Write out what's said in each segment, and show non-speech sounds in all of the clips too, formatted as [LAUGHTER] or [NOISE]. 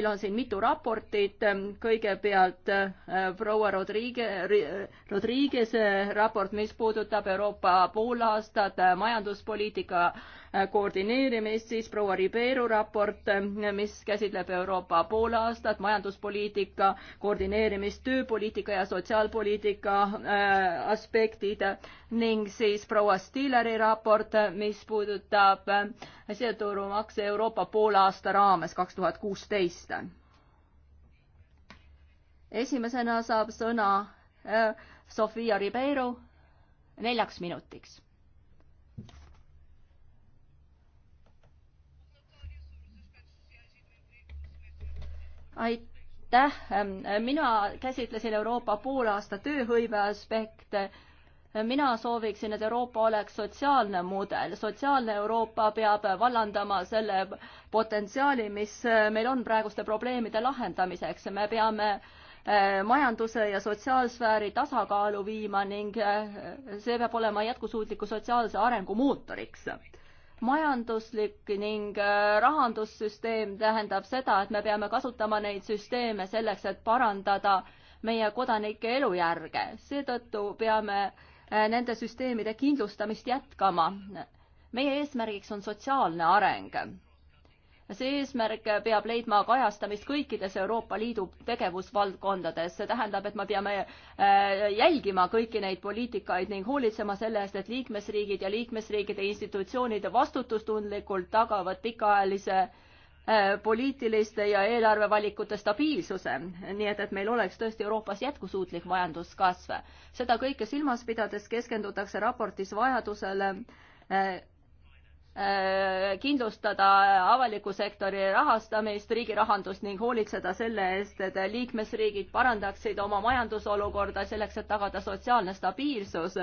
meil on siin mitu raportit, kõigepealt äh, proua Rodrigue, Rodriguez raport, mis puudutab Euroopa poolaastat, äh, majanduspoliitika Äh, koordineerimist, siis proua Ribeiro raport, äh, mis käsitleb Euroopa pool aastat, majanduspoliitika koordineerimist, tööpoliitika ja sotsiaalpoliitika äh, aspektid ning siis proua Stilleri raport, mis puudutab siseturumakse Euroopa poolaasta raames kaks tuhat kuusteist. esimesena saab sõna Sofia Ribeiro neljaks minutiks aitäh, mina käsitlesin Euroopa poolaasta tööhõive aspekte. mina sooviksin, et Euroopa oleks sotsiaalne mudel, sotsiaalne Euroopa peab vallandama selle potentsiaali, mis meil on praeguste probleemide lahendamiseks, me peame eh, majanduse ja sotsiaalsfääri tasakaalu viima ning eh, see peab olema jätkusuutliku sotsiaalse arengu mootoriks majanduslik ning äh, rahandussüsteem tähendab seda, et me peame kasutama neid süsteeme selleks, et parandada meie kodanike elujärge. seetõttu peame äh, nende süsteemide kindlustamist jätkama. meie eesmärgiks on sotsiaalne areng see eesmärk peab leidma kajastamist kõikides Euroopa Liidu tegevusvaldkondades, see tähendab, et me peame äh, jälgima kõiki neid poliitikaid ning hoolitsema selle eest, et liikmesriigid ja liikmesriikide institutsioonid vastutustundlikult tagavad pikaajalise äh, poliitiliste ja eelarvevalikute stabiilsuse, nii et, et meil oleks tõesti Euroopas jätkusuutlik majanduskasv. seda kõike silmas pidades keskendutakse raportis vajadusele äh, Äh, kindlustada avaliku sektori rahastamist, riigi rahandust ning hoolitseda selle eest, et liikmesriigid parandaksid oma majandusolukorda selleks, et tagada sotsiaalne stabiilsus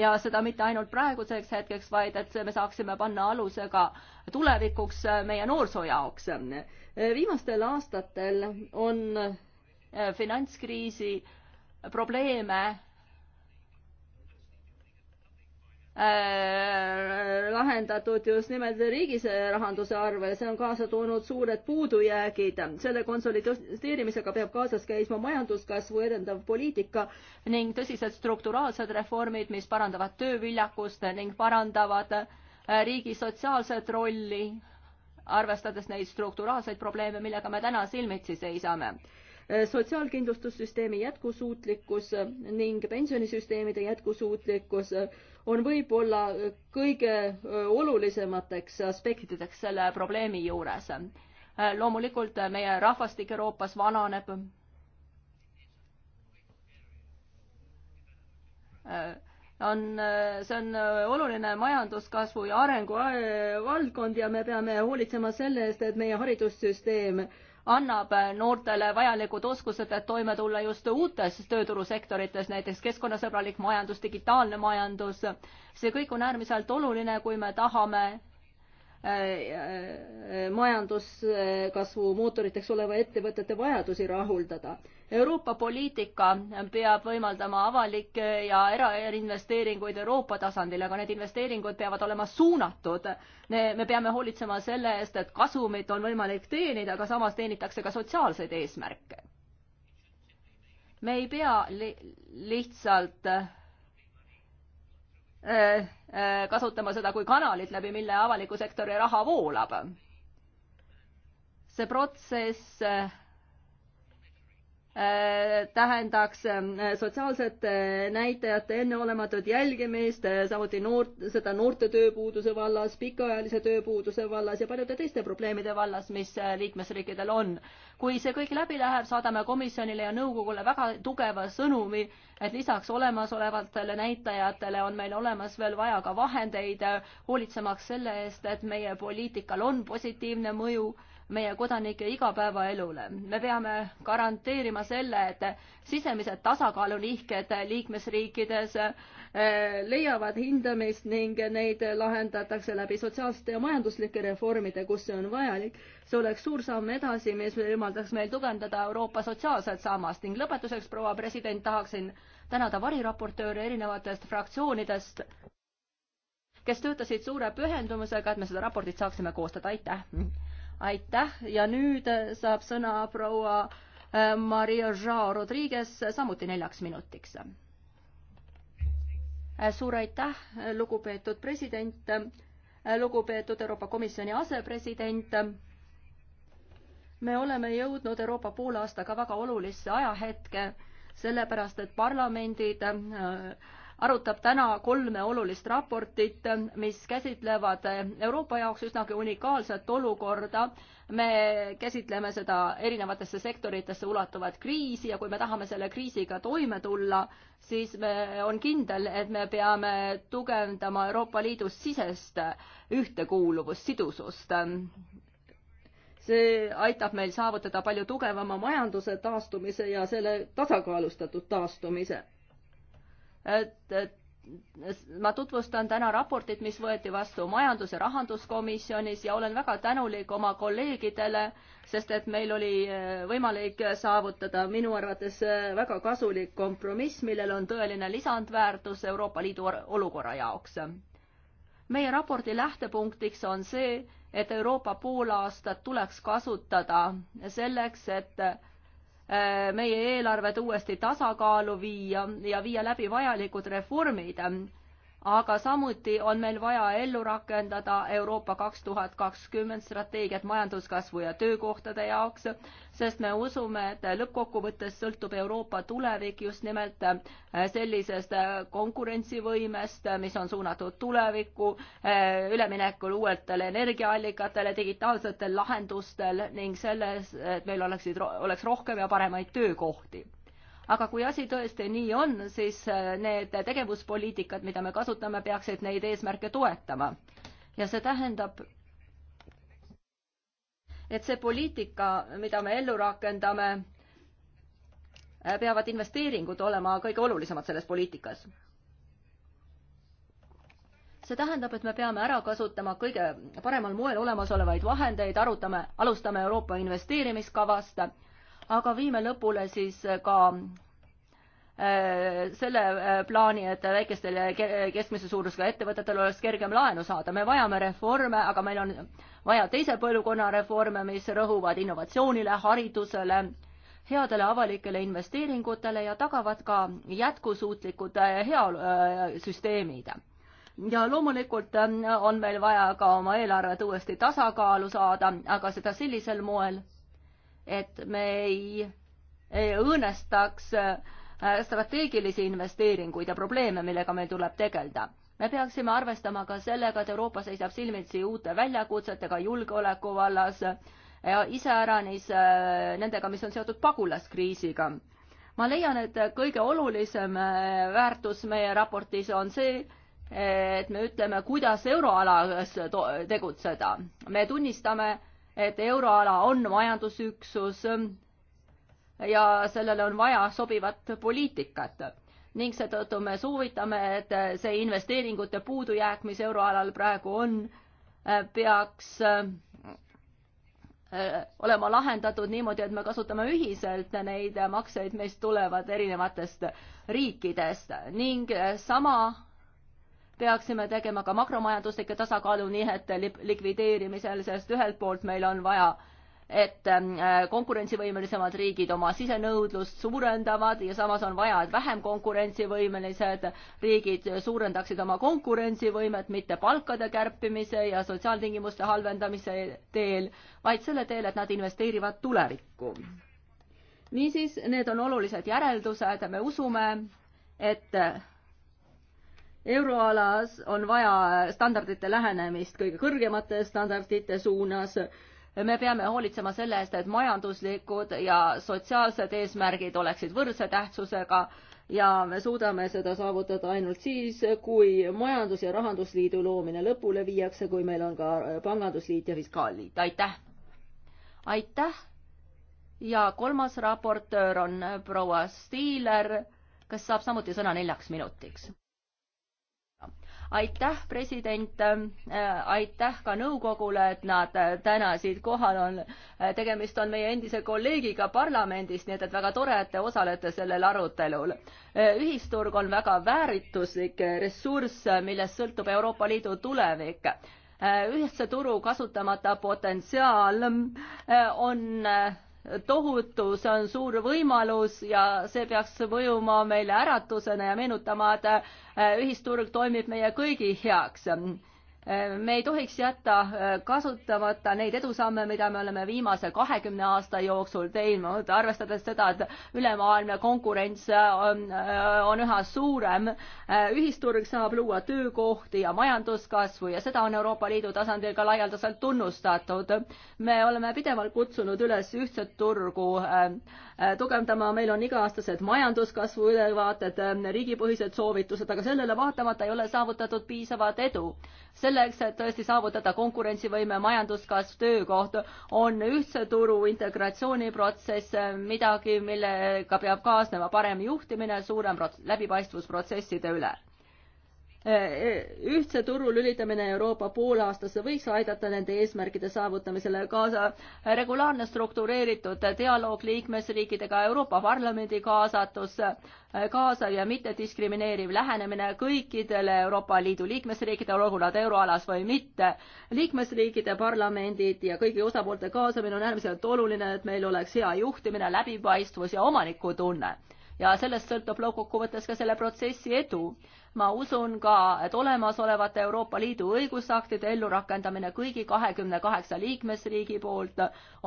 ja seda mitte ainult praeguseks hetkeks, vaid et me saaksime panna aluse ka tulevikuks meie noorsoo jaoks. viimastel aastatel on äh, finantskriisi probleeme Äh, lahendatud just nimelt riigis rahanduse arvel, see on kaasa toonud suured puudujäägid. selle konsolideerimisega peab kaasas käisma majanduskasvu edendav poliitika ning tõsised strukturaalsed reformid, mis parandavad tööviljakust ning parandavad äh, riigi sotsiaalset rolli, arvestades neid strukturaalseid probleeme, millega me täna silmitsi seisame äh, sotsiaalkindlustussüsteemi jätkusuutlikkus ning pensionisüsteemide jätkusuutlikkus on võib-olla kõige olulisemateks aspektideks selle probleemi juures. loomulikult meie rahvastik Euroopas vananeb. on, see on oluline majanduskasvu ja arengu äh, valdkond ja me peame hoolitsema selle eest, et meie haridussüsteem äh, annab noortele vajalikud oskused, et toime tulla just uutes tööturusektorites, näiteks keskkonnasõbralik majandus, digitaalne majandus. see kõik on äärmiselt oluline, kui me tahame majanduskasvu mootoriteks oleva ettevõtete vajadusi rahuldada. Euroopa poliitika peab võimaldama avalikke ja erainvesteeringuid Euroopa tasandil, aga need investeeringud peavad olema suunatud. me peame hoolitsema selle eest, et kasumit on võimalik teenida, aga samas teenitakse ka sotsiaalseid eesmärke. me ei pea li lihtsalt Äh, äh, kasutama seda kui kanalit, läbi mille avaliku sektori raha voolab. see protsess äh, tähendaks äh, sotsiaalsete näitajate enneolematut jälgimist, äh, samuti noort, seda noorte tööpuuduse vallas, pikaajalise tööpuuduse vallas ja paljude teiste probleemide vallas, mis äh, liikmesriikidel on. kui see kõik läbi läheb, saadame komisjonile ja nõukogule väga tugeva sõnumi, et lisaks olemasolevatele näitajatele on meil olemas veel vaja ka vahendeid hoolitsemaks selle eest, et meie poliitikal on positiivne mõju meie kodanike igapäevaelule. me peame garanteerima selle, et sisemised tasakaalunihked liikmesriikides eh, leiavad hindamist ning neid lahendatakse läbi sotsiaalsete ja majanduslike reformide, kus see on vajalik. see oleks suur samm edasi, mis võimaldaks meil tugevdada Euroopa sotsiaalset sammast ning lõpetuseks, proua president, tahaksin tänada variraportööre erinevatest fraktsioonidest, kes töötasid suure pühendumusega, et me seda raportit saaksime koostada, aitäh! aitäh ja nüüd äh, saab sõna proua äh, Maria Joao Rodriguez äh, samuti neljaks minutiks. suur aitäh, lugupeetud president, lugupeetud Euroopa Komisjoni asepresident. me oleme jõudnud Euroopa poolaastaga väga olulisse ajahetke, sellepärast et parlamendid äh, arutab täna kolme olulist raportit, mis käsitlevad Euroopa jaoks üsnagi unikaalset olukorda. me käsitleme seda erinevatesse sektoritesse ulatuvat kriisi ja kui me tahame selle kriisiga toime tulla, siis me, on kindel, et me peame tugevdama Euroopa Liidu sisest ühtekuuluvust, sidusust see aitab meil saavutada palju tugevama majanduse taastumise ja selle tasakaalustatud taastumise et, et ma tutvustan täna raportit, mis võeti vastu majandus- ja rahanduskomisjonis ja olen väga tänulik oma kolleegidele, sest et meil oli eh, võimalik saavutada minu arvates eh, väga kasulik kompromiss, millel on tõeline lisandväärtus Euroopa Liidu olukorra jaoks. meie raporti lähtepunktiks on see, et Euroopa poolaastat tuleks kasutada selleks, et Äh, meie eelarved uuesti tasakaalu viia ja viia läbi vajalikud reformid aga samuti on meil vaja ellu rakendada Euroopa kaks tuhat kakskümmend strateegiat majanduskasvu ja töökohtade jaoks, sest me usume, et lõppkokkuvõttes sõltub Euroopa tulevik just nimelt äh, sellisest äh, konkurentsivõimest, äh, mis on suunatud tulevikku, üleminekul uuetele energiaallikatele, digitaalsetel lahendustel ning selles, et meil oleksid, oleks rohkem ja paremaid töökohti aga kui asi tõesti nii on, siis äh, need tegevuspoliitikad, mida me kasutame, peaksid neid eesmärke toetama. ja see tähendab, et see poliitika, mida me ellu rakendame, äh, peavad investeeringud olema kõige olulisemad selles poliitikas. see tähendab, et me peame ära kasutama kõige paremal moel olemasolevaid vahendeid, arutame, alustame Euroopa investeerimiskavast aga viime lõpule siis ka äh, selle äh, plaani, et väikestel ja keskmise suurusega ettevõtetel oleks kergem laenu saada. me vajame reforme, aga meil on vaja teise põlvkonna reforme, mis rõhuvad innovatsioonile, haridusele, headele avalikele investeeringutele ja tagavad ka jätkusuutlikud äh, heaolusüsteemid ja loomulikult on meil vaja ka oma eelarvet uuesti tasakaalu saada, aga seda sellisel moel, et me ei, ei õõnestaks äh, strateegilisi investeeringuid ja probleeme, millega meil tuleb tegeleda. me peaksime arvestama ka sellega, et Euroopa seisab silmitsi uute väljakutsetega julgeoleku vallas ja iseäranis äh, nendega, mis on seotud pagulaskriisiga. ma leian, et kõige olulisem äh, väärtus meie raportis on see, et me ütleme, kuidas euroalas tegutseda. me tunnistame, et euroala on majandusüksus ja sellele on vaja sobivat poliitikat ning seetõttu me soovitame, et see investeeringute puudujääk, mis euroalal praegu on, peaks äh, olema lahendatud niimoodi, et me kasutame ühiselt neid makseid, mis tulevad erinevatest riikidest ning sama peaksime tegema ka makromajanduslike tasakaalunihete likvideerimisel, sest ühelt poolt meil on vaja et ähm, konkurentsivõimelisemad riigid oma sisenõudlust suurendavad ja samas on vaja, et vähem konkurentsivõimelised riigid suurendaksid oma konkurentsivõimet mitte palkade kärpimise ja sotsiaaltingimuste halvendamise teel, vaid selle teel, et nad investeerivad tulevikku. niisiis, need on olulised järeldused, me usume, et euroalas on vaja standardite lähenemist kõige kõrgemate standardite suunas. me peame hoolitsema selle eest, et majanduslikud ja sotsiaalsed eesmärgid oleksid võrdse tähtsusega ja me suudame seda saavutada ainult siis, kui majandus- ja rahandusliidu loomine lõpule viiakse, kui meil on ka pangandusliit ja fiskaalliit. aitäh! aitäh! ja kolmas raportöör on proua Stiiler, kes saab samuti sõna neljaks minutiks aitäh, president, äh, aitäh ka nõukogule, et nad äh, täna siit kohal on. Äh, tegemist on meie endise kolleegiga parlamendist, nii et, et väga tore, et te osalete sellel arutelul. ühisturg on väga väärituslik ressurss, millest sõltub Euroopa Liidu tulevik ühtse turu kasutamata potentsiaal on tohutu, see on suur võimalus ja see peaks mõjuma meile äratusena ja meenutama, et äh, ühisturg toimib meie kõigi heaks me ei tohiks jätta äh, kasutamata neid edusamme, mida me oleme viimase kahekümne aasta jooksul teinud, arvestades seda, et ülemaailmne konkurents äh, on, äh, on üha suurem. ühisturg saab luua töökohti ja majanduskasvu ja seda on Euroopa Liidu tasandil ka laialdaselt tunnustatud. me oleme pidevalt kutsunud üles ühtset turgu äh, Äh, tugevdama, meil on iga-aastased majanduskasvu ülevaated, äh, riigipõhised soovitused, aga sellele vaatamata ei ole saavutatud piisavat edu. selleks, et tõesti saavutada konkurentsivõime, majanduskasv, töökoht, on ühtse turu integratsiooniprotsess äh, midagi, millega peab kaasnema parem juhtimine, suurem läbipaistvus protsesside üle ühtse turu lülitamine Euroopa poolaastasse võiks aidata nende eesmärkide saavutamisele kaasa. regulaarne struktureeritud dialoog liikmesriikidega, Euroopa Parlamendi kaasatus, kaasav ja mittediskrimineeriv lähenemine kõikidele Euroopa Liidu liikmesriikidele, olgu nad euroalas või mitte. liikmesriikide parlamendid ja kõigi osapoolte kaasamine on äärmiselt oluline, et meil oleks hea juhtimine, läbipaistvus ja omanikutunne ja sellest sõltub lõppkokkuvõttes ka selle protsessi edu ma usun ka, et olemasolevate Euroopa Liidu õigusaktide ellurakendamine kõigi kahekümne kaheksa liikmesriigi poolt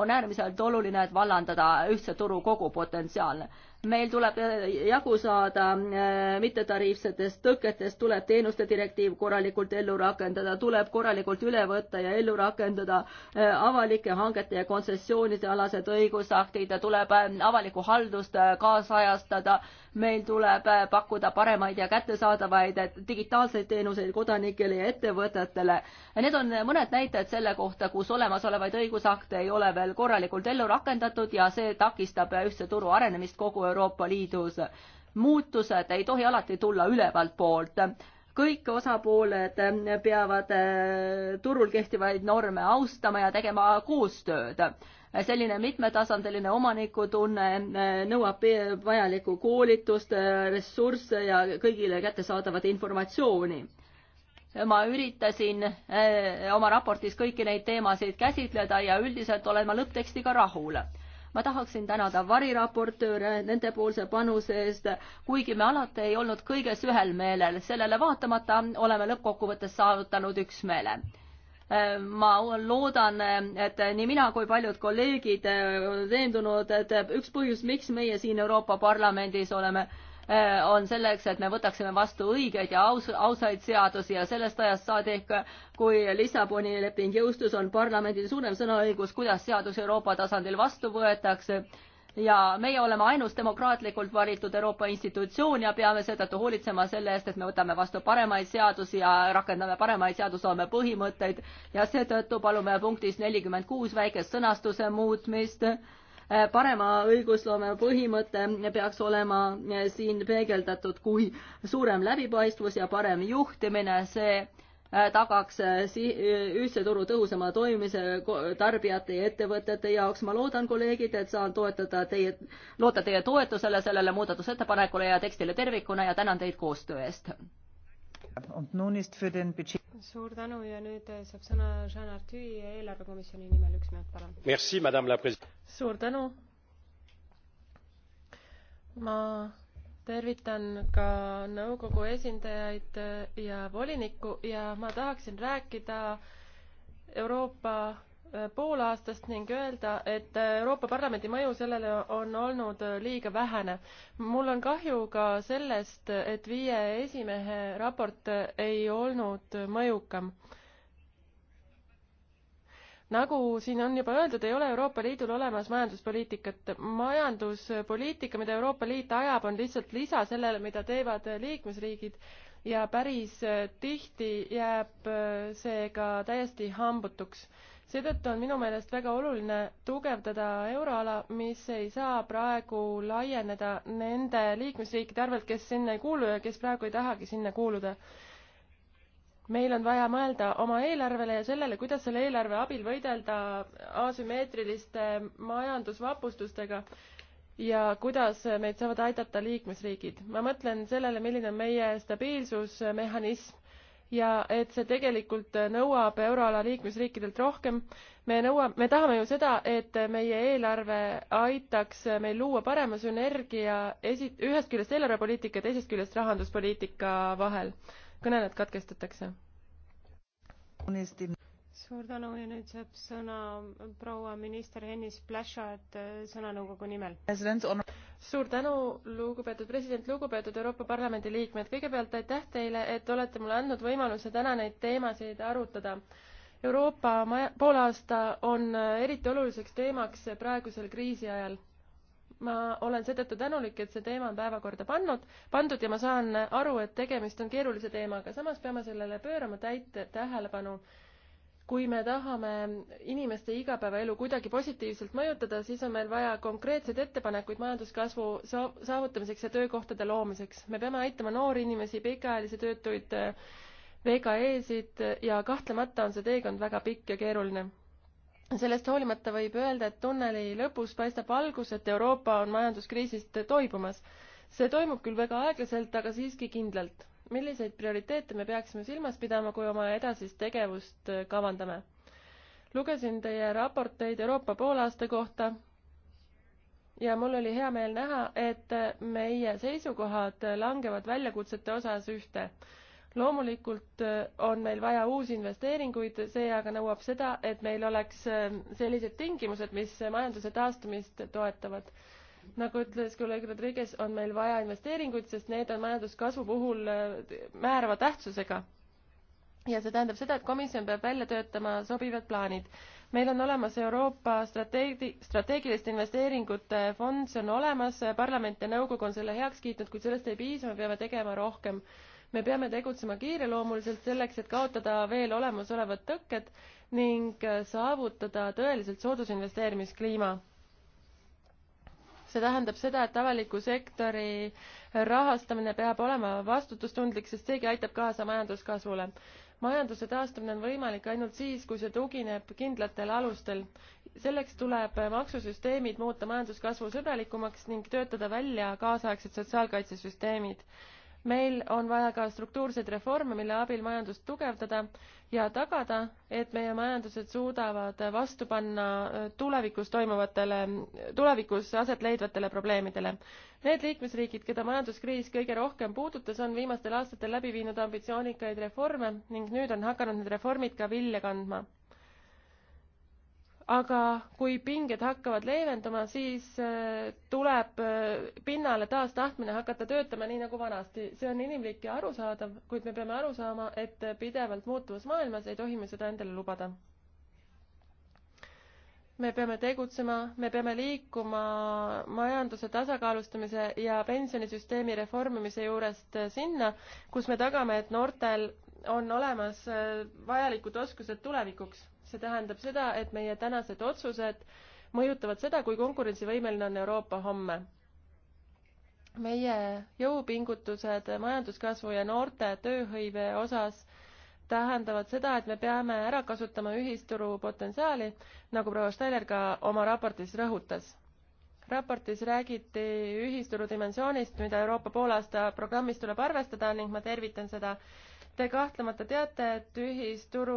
on äärmiselt oluline, et vallandada ühtse turu kogu potentsiaal. meil tuleb jagu saada eh, mittetariifsetest tõketest, tuleb teenuste direktiiv korralikult ellu rakendada, tuleb korralikult üle võtta ja ellu rakendada eh, avalike hangete ja kontsessioonide alased õigusaktid, tuleb eh, avalikku haldust kaasajastada, meil tuleb äh, pakkuda paremaid ja kättesaadavaid digitaalseid teenuseid kodanikele ja ettevõtetele. Need on mõned näited selle kohta, kus olemasolevaid õigusakte ei ole veel korralikult ellu rakendatud ja see takistab ühtse turu arenemist kogu Euroopa Liidus. muutused ei tohi alati tulla ülevalt poolt kõik osapooled peavad äh, turul kehtivaid norme austama ja tegema koostööd selline mitmetasandiline omanikutunne eh, nõuab vajalikku koolitust, eh, ressursse ja kõigile kättesaadavat informatsiooni ma üritasin eh, oma raportis kõiki neid teemasid käsitleda ja üldiselt olen ma lõpptekstiga rahul ma tahaksin tänada variraportööre nendepoolse panuse eest, kuigi me alati ei olnud kõiges ühel meelel, sellele vaatamata oleme lõppkokkuvõttes saavutanud üksmeele ma loodan, et nii mina kui paljud kolleegid äh, veendunud, et üks põhjus, miks meie siin Euroopa Parlamendis oleme, äh, on selleks, et me võtaksime vastu õigeid ja aus, ausaid seadusi ja sellest ajast saadik, kui Lissaboni leping jõustus, on parlamendil suurem sõnaõigus, kuidas seadus Euroopa tasandil vastu võetakse ja meie oleme ainus demokraatlikult valitud Euroopa institutsioon ja peame seetõttu hoolitsema selle eest, et me võtame vastu paremaid seadusi ja rakendame paremaid seadusloome põhimõtteid ja seetõttu palume punktis nelikümmend kuus väikest sõnastuse muutmist. parema õigusloome põhimõte peaks olema siin peegeldatud kui suurem läbipaistvus ja parem juhtimine, see Äh, tagaks äh, äh, ühtse turu tõhusama toimimise tarbijate ja ettevõtete jaoks. ma loodan, kolleegid, et saan toetada teie, loota teie toetusele sellele muudatusettepanekule ja tekstile tervikuna ja tänan teid koostöö eest. suur tänu ja nüüd saab sõna Jean Artüi eelarvekomisjoni nimel, üks minut palun. suur tänu. ma tervitan ka nõukogu esindajaid ja volinikku ja ma tahaksin rääkida Euroopa äh, poolaastast ning öelda, et äh, Euroopa Parlamendi mõju sellele on olnud liiga vähene. mul on kahju ka sellest, et viie esimehe raport ei olnud mõjukam nagu siin on juba öeldud, ei ole Euroopa Liidul olemas majanduspoliitikat. majanduspoliitika, mida Euroopa Liit ajab, on lihtsalt lisa sellele, mida teevad liikmesriigid ja päris äh, tihti jääb äh, see ka täiesti hambutuks. seetõttu on minu meelest väga oluline tugevdada euroala, mis ei saa praegu laieneda nende liikmesriikide arvelt, kes sinna ei kuulu ja kes praegu ei tahagi sinna kuuluda meil on vaja mõelda oma eelarvele ja sellele, kuidas selle eelarve abil võidelda asümmeetriliste majandusvapustustega ja kuidas meid saavad aidata liikmesriigid. ma mõtlen sellele, milline on meie stabiilsusmehhanism ja et see tegelikult nõuab euroala liikmesriikidelt rohkem. me nõuame, me tahame ju seda, et meie eelarve aitaks meil luua parema sünergia esi-, ühest küljest eelarvepoliitika, teisest küljest rahanduspoliitika vahel kõneled katkestatakse. suur tänu ja nüüd saab sõna proua minister Hennis Pläšat äh, sõnanõukogu nimel. suur tänu, lugupeetud president, lugupeetud Euroopa Parlamendi liikmed, kõigepealt aitäh teile, et olete mulle andnud võimaluse täna neid teemasid arutada Euroopa maja, poolaasta on äh, eriti oluliseks teemaks praegusel kriisi ajal ma olen seetõttu tänulik, et see teema on päevakorda pannud, pandud ja ma saan aru, et tegemist on keerulise teemaga, samas peame sellele pöörama täit tähelepanu. kui me tahame inimeste igapäevaelu kuidagi positiivselt mõjutada, siis on meil vaja konkreetseid ettepanekuid majanduskasvu saavutamiseks ja töökohtade loomiseks. me peame aitama noori inimesi, pikaajalisi töötuid, VKE-sid ja kahtlemata on see teekond väga pikk ja keeruline sellest hoolimata võib öelda, et tunneli lõpus paistab algus, et Euroopa on majanduskriisist toibumas. see toimub küll väga aeglaselt, aga siiski kindlalt. milliseid prioriteete me peaksime silmas pidama, kui oma edasist tegevust kavandame? lugesin teie raporteid Euroopa poolaasta kohta ja mul oli hea meel näha, et meie seisukohad langevad väljakutsete osas ühte loomulikult eh, on meil vaja uusi investeeringuid, see aga nõuab seda, et meil oleks eh, sellised tingimused, mis majanduse taastumist toetavad. nagu ütles kolleeg Rodriguez, on meil vaja investeeringuid, sest need on majanduskasvu puhul eh, määrava tähtsusega. ja see tähendab seda, et komisjon peab välja töötama sobivad plaanid. meil on olemas Euroopa strateegi-, strateegiliste investeeringute fond, see on olemas, parlament ja nõukogu on selle heaks kiitnud, kuid sellest ei piisa, me peame tegema rohkem me peame tegutsema kiireloomuliselt selleks, et kaotada veel olemasolevad tõkked ning äh, saavutada tõeliselt soodus investeerimiskliima see tähendab seda, et avaliku sektori rahastamine peab olema vastutustundlik, sest seegi aitab kaasa majanduskasvule. majanduse taastumine on võimalik ainult siis, kui see tugineb kindlatel alustel. selleks tuleb maksusüsteemid muuta majanduskasvu sõbralikumaks ning töötada välja kaasaegsed sotsiaalkaitsesüsteemid meil on vaja ka struktuurseid reforme, mille abil majandust tugevdada ja tagada, et meie majandused suudavad vastu panna äh, tulevikus toimuvatele, tulevikus aset leidvatele probleemidele. Need liikmesriigid, keda majanduskriis kõige rohkem puudutas, on viimastel aastatel läbi viinud ambitsioonikaid reforme ning nüüd on hakanud need reformid ka vilja kandma aga kui pinged hakkavad leevenduma, siis äh, tuleb äh, pinnale taas tahtmine hakata töötama nii nagu vanasti. see on inimlik ja arusaadav, kuid me peame aru saama, et pidevalt muutuvas maailmas ei tohi me seda endale lubada. me peame tegutsema, me peame liikuma majanduse tasakaalustamise ja pensionisüsteemi reformimise juurest äh, sinna, kus me tagame, et noortel on olemas vajalikud oskused tulevikuks see tähendab seda, et meie tänased otsused mõjutavad seda, kui konkurentsivõimeline on Euroopa homme. meie jõupingutused majanduskasvu ja noorte tööhõive osas tähendavad seda, et me peame ära kasutama ühisturu potentsiaali, nagu proua Steiner ka oma raportis rõhutas. raportis räägiti ühisturu dimensioonist, mida Euroopa poolaasta programmis tuleb arvestada ning ma tervitan seda Te kahtlemata teate, et ühisturu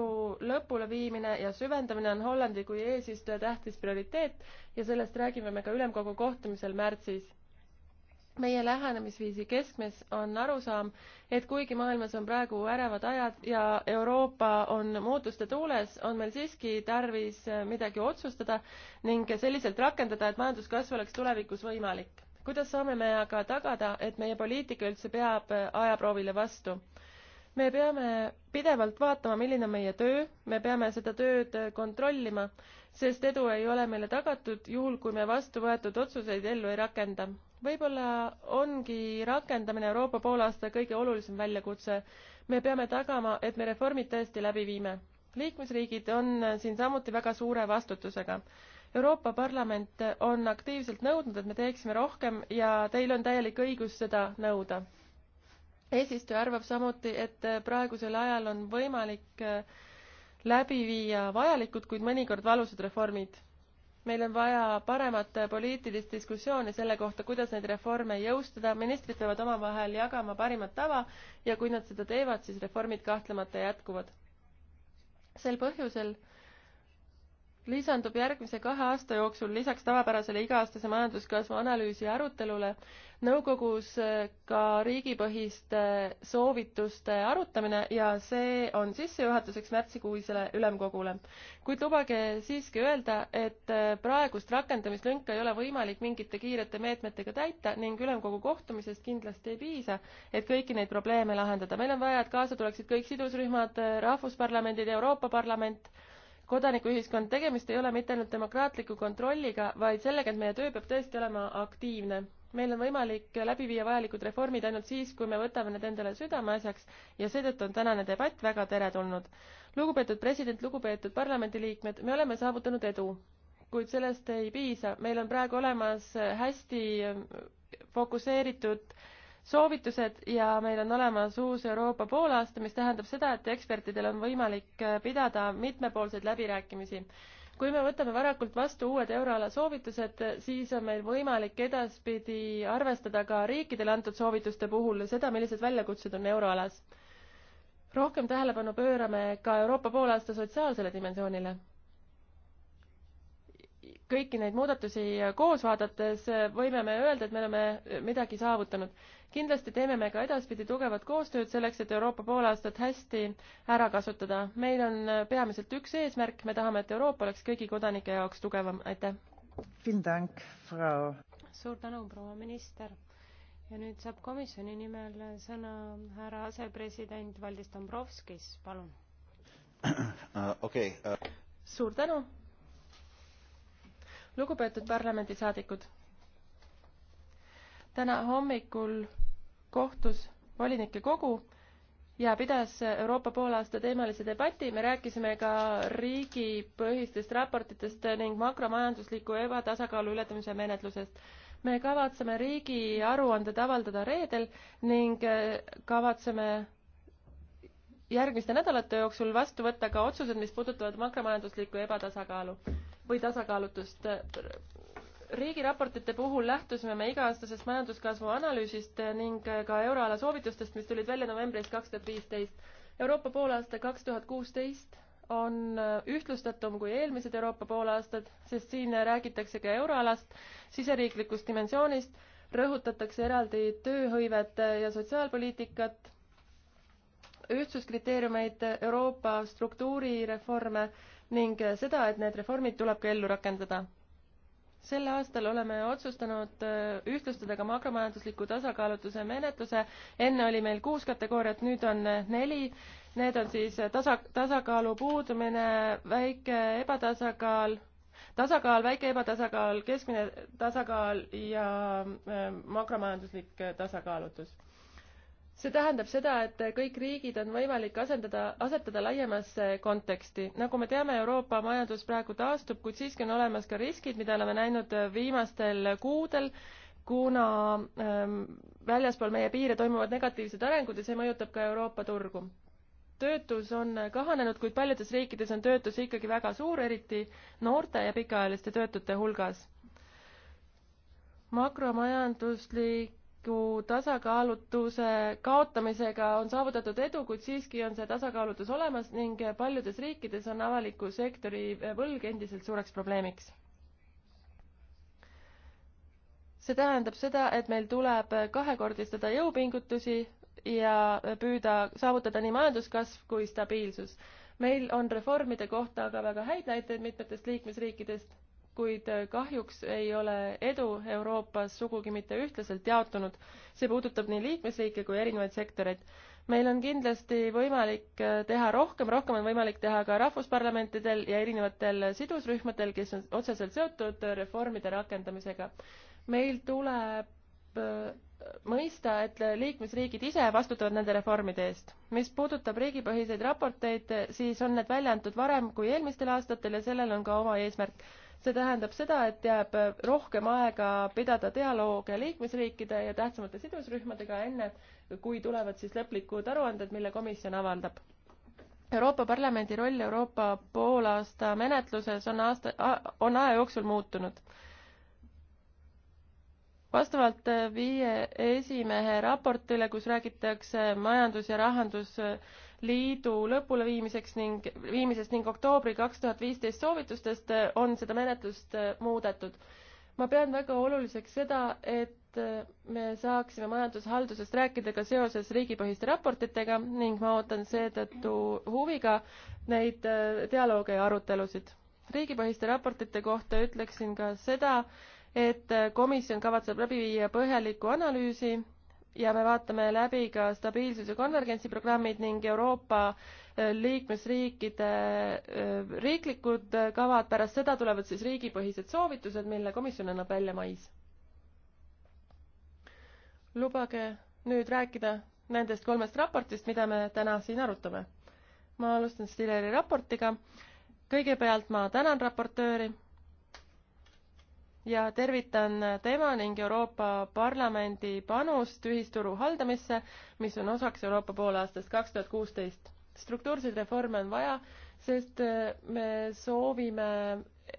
lõpuleviimine ja süvendamine on Hollandi kui eesistuja tähtis prioriteet ja sellest räägime me ka ülemkogu kohtumisel märtsis meie lähenemisviisi keskmes on arusaam, et kuigi maailmas on praegu ärevad ajad ja Euroopa on muutuste tuules, on meil siiski tarvis midagi otsustada ning selliselt rakendada, et majanduskasv oleks tulevikus võimalik. kuidas saame me aga tagada, et meie poliitika üldse peab ajaproovile vastu? me peame pidevalt vaatama, milline on meie töö, me peame seda tööd kontrollima, sest edu ei ole meile tagatud, juhul kui me vastu võetud otsuseid ellu ei rakenda. võib-olla ongi rakendamine Euroopa poolaasta kõige olulisem väljakutse. me peame tagama, et me reformid tõesti läbi viime. liikmesriigid on siin samuti väga suure vastutusega Euroopa Parlament on aktiivselt nõudnud, et me teeksime rohkem ja teil on täielik õigus seda nõuda eesistuja arvab samuti, et äh, praegusel ajal on võimalik äh, läbi viia vajalikud, kuid mõnikord valusad reformid. meil on vaja paremat äh, poliitilist diskussiooni selle kohta, kuidas neid reforme jõustada, ministrid peavad omavahel jagama parimat tava ja kui nad seda teevad, siis reformid kahtlemata jätkuvad. sel põhjusel lisandub järgmise kahe aasta jooksul lisaks tavapärasele iga-aastase majanduskasvu analüüsi arutelule nõukogus äh, ka riigipõhiste äh, soovituste arutamine ja see on sissejuhatuseks märtsikuisele ülemkogule. kuid lubage siiski öelda, et äh, praegust rakendamislünka ei ole võimalik mingite kiirete meetmetega täita ning ülemkogu kohtumisest kindlasti ei piisa, et kõiki neid probleeme lahendada. meil on vaja, et kaasa tuleksid kõik sidusrühmad, rahvusparlamendid, Euroopa Parlament kodanikuühiskond, tegemist ei ole mitte ainult demokraatliku kontrolliga, vaid sellega, et meie töö peab tõesti olema aktiivne. meil on võimalik läbi viia vajalikud reformid ainult siis, kui me võtame need endale südameasjaks ja seetõttu on tänane debatt väga teretulnud. lugupeetud president, lugupeetud parlamendiliikmed, me oleme saavutanud edu, kuid sellest ei piisa, meil on praegu olemas hästi fokusseeritud äh, soovitused ja meil on olemas uus Euroopa poolaasta, mis tähendab seda, et ekspertidel on võimalik äh, pidada mitmepoolseid läbirääkimisi. kui me võtame varakult vastu uued euroala soovitused, siis on meil võimalik edaspidi arvestada ka riikidele antud soovituste puhul seda, millised väljakutsed on euroalas. rohkem tähelepanu pöörame ka Euroopa poolaasta sotsiaalsele dimensioonile kõiki neid muudatusi koos vaadates võime me öelda, et me oleme midagi saavutanud. kindlasti teeme me ka edaspidi tugevat koostööd selleks, et Euroopa poolaastat hästi ära kasutada. meil on peamiselt üks eesmärk, me tahame, et Euroopa oleks kõigi kodanike jaoks tugevam, aitäh! suur tänu, proua minister! ja nüüd saab komisjoni nimel sõna härra asepresident Valdis Dombrovskis, palun uh,! [CLEARS THROAT] Ah, okei okay, uh.... suur tänu! lugupeetud parlamendisaadikud! täna hommikul kohtus volinike kogu ja pidas Euroopa poolaasta teemalise debati, me rääkisime ka riigipõhistest raportitest ning makromajandusliku ebatasakaalu ületamise menetlusest. me kavatseme riigi aruanded avaldada reedel ning kavatseme järgmiste nädalate jooksul vastu võtta ka otsused, mis puudutavad makromajanduslikku ebatasakaalu või tasakaalutust. riigiraportite puhul lähtusime me iga-aastasest majanduskasvu analüüsist ning ka euroala soovitustest, mis tulid välja novembris kaks tuhat viisteist. Euroopa poolaasta kaks tuhat kuusteist on ühtlustatum kui eelmised Euroopa poolaastad, sest siin räägitakse ka euroalast, siseriiklikust dimensioonist, rõhutatakse eraldi tööhõivet ja sotsiaalpoliitikat, ühtsuskriteeriumeid, Euroopa struktuurireforme ning seda, et need reformid tuleb ka ellu rakendada. sel aastal oleme otsustanud äh, ühtlustada ka makromajandusliku tasakaalutuse menetluse, enne oli meil kuus kategooriat, nüüd on neli, need on siis tasa, tasakaalu puudumine, väike ebatasakaal, tasakaal, väike ebatasakaal, keskmine tasakaal ja äh, makromajanduslik äh, tasakaalutus see tähendab seda, et kõik riigid on võimalik asendada, asetada laiemasse konteksti. nagu me teame, Euroopa majandus praegu taastub, kuid siiski on olemas ka riskid, mida oleme näinud viimastel kuudel, kuna ähm, väljaspool meie piire toimuvad negatiivsed arengud ja see mõjutab ka Euroopa turgu. töötus on kahanenud, kuid paljudes riikides on töötus ikkagi väga suur, eriti noorte ja pikaajaliste töötute hulgas. makromajanduslik avaliku tasakaalutuse kaotamisega on saavutatud edu, kuid siiski on see tasakaalutus olemas ning paljudes riikides on avaliku sektori võlg endiselt suureks probleemiks. see tähendab seda, et meil tuleb kahekordistada jõupingutusi ja püüda saavutada nii majanduskasv kui stabiilsus. meil on reformide kohta aga väga häid näiteid mitmetest liikmesriikidest kuid äh, kahjuks ei ole edu Euroopas sugugi mitte ühtlaselt jaotunud. see puudutab nii liikmesriike kui erinevaid sektoreid. meil on kindlasti võimalik äh, teha rohkem, rohkem on võimalik teha ka rahvusparlamentidel ja erinevatel sidusrühmadel, kes on otseselt seotud äh, reformide rakendamisega. meil tuleb mõista, et liikmesriigid ise vastutavad nende reformide eest. mis puudutab riigipõhiseid raporteid, siis on need välja antud varem kui eelmistel aastatel ja sellel on ka oma eesmärk see tähendab seda, et jääb rohkem aega pidada dialoog liikmesriikide ja tähtsamate sidusrühmadega, enne kui tulevad siis lõplikud aruanded, mille komisjon avaldab. Euroopa Parlamendi roll Euroopa poolaasta menetluses on aasta, on aja jooksul muutunud. vastavalt viie esimehe raportile, kus räägitakse majandus- ja rahandus- Liidu lõpuleviimiseks ning, viimisest ning oktoobri kaks tuhat viisteist soovitustest äh, on seda menetlust äh, muudetud. ma pean väga oluliseks seda, et äh, me saaksime majandushaldusest rääkida ka seoses riigipõhiste raportitega ning ma ootan seetõttu huviga neid dialoog ja arutelusid. riigipõhiste raportite kohta ütleksin ka seda, et komisjon kavatseb läbi viia põhjaliku analüüsi ja me vaatame läbi ka stabiilsus- ja konvergentsiprogrammid ning Euroopa äh, liikmesriikide äh, riiklikud äh, kavad, pärast seda tulevad siis riigipõhised soovitused, mille komisjon annab välja mais. lubage nüüd rääkida nendest kolmest raportist, mida me täna siin arutame. ma alustan Stileri raportiga. kõigepealt ma tänan raportööri ja tervitan tema ning Euroopa Parlamendi panust ühisturu haldamisse, mis on osaks Euroopa poolaastast kaks tuhat kuusteist. struktuurseid reforme on vaja, sest äh, me soovime,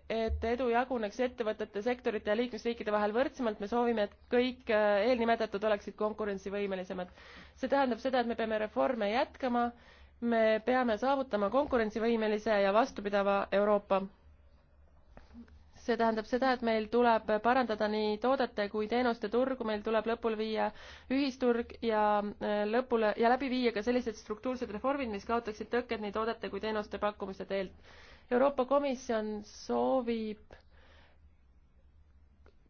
et edu jaguneks ettevõtete, sektorite ja liikmesriikide vahel võrdsemalt, me soovime, et kõik äh, eelnimetatud oleksid konkurentsivõimelisemad. see tähendab seda, et me peame reforme jätkama, me peame saavutama konkurentsivõimelise ja vastupidava Euroopa see tähendab seda, et meil tuleb parandada nii toodete kui teenuste turgu, meil tuleb lõpule viia ühisturg ja äh, lõpule ja läbi viia ka sellised struktuursed reformid, mis kaotaksid tõkked nii toodete kui teenuste pakkumise teelt. Euroopa Komisjon soovib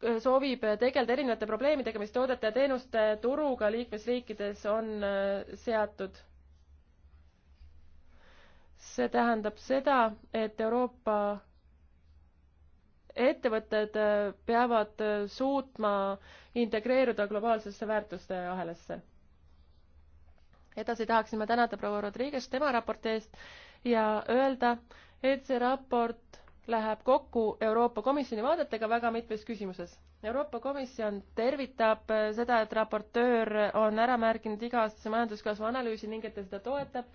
äh, soovib tegeleda erinevate probleemidega, mis toodete ja teenuste turuga liikmesriikides on äh, seatud see tähendab seda, et Euroopa ettevõtted äh, peavad äh, suutma integreeruda globaalsesse väärtuste ahelasse. edasi tahaksin ma tänada proua Rodriguez tema raporti eest ja öelda, et see raport läheb kokku Euroopa Komisjoni vaadetega väga mitmes küsimuses. Euroopa Komisjon tervitab äh, seda, et raportöör on ära märkinud iga-aastase majanduskasvu analüüsi ning et ta seda toetab.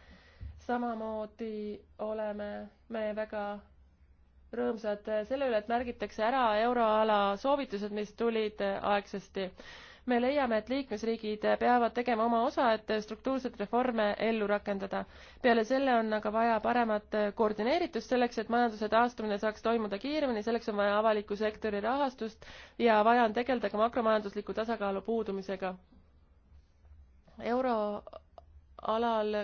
samamoodi oleme me väga rõõmsad selle üle, et märgitakse ära euroala soovitused, mis tulid aegsasti. me leiame, et liikmesriigid peavad tegema oma osa, et struktuurseid reforme ellu rakendada. peale selle on aga vaja paremat koordineeritust selleks, et majanduse taastumine saaks toimuda kiiremini, selleks on vaja avaliku sektori rahastust ja vaja on tegeleda ka makromajandusliku tasakaalu puudumisega. euroalal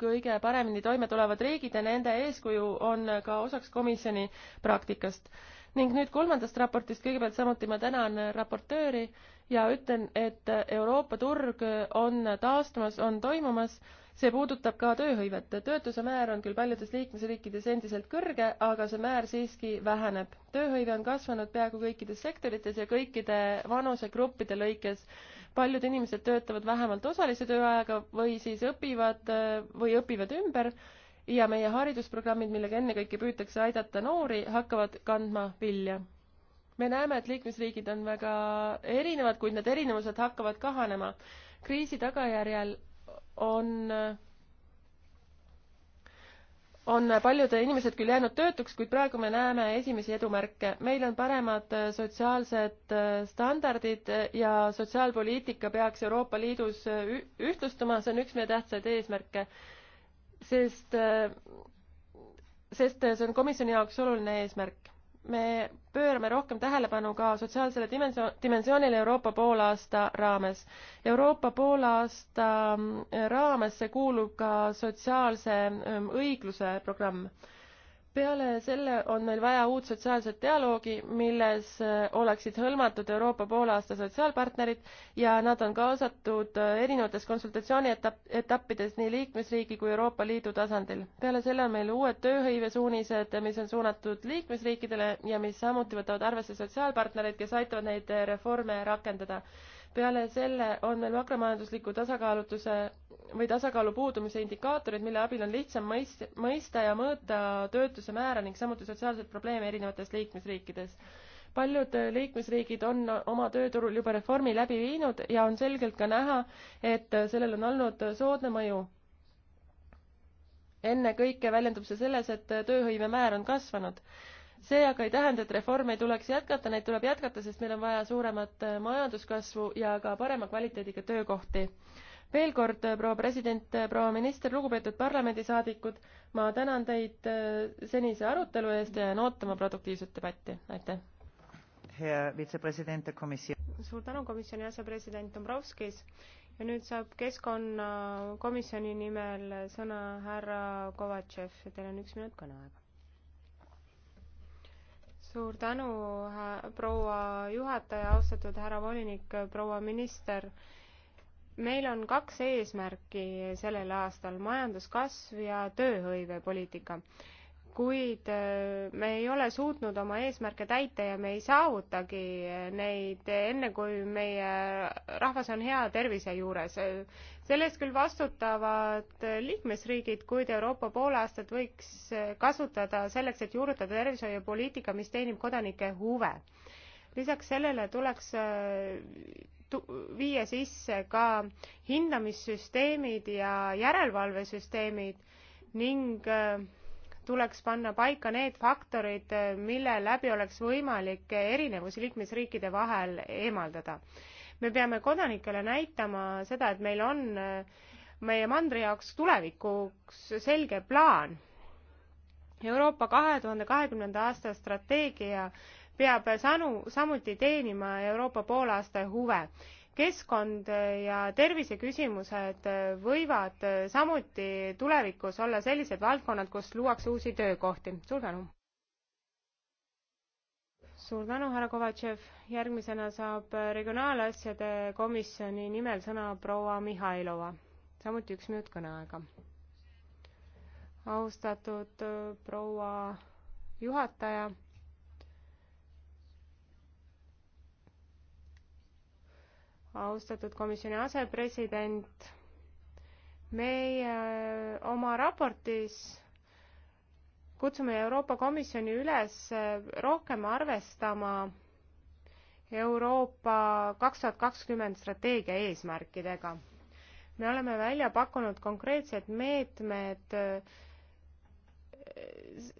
kõige paremini toime tulevad riigid ja nende eeskuju on ka osaks komisjoni praktikast. ning nüüd kolmandast raportist, kõigepealt samuti ma tänan raportööri ja ütlen, et Euroopa turg on taastumas, on toimumas, see puudutab ka tööhõivet. töötuse määr on küll paljudes liikmesriikides endiselt kõrge, aga see määr siiski väheneb. tööhõive on kasvanud peaaegu kõikides sektorites ja kõikide vanusegruppide lõikes paljud inimesed töötavad vähemalt osalise tööajaga või siis õpivad või õpivad ümber ja meie haridusprogrammid, millega ennekõike püütakse aidata noori, hakkavad kandma vilja. me näeme, et liikmesriigid on väga erinevad, kuid need erinevused hakkavad kahanema. kriisi tagajärjel on on paljud inimesed küll jäänud töötuks, kuid praegu me näeme esimesi edumärke. meil on paremad äh, sotsiaalsed äh, standardid ja sotsiaalpoliitika peaks Euroopa Liidus äh, ühtlustuma, see on üks meie tähtsaid eesmärke. sest, sest see on komisjoni jaoks oluline eesmärk me pöörame rohkem tähelepanu ka sotsiaalsele dimensio-, dimensioonile Euroopa poolaasta raames. Euroopa poolaasta ähm, raamesse kuulub ka sotsiaalse ähm, õigluse programm peale selle on meil vaja uut sotsiaalset dialoogi, milles äh, oleksid hõlmatud Euroopa poolaasta sotsiaalpartnerid ja nad on kaasatud äh, erinevates konsultatsiooni etapp, etappides nii liikmesriigi kui Euroopa Liidu tasandil. peale selle on meil uued tööhõivesuunised, mis on suunatud liikmesriikidele ja mis samuti võtavad arvesse sotsiaalpartnereid, kes aitavad neid äh, reforme rakendada peale selle on meil makromajandusliku tasakaalutuse või tasakaalu puudumise indikaatorid, mille abil on lihtsam mõist-, mõista ja mõõta töötuse määra ning samuti sotsiaalseid probleeme erinevates liikmesriikides. paljud liikmesriigid on oma tööturul juba reformi läbi viinud ja on selgelt ka näha, et sellel on olnud soodne mõju. ennekõike väljendub see selles, et tööhõive määr on kasvanud see aga ei tähenda, et reforme ei tuleks jätkata, neid tuleb jätkata, sest meil on vaja suuremat äh, majanduskasvu ja ka parema kvaliteediga töökohti. veel kord, äh, proua president, äh, proua minister, lugupeetud parlamendisaadikud, ma tänan teid senise arutelu eest ja jään ootama produktiivset debatti, aitäh! suur tänu, komisjoni asepresident Dombrovskis ja nüüd saab keskkonnakomisjoni nimel sõna härra Kovatšev ja teil on üks minut kõneaega suur tänu, proua juhataja, austatud härra volinik, proua minister. meil on kaks eesmärki sellel aastal, majanduskasv ja tööhõivepoliitika kuid äh, me ei ole suutnud oma eesmärke täita ja me ei saavutagi äh, neid enne, kui meie rahvas on hea tervise juures. selle eest küll vastutavad äh, liikmesriigid, kuid Euroopa poolaastat võiks kasutada selleks, et juurutada tervishoiupoliitika, mis teenib kodanike huve. lisaks sellele tuleks tu-, viia sisse ka hindamissüsteemid ja järelevalvesüsteemid ning äh, tuleks panna paika need faktorid, mille läbi oleks võimalik erinevusi liikmesriikide vahel eemaldada. me peame kodanikele näitama seda, et meil on meie mandri jaoks tulevikuks selge plaan. Euroopa kahe tuhande kahekümnenda aasta strateegia peab sanu, samuti teenima Euroopa poolaasta huve keskkond ja terviseküsimused võivad samuti tulevikus olla sellised valdkonnad, kus luuakse uusi töökohti. suur tänu! suur tänu, härra Kovatšev, järgmisena saab Regionaalasjade Komisjoni nimel sõna proua Mihhailova, samuti üks minut kõneaega. austatud äh, proua juhataja austatud komisjoni asepresident. meie äh, oma raportis kutsume Euroopa Komisjoni üles äh, rohkem arvestama Euroopa kaks tuhat kakskümmend strateegia eesmärkidega. me oleme välja pakkunud konkreetsed meetmed, äh,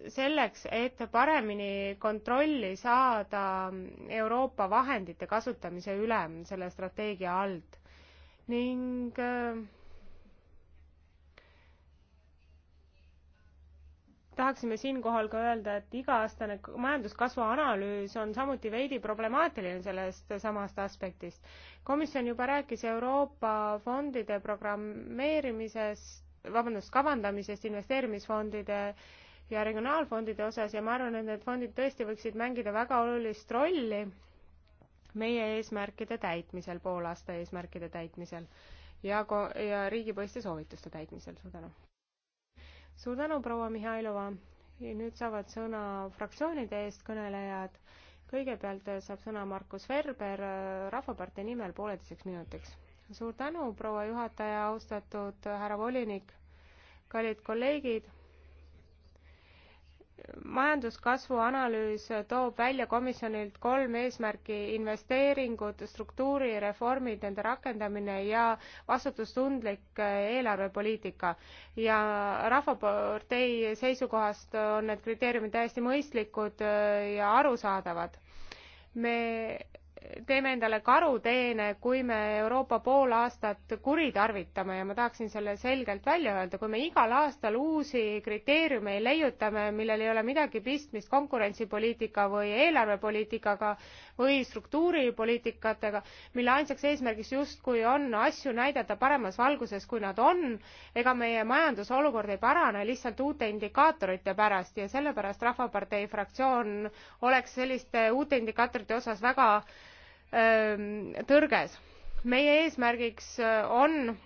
selleks, et paremini kontrolli saada Euroopa vahendite kasutamise üle selle strateegia alt ning äh, tahaksime siinkohal ka öelda, et iga-aastane majanduskasvu analüüs on samuti veidi problemaatiline sellest samast aspektist. komisjon juba rääkis Euroopa fondide programmeerimisest, vabandust, kavandamisest, investeerimisfondide äh, ja regionaalfondide osas ja ma arvan, et need fondid tõesti võiksid mängida väga olulist rolli meie eesmärkide täitmisel, poolaasta eesmärkide täitmisel ja ko-, ja riigipõhiste soovituste täitmisel, suur tänu. suur tänu, proua Mihhailova. nüüd saavad sõna fraktsioonide eestkõnelejad. kõigepealt saab sõna Markus Verber äh, Rahvapartei nimel pooleteiseks minutiks. suur tänu, proua juhataja, austatud härra volinik, kallid kolleegid majanduskasvu analüüs toob välja komisjonilt kolm eesmärki investeeringud struktuurireformid nende rakendamine ja vastutustundlik eh, eelarvepoliitika ja rahvapartei seisukohast on need kriteeriumid täiesti mõistlikud eh, ja arusaadavad me teeme endale karuteene, kui me Euroopa pool aastat kuritarvitame ja ma tahaksin selle selgelt välja öelda, kui me igal aastal uusi kriteeriume leiutame, millel ei ole midagi pistmist konkurentsipoliitika või eelarvepoliitikaga või struktuuripoliitikatega, mille ainsaks eesmärgiks justkui on asju näidata paremas valguses, kui nad on, ega meie majanduse olukord ei parane lihtsalt uute indikaatorite pärast ja sellepärast Rahvapartei fraktsioon oleks selliste uute indikaatorite osas väga Ähm, tõrges. meie eesmärgiks äh, on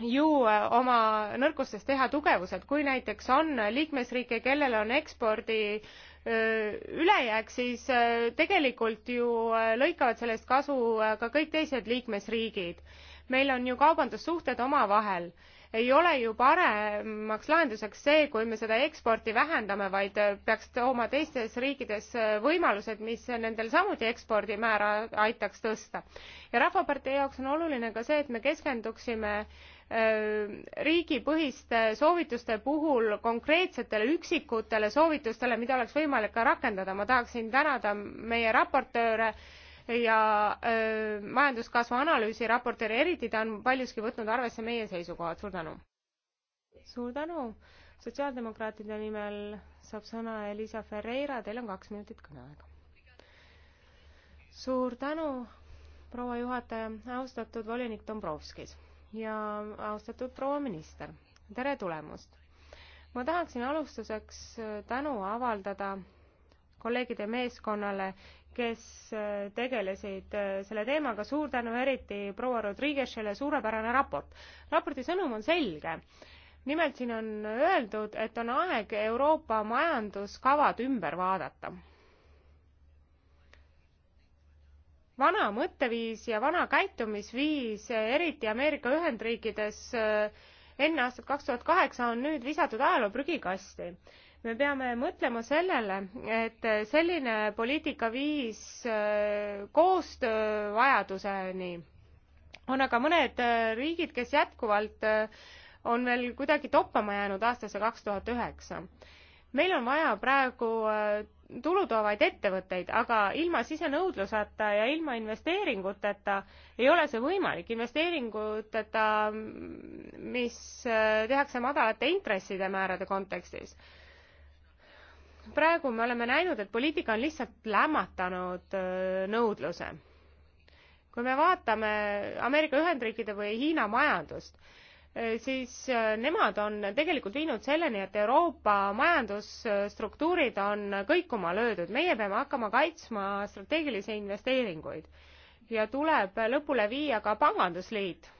ju äh, oma nõrkustest teha tugevused, kui näiteks on liikmesriike, kellel on ekspordi äh, ülejääk, siis tegelikult ju lõikavad sellest kasu ka kõik teised liikmesriigid. meil on ju kaubandussuhted omavahel ei ole ju paremaks lahenduseks see, kui me seda eksporti vähendame, vaid peaks tooma teistes riikides võimalused, mis nendel samuti ekspordimäära aitaks tõsta. ja Rahvapartei jaoks on oluline ka see, et me keskenduksime äh, riigipõhiste soovituste puhul konkreetsetele üksikutele soovitustele mida oleks võimalik ka rakendada ma tahaksin tänada meie raportööre ja öö, majanduskasvu analüüsi raportööri, eriti ta on paljuski võtnud arvesse meie seisukohad, suur tänu! suur tänu! sotsiaaldemokraatide nimel saab sõna Elisa Ferreira, teil on kaks minutit kõneaega. suur tänu, proua juhataja, austatud volinik Dombrovskis ja austatud proua minister, tere tulemast! ma tahaksin alustuseks tänu avaldada kolleegide meeskonnale kes äh, tegelesid äh, selle teemaga, suur tänu eriti proua Rodriguez'ile, suurepärane raport. raporti sõnum on selge. nimelt siin on öeldud, et on aeg Euroopa majanduskavad ümber vaadata. vana mõtteviis ja vana käitumisviis, eriti Ameerika Ühendriikides äh, enne aastat kaks tuhat kaheksa, on nüüd visatud ajaloo prügikasti me peame mõtlema sellele, et selline poliitika viis äh, koostöövajaduseni. on aga mõned äh, riigid, kes jätkuvalt äh, on veel kuidagi toppama jäänud aastasse kaks tuhat üheksa. meil on vaja praegu tulutoovaid ettevõtteid, aga ilma sisenõudluseta ja ilma investeeringuteta ei ole see võimalik. investeeringuteta, mm, mis tehakse madalate intresside määrade kontekstis praegu me oleme näinud, et poliitika on lihtsalt lämmatanud nõudluse. kui me vaatame Ameerika Ühendriikide või Hiina majandust, siis nemad on tegelikult viinud selleni, et Euroopa majandusstruktuurid on kõikuma löödud, meie peame hakkama kaitsma strateegilisi investeeringuid ja tuleb lõpule viia ka pangandusliit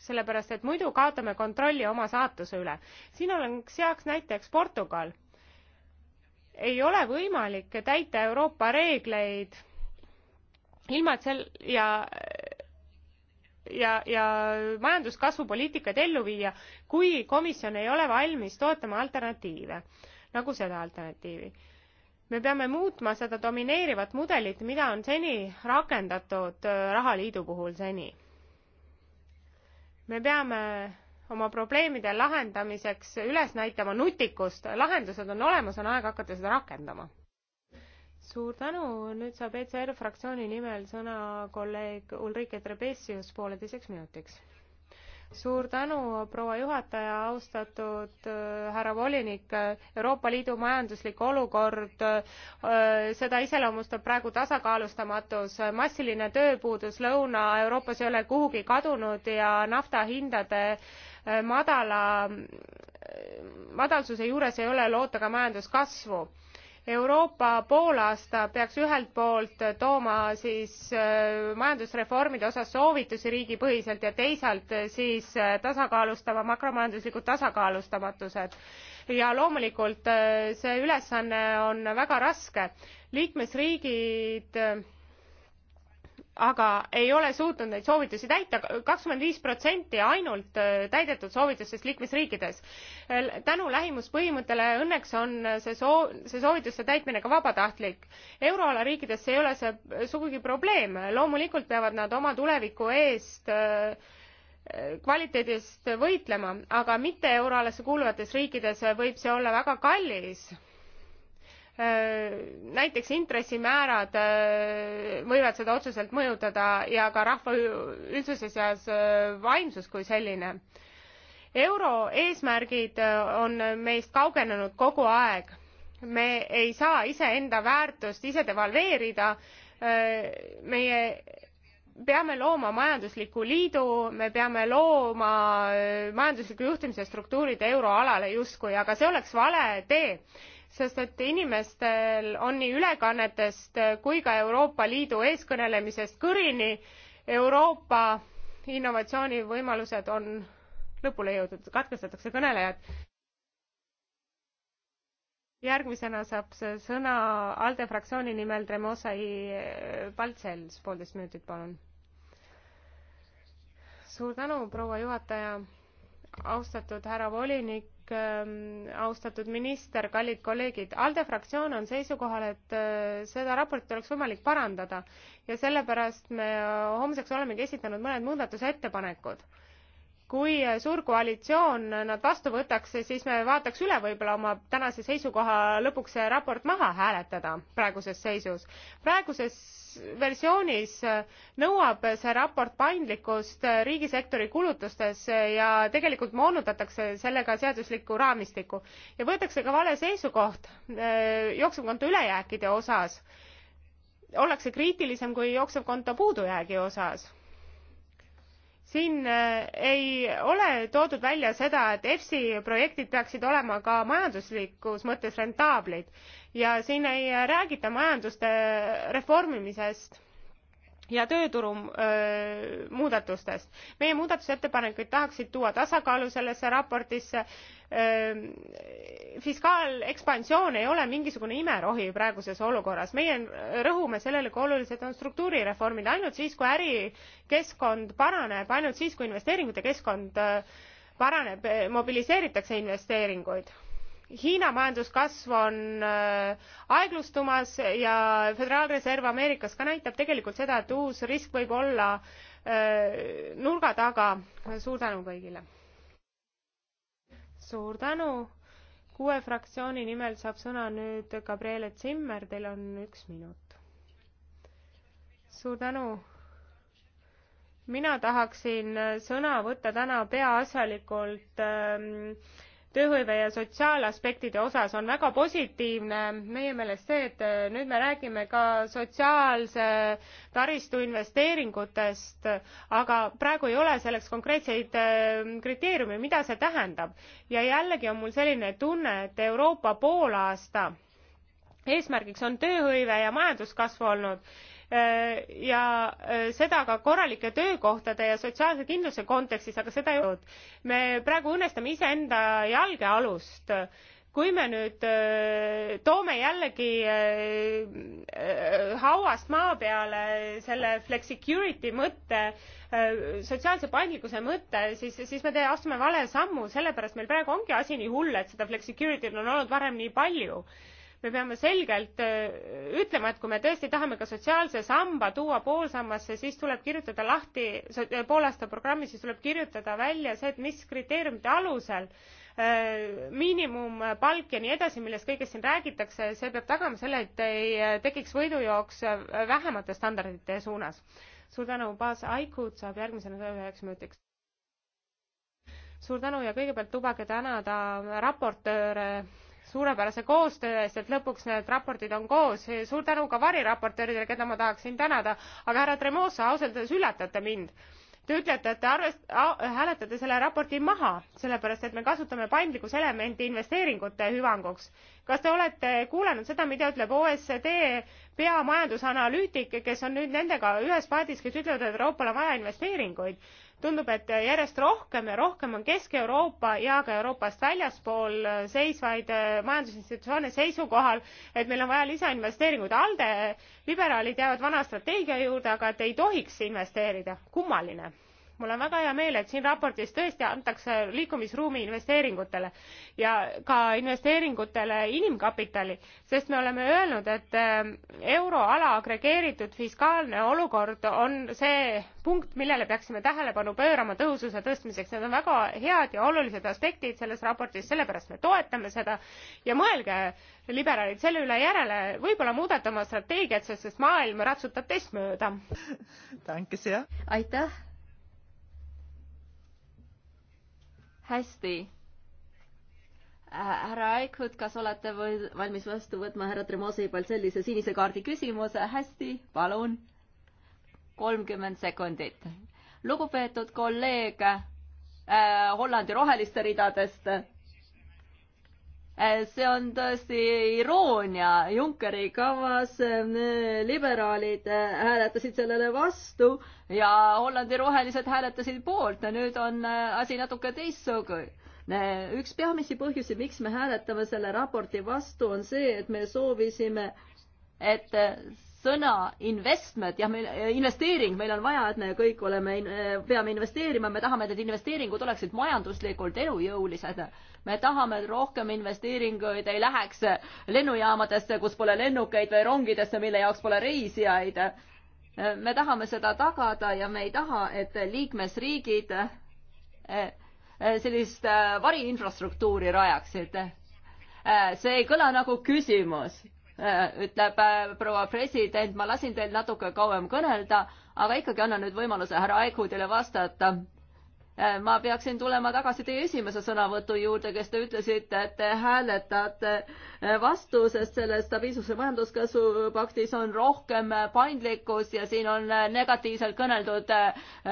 sellepärast et muidu kaotame kontrolli oma saatuse üle. siin oleks heaks näiteks Portugal ei ole võimalik täita Euroopa reegleid ilma et sel- ja ja, ja majanduskasvupoliitikat ellu viia, kui komisjon ei ole valmis toetama alternatiive, nagu seda alternatiivi. me peame muutma seda domineerivat mudelit, mida on seni rakendatud äh, rahaliidu puhul seni. me peame oma probleemide lahendamiseks üles näitama nutikust, lahendused on olemas, on aeg hakata seda rakendama. suur tänu, nüüd saab ECR fraktsiooni nimel sõna kolleeg Ulrike Trebesius pooleteiseks minutiks suur tänu, proua juhataja, austatud äh, härra volinik, Euroopa Liidu majanduslik olukord, äh, seda iseloomustab praegu tasakaalustamatus, massiline tööpuudus Lõuna-Euroopas ei ole kuhugi kadunud ja nafta hindade madala, madalsuse juures ei ole loota ka majanduskasvu. Euroopa poolaasta peaks ühelt poolt tooma siis äh, majandusreformide osas soovitusi riigipõhiselt ja teisalt siis äh, tasakaalustama makromajanduslikud tasakaalustamatused ja loomulikult äh, see ülesanne on väga raske liikmesriigid aga ei ole suutnud neid soovitusi täita kakskümmend viis protsenti ainult äh, täidetud soovitustest liikmesriikides. tänu lähimuspõhimõttele õnneks on äh, see soo- see soovituste täitmine ka vabatahtlik. euroala riikides ei ole see äh, sugugi probleem loomulikult peavad nad oma tuleviku eest kvaliteedi eest võitlema aga mitte euroalasse kuuluvates riikides võib see olla väga kallis Äh, näiteks intressimäärad äh, võivad seda otseselt mõjutada ja ka rahva üldsuse seas äh, vaimsus kui selline. euro eesmärgid on meist kaugenenud kogu aeg. me ei saa iseenda väärtust ise devalveerida, meie peame looma majandusliku liidu, me peame looma majandusliku juhtimise struktuurid euroalale justkui, aga see oleks vale tee sest et inimestel on nii ülekannetest kui ka euroopa liidu eeskõnelemisest kõrini euroopa innovatsioonivõimalused on lõpule jõudnud katkestatakse kõnelejad järgmisena saab sõna ALDE fraktsiooni nimel Tremosai eh, Paltsels, poolteist minutit, palun. suur tänu, proua juhataja austatud härra volinik, ähm, austatud minister, kallid kolleegid, ALDE fraktsioon on seisukohal, et äh, seda raportit oleks võimalik parandada ja sellepärast me äh, homseks olemegi esitanud mõned muudatusettepanekud kui suur koalitsioon nad vastu võtaks, siis me vaataks üle võib-olla oma tänase seisukoha lõpuks see raport maha hääletada praeguses seisus. praeguses versioonis nõuab see raport paindlikkust riigisektori kulutustes ja tegelikult moonutatakse sellega seaduslikku raamistikku ja võetakse ka vale seisukoht eh, jooksevkonto ülejääkide osas. ollakse kriitilisem kui jooksevkonto puudujäägi osas siin äh, ei ole toodud välja seda, et EFSI projektid peaksid olema ka majanduslikus mõttes rentaablid ja siin ei räägita majanduste reformimisest ja tööturu öö, muudatustest. meie muudatusettepanekuid tahaksid tuua tasakaalu sellesse raportisse. fiskaalekspansioon ei ole mingisugune imerohi praeguses olukorras. meie rõhume sellele, kui olulised on struktuurireformid. ainult siis, kui ärikeskkond paraneb, ainult siis, kui investeeringute keskkond paraneb, mobiliseeritakse investeeringuid Hiina majanduskasv on äh, aeglustumas ja Föderaalreserv Ameerikas ka näitab tegelikult seda, et uus risk võib olla äh, nurga taga. suur tänu kõigile! suur tänu! kuue fraktsiooni nimel saab sõna nüüd Gabriele Zimmer, teil on üks minut. suur tänu! mina tahaksin äh, sõna võtta täna peaasjalikult ähm, tööhõive ja sotsiaalaspektide osas on väga positiivne meie meelest see, et äh, nüüd me räägime ka sotsiaalse taristu investeeringutest, aga praegu ei ole selleks konkreetseid äh, kriteeriume, mida see tähendab. ja jällegi on mul selline tunne, et Euroopa poolaasta eesmärgiks on tööhõive ja majanduskasv olnud Äh, ja äh, seda ka korralike töökohtade ja sotsiaalse kindluse kontekstis, aga seda ei olnud. me praegu õõnestame iseenda jalgealust kui me nüüd äh, toome jällegi hauast maa peale selle flexicurity mõtte, sotsiaalse paindlikkuse mõtte, siis, siis me tee, astume vale sammu, sellepärast meil praegu ongi asi nii hull, et seda flexicurityd on olnud varem nii palju me peame selgelt äh, ütlema, et kui me tõesti tahame ka sotsiaalse samba tuua poolsammasse, siis tuleb kirjutada lahti, äh, poole aasta programmi, siis tuleb kirjutada välja see, et mis kriteeriumite alusel äh, miinimumpalk ja nii edasi, millest kõigest siin räägitakse, see peab tagama selle, et ei tekiks võidujooks vähemate standardite suunas. suur tänu, baas Aikud saab järgmisena üheks minutiks suur tänu ja kõigepealt lubage tänada raportööre suurepärase koostöö eest, et lõpuks need raportid on koos. suur tänu ka variraportööridele, keda ma tahaksin tänada, aga härra Tremosa, ausalt öeldes üllatate mind. Te ütlete, et te arvest-, hääletate selle raporti maha, sellepärast et me kasutame paindlikkuselementi investeeringute hüvanguks. kas te olete kuulanud seda, mida ütleb OSCD peamajandusanalüütik, kes on nüüd nendega ühes paadis, kes ütlevad, et Euroopal on vaja investeeringuid? tundub, et järjest rohkem ja rohkem on Kesk-Euroopa ja ka Euroopast väljaspool seisvaid äh, majandusinstitutsioone seisukohal, et meil on vaja lisainvesteeringuid. ALDE liberaalid jäävad vana strateegia juurde, aga et ei tohiks investeerida. kummaline mul on väga hea meel, et siin raportis tõesti antakse liikumisruumi investeeringutele ja ka investeeringutele inimkapitali, sest me oleme öelnud, et äh, euroala agregeeritud fiskaalne olukord on see punkt, millele peaksime tähelepanu pöörama tõhususe tõstmiseks. Need on väga head ja olulised aspektid selles raportis, sellepärast me toetame seda ja mõelge, liberaalid, selle üle järele, võib-olla muudate oma strateegiat, sest maailm ratsutab teist mööda. aitäh hästi. Äh, härra Eichhut, kas olete või, valmis vastu võtma härra Tremosipalt sellise sinise kaardi küsimuse? hästi, palun. kolmkümmend sekundit. lugupeetud kolleeg äh, Hollandi roheliste ridadest Eh, see on tõesti iroonia, Junckeri kavas eh, liberaalid eh, hääletasid sellele vastu ja Hollandi rohelised hääletasid poolt ja nüüd on asi natuke teistsugune. üks peamisi põhjusi, miks me hääletame selle raporti vastu, on see, et me soovisime, et sõna investment, jah, meil eh, investeering, meil on vaja, et me kõik oleme, eh, peame investeerima, me tahame, et need investeeringud oleksid majanduslikult elujõulised. me tahame, et rohkem investeeringuid ei läheks lennujaamadesse, kus pole lennukeid või rongidesse, mille jaoks pole reisijaid. me tahame seda tagada ja me ei taha, et liikmesriigid eh, sellist variinfrastruktuuri rajaksid. see ei kõla nagu küsimus Äh, ütleb äh, proua president, ma lasin teil natuke kauem kõnelda, aga ikkagi annan nüüd võimaluse härra Aikudile vastata Äh, ma peaksin tulema tagasi teie esimese sõnavõtu juurde, kes te ütlesite, et te hääletate äh, vastu, sest selles stabiilsuse majanduskasvu paktis on rohkem äh, paindlikkus ja siin on negatiivselt kõneldud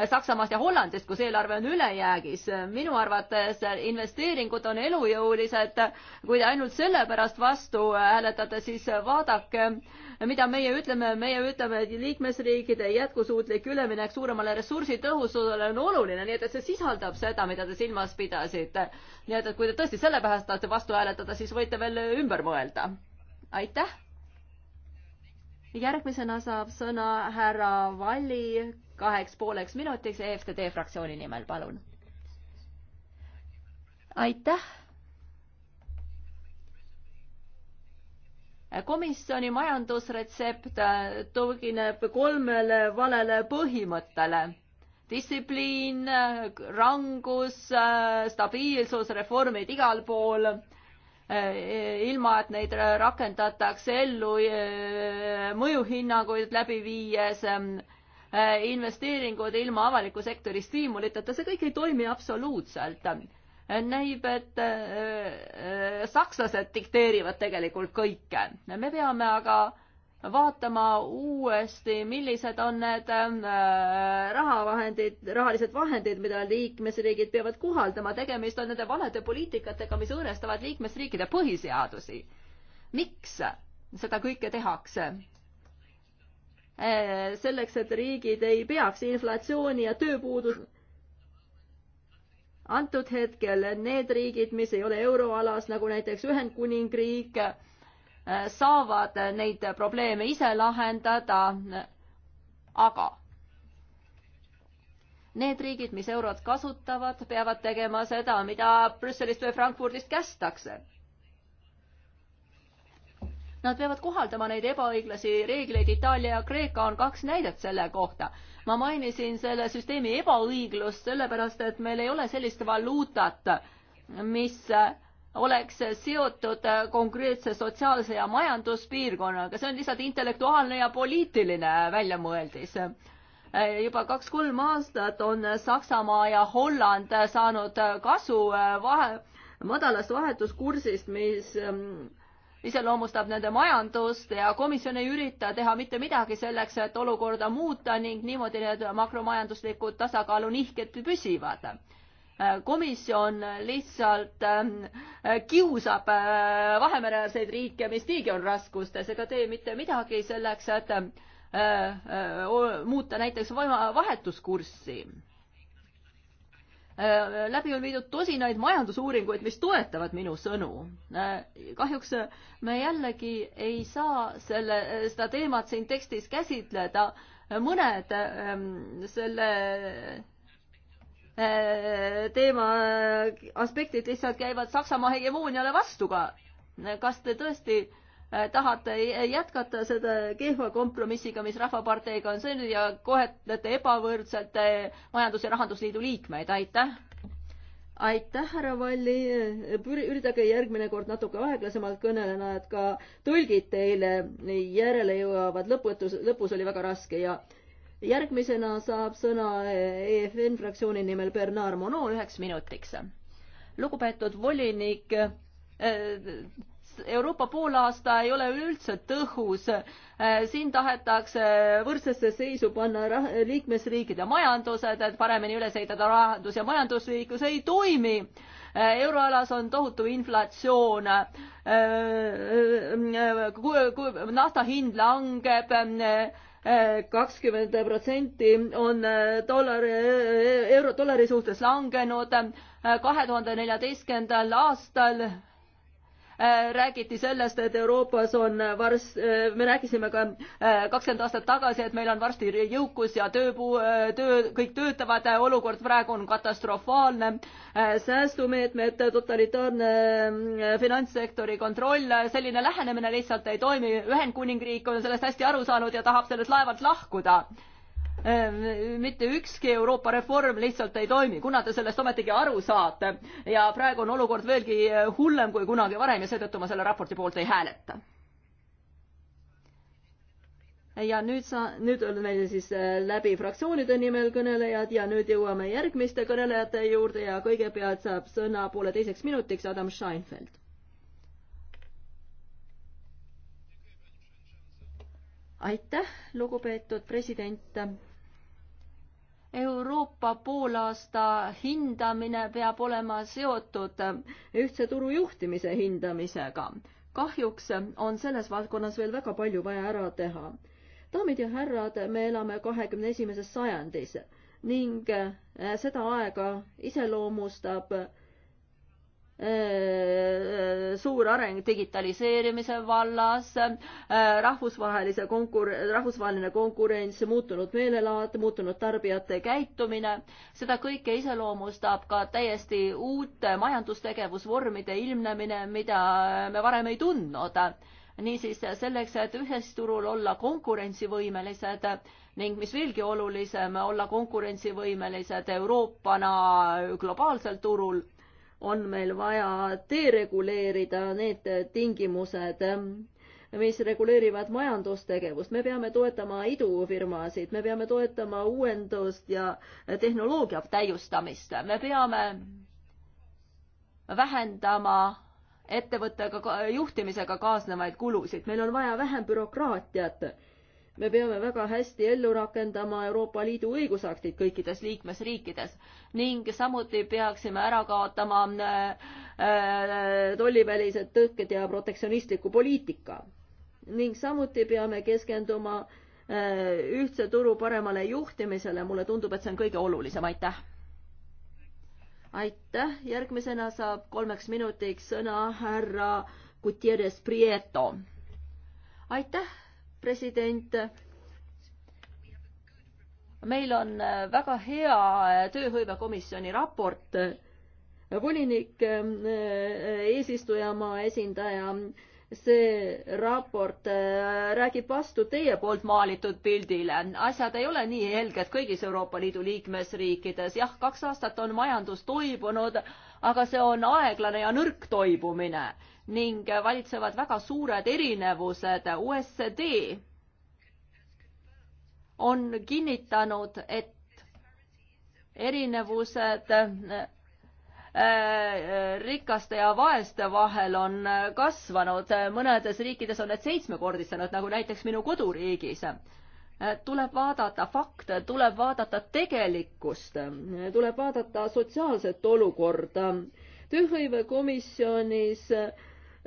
Saksamaast ja Hollandist, kus eelarve on ülejäägis. minu arvates investeeringud on elujõulised. kui te ainult sellepärast vastu hääletate, siis vaadake, mida meie ütleme, meie ütleme, et liikmesriikide jätkusuutlik üleminek suuremale ressursitõhususele on oluline, nii et, et see sisaldab seda, mida te silmas pidasite. nii et, et kui te tõesti selle pärast tahate vastu hääletada, siis võite veel ümber mõelda. aitäh. järgmisena saab sõna härra Valli kaheks pooleks minutiks EFTD fraktsiooni nimel, palun. aitäh komisjoni majandusretsept tugineb kolmele valele põhimõttele distsipliin, rangus, stabiilsus, reformid igal pool, ilma et neid rakendatakse ellu mõjuhinnanguid läbi viies, investeeringud ilma avaliku sektori stiimuliteta, see kõik ei toimi absoluutselt näib, et äh, äh, sakslased dikteerivad tegelikult kõike. me peame aga vaatama uuesti, millised on need äh, rahavahendid, rahalised vahendid, mida liikmesriigid peavad kohaldama, tegemist on nende valede poliitikatega, mis õõnestavad liikmesriikide põhiseadusi. miks seda kõike tehakse? Äh, selleks, et riigid ei peaks inflatsiooni ja tööpuudus antud hetkel need riigid, mis ei ole euroalas, nagu näiteks Ühendkuningriik, saavad neid probleeme ise lahendada, aga need riigid, mis eurot kasutavad, peavad tegema seda, mida Brüsselist või Frankfurdist kästakse. Nad peavad kohaldama neid ebaõiglasi reegleid, Itaalia ja Kreeka on kaks näidet selle kohta. ma mainisin selle süsteemi ebaõiglust sellepärast, et meil ei ole sellist valuutat, mis äh, oleks seotud konkreetse sotsiaalse ja majanduspiirkonnaga, see on lihtsalt intellektuaalne ja poliitiline väljamõeldis. juba kaks-kolm aastat on Saksamaa ja Holland saanud kasu vahe, madalast vahetuskursist, mis ähm, iseloomustab nende majandust ja komisjon ei ürita teha mitte midagi selleks, et olukorda muuta ning niimoodi need makromajanduslikud tasakaalu nihked püsivad komisjon lihtsalt ähm, kiusab äh, Vahemereäärseid riike, mis niigi on raskustes, ega tee mitte midagi selleks, et äh, äh, muuta näiteks vahetuskurssi. läbi on viidud tosinaid majandusuuringuid, mis toetavad minu sõnu. kahjuks me jällegi ei saa selle, seda teemat siin tekstis käsitleda. mõned ähm, selle teema aspektid lihtsalt käivad Saksamaa hegemooniale vastu ka. kas te tõesti äh, tahate jätkata seda kehva kompromissiga, mis Rahvaparteiga on sõlminud ja kohetlete ebavõrdselt Majandus- ja Rahandusliidu liikmeid, aitäh! aitäh, härra Valli, üritage järgmine kord natuke aeglasemalt kõneleda, et ka tõlgid teile järele jõuavad, lõputus, lõpus oli väga raske ja äh, järgmisena saab sõna EFN fraktsiooni nimel Bernard Monod üheks minutiks. lugupeetud volinik, Euroopa poolaasta ei ole üleüldse tõhus. siin tahetakse võrdsesse seisu panna liikmesriikide majandused, et paremini üles ehitada rahandus ja majandusliiklus ei toimi. euroalas on tohutu inflatsioon. nafta hind langeb kakskümmend protsenti on äh, dollar, äh, euro, dollari suhtes langenud. kahe tuhande neljateistkümnendal aastal Äh, räägiti sellest, et Euroopas on äh, varsti, äh, me rääkisime ka kakskümmend aastat tagasi, et meil on varsti jõukus ja tööpuu, töö, kõik töötavad, olukord praegu on katastrofaalne. säästumeetmed, totalitaarne finantssektori kontroll, selline lähenemine lihtsalt ei toimi. Ühendkuningriik on sellest hästi aru saanud ja tahab sellest laevalt lahkuda Ehm, mitte ükski Euroopa reform lihtsalt ei toimi, kuna te sellest ometigi aru saate ja praegu on olukord veelgi eh, hullem kui kunagi varem ja seetõttu ma selle raporti poolt ei hääleta. ja nüüd sa, nüüd on meil siis eh, läbi fraktsioonide nimel kõnelejad ja nüüd jõuame järgmiste kõnelejate juurde ja kõigepealt saab sõna pooleteiseks minutiks Adam Scheinfeld. aitäh, lugupeetud president Euroopa poolaasta hindamine peab olema seotud ühtse turu juhtimise hindamisega. kahjuks on selles valdkonnas veel väga palju vaja ära teha. daamid ja härrad, me elame kahekümne esimeses sajandis ning äh, seda aega iseloomustab Äh, suur areng digitaliseerimise vallas, äh, rahvusvahelise konkur-, rahvusvaheline konkurents, muutunud meelelaad, muutunud tarbijate käitumine, seda kõike iseloomustab ka täiesti uute majandustegevusvormide ilmnemine, mida me varem ei tundnud niisiis selleks, et ühisturul olla konkurentsivõimelised ning mis veelgi olulisem, olla konkurentsivõimelised Euroopana globaalsel turul on meil vaja dereguleerida need tingimused, mis reguleerivad majandustegevust. me peame toetama idufirmasid, me peame toetama uuendust ja tehnoloogia täiustamist. me peame vähendama ettevõttega, juhtimisega kaasnevaid kulusid. meil on vaja vähem bürokraatiat me peame väga hästi ellu rakendama Euroopa Liidu õigusaktid kõikides liikmesriikides ning samuti peaksime ära kaotama äh, äh, tollivälised tõkked ja protektsionistliku poliitika. ning samuti peame keskenduma äh, ühtse turu paremale juhtimisele, mulle tundub, et see on kõige olulisem, aitäh! aitäh, järgmisena saab kolmeks minutiks sõna härra Gutierrez Prieto. aitäh, president. meil on äh, väga hea äh, tööhõivekomisjoni raport. volinik, äh, eesistujamaa esindaja, see raport räägib vastu teie poolt maalitud pildile. asjad ei ole nii helged kõigis Euroopa Liidu liikmesriikides. jah, kaks aastat on majandus toibunud, aga see on aeglane ja nõrk toibumine ning valitsevad väga suured erinevused. OSCD on kinnitanud, et erinevused äh, äh, rikaste ja vaeste vahel on kasvanud, mõnedes riikides on need seitsmekordistunud, nagu näiteks minu koduriigis. tuleb vaadata fakte, tuleb vaadata tegelikkust, tuleb vaadata sotsiaalset olukorda. tööhõivekomisjonis äh,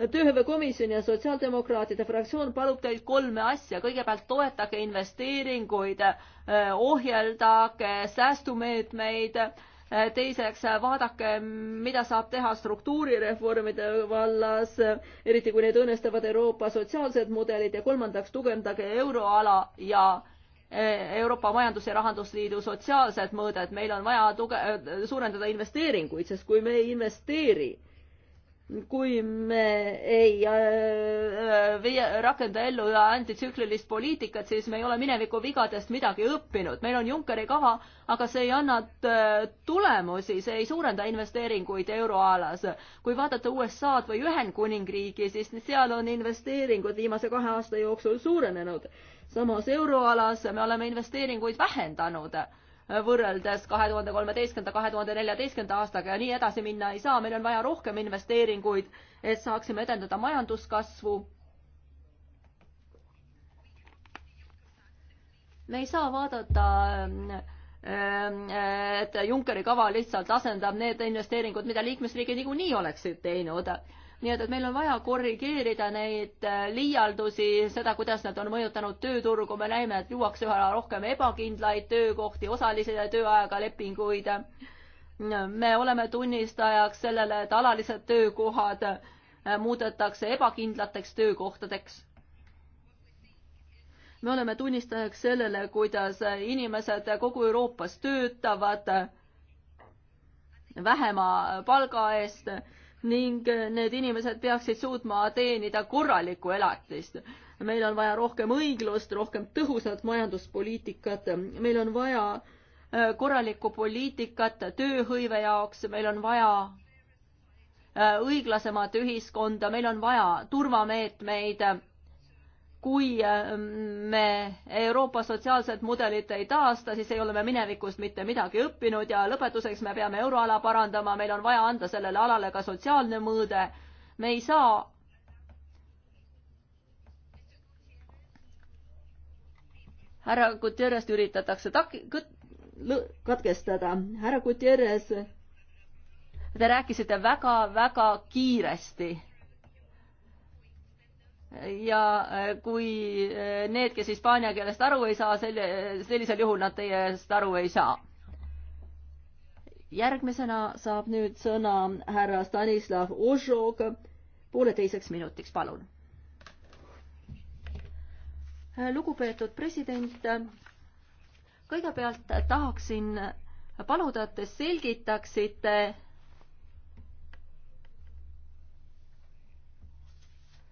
tööhõivekomisjon ja Sotsiaaldemokraatide fraktsioon palub teilt kolme asja. kõigepealt toetage investeeringuid, eh, ohjeldage säästumeetmeid, eh, teiseks vaadake, mida saab teha struktuurireformide vallas, eriti kui need õõnestavad Euroopa sotsiaalsed mudelid ja kolmandaks tugevdage euroala ja eh, Euroopa Majandus- ja Rahandusliidu sotsiaalsed mõõded, meil on vaja tuge-, suurendada investeeringuid, sest kui me ei investeeri, kui me ei äh, äh rakenda ellu antitsüklilist poliitikat, siis me ei ole mineviku vigadest midagi õppinud. meil on Junckeri kava, aga see ei anna äh, tulemusi, see ei suurenda investeeringuid euroalas. kui vaadata USA-d või Ühendkuningriigi, siis seal on investeeringud viimase kahe aasta jooksul suurenenud. samas euroalas me oleme investeeringuid vähendanud võrreldes kahe tuhande kolmeteistkümnenda, kahe tuhande neljateistkümnenda aastaga ja nii edasi minna ei saa, meil on vaja rohkem investeeringuid, et saaksime edendada majanduskasvu. me ei saa vaadata ähm, äh, et Junckeri kava lihtsalt asendab need investeeringud, mida liikmesriigid niikuinii oleksid teinud nii et, et meil on vaja korrigeerida neid äh, liialdusi, seda, kuidas nad on mõjutanud tööturgu, me näeme, et luuakse üha rohkem ebakindlaid töökohti, osalise tööajaga lepinguid. me oleme tunnistajaks sellele, et alalised töökohad äh, muudetakse ebakindlateks töökohtadeks me oleme tunnistajaks sellele, kuidas inimesed kogu Euroopas töötavad vähema palga eest ning eh, need inimesed peaksid suutma teenida korralikku elatist. meil on vaja rohkem õiglust, rohkem tõhusat majanduspoliitikat, meil on vaja eh, korralikku poliitikat tööhõive jaoks, meil on vaja eh, õiglasemat ühiskonda, meil on vaja turvameetmeid kui ähm, me Euroopa sotsiaalset mudelit ei taasta, siis ei ole me minevikust mitte midagi õppinud ja lõpetuseks me peame euroala parandama, meil on vaja anda sellele alale ka sotsiaalne mõõde. me ei saa härra Gutierrest üritatakse tak-, katkestada. härra Gutierrez, te rääkisite väga-väga kiiresti ja eh, kui eh, need, kes hispaania keelest aru ei saa, selle, sellisel juhul nad teiest aru ei saa. järgmisena saab nüüd sõna härra Stanislav Ožog pooleteiseks minutiks, palun. lugupeetud president, kõigepealt tahaksin paluda, et te selgitaksite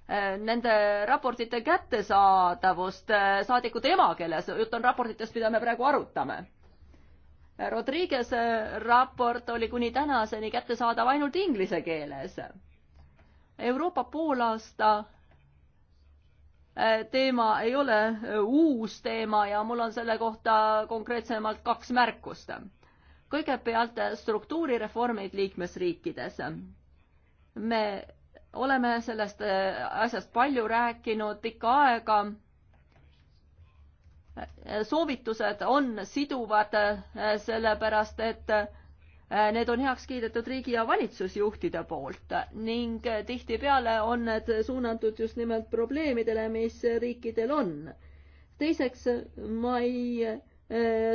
Äh, nende raportite kättesaadavust äh, saadikute emakeeles, jutt on raportitest, mida me praegu arutame. Äh, Rodriguez raport oli kuni tänaseni kättesaadav ainult inglise keeles. Euroopa poolaasta teema ei ole uus teema ja mul on selle kohta konkreetsemalt kaks märkust. kõigepealt struktuurireformid liikmesriikides. me oleme sellest äh, asjast palju rääkinud pikka aega. soovitused on siduvad, äh, sellepärast et äh, need on heaks kiidetud riigi ja valitsusjuhtide poolt ning tihtipeale on need suunatud just nimelt probleemidele, mis riikidel on. teiseks, ma ei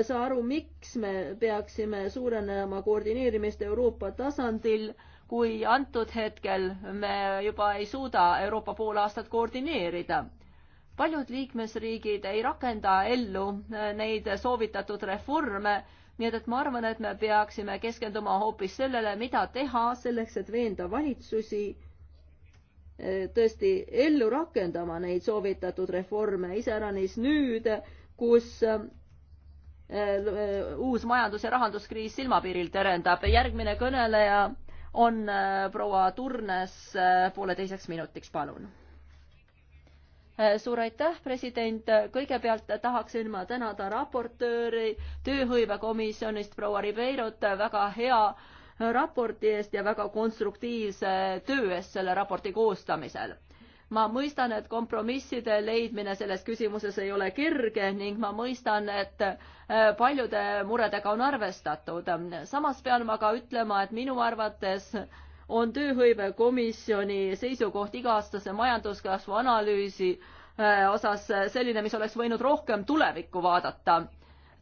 saa aru, miks me peaksime suurenema koordineerimist Euroopa tasandil kui antud hetkel me juba ei suuda Euroopa poolaastat koordineerida. paljud liikmesriigid ei rakenda ellu äh, neid soovitatud reforme, nii et, et ma arvan, et me peaksime keskenduma hoopis sellele, mida teha selleks, et veenda valitsusi äh, tõesti ellu rakendama neid soovitatud reforme, iseäranis nüüd, kus äh, uus majandus- ja rahanduskriis silmapiiril terendab. järgmine kõneleja on äh, proua Turnes äh, pooleteiseks minutiks, palun. Äh, suur aitäh, president, kõigepealt tahaksin ma tänada raportööri tööhõivekomisjonist proua Ribeirot väga hea raporti eest ja väga konstruktiivse töö eest selle raporti koostamisel ma mõistan, et kompromisside leidmine selles küsimuses ei ole kerge ning ma mõistan, et äh, paljude muredega on arvestatud. samas pean ma ka ütlema, et minu arvates on tööhõivekomisjoni seisukoht iga-aastase majanduskasvu analüüsi äh, osas selline, mis oleks võinud rohkem tulevikku vaadata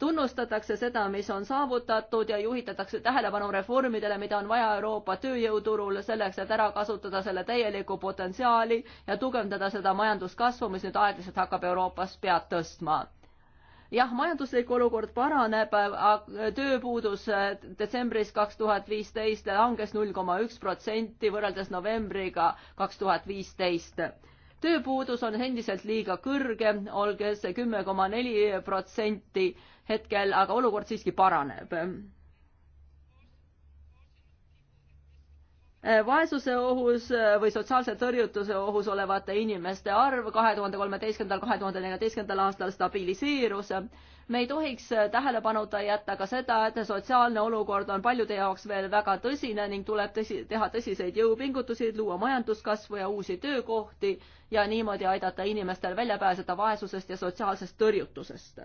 tunnustatakse seda, mis on saavutatud ja juhitatakse tähelepanu reformidele, mida on vaja Euroopa tööjõuturul selleks, et ära kasutada selle täielikku potentsiaali ja tugevdada seda majanduskasvu, mis nüüd aeglaselt hakkab Euroopas pead tõstma jah, majanduslik olukord paraneb, tööpuudus äh, detsembris kaks tuhat viisteist langes null koma üks protsenti võrreldes novembriga kaks tuhat viisteist tööpuudus on endiselt liiga kõrge, olge see kümme koma neli protsenti hetkel, aga olukord siiski paraneb. vaesuse ohus või sotsiaalse tõrjutuse ohus olevate inimeste arv kahe tuhande kolmeteistkümnendal, kahe tuhande neljateistkümnendal aastal stabiliseerus. me ei tohiks tähelepanuta jätta ka seda, et sotsiaalne olukord on paljude jaoks veel väga tõsine ning tuleb tõsi, teha tõsiseid jõupingutusi, luua majanduskasvu ja uusi töökohti ja niimoodi aidata inimestel välja pääseda vaesusest ja sotsiaalsest tõrjutusest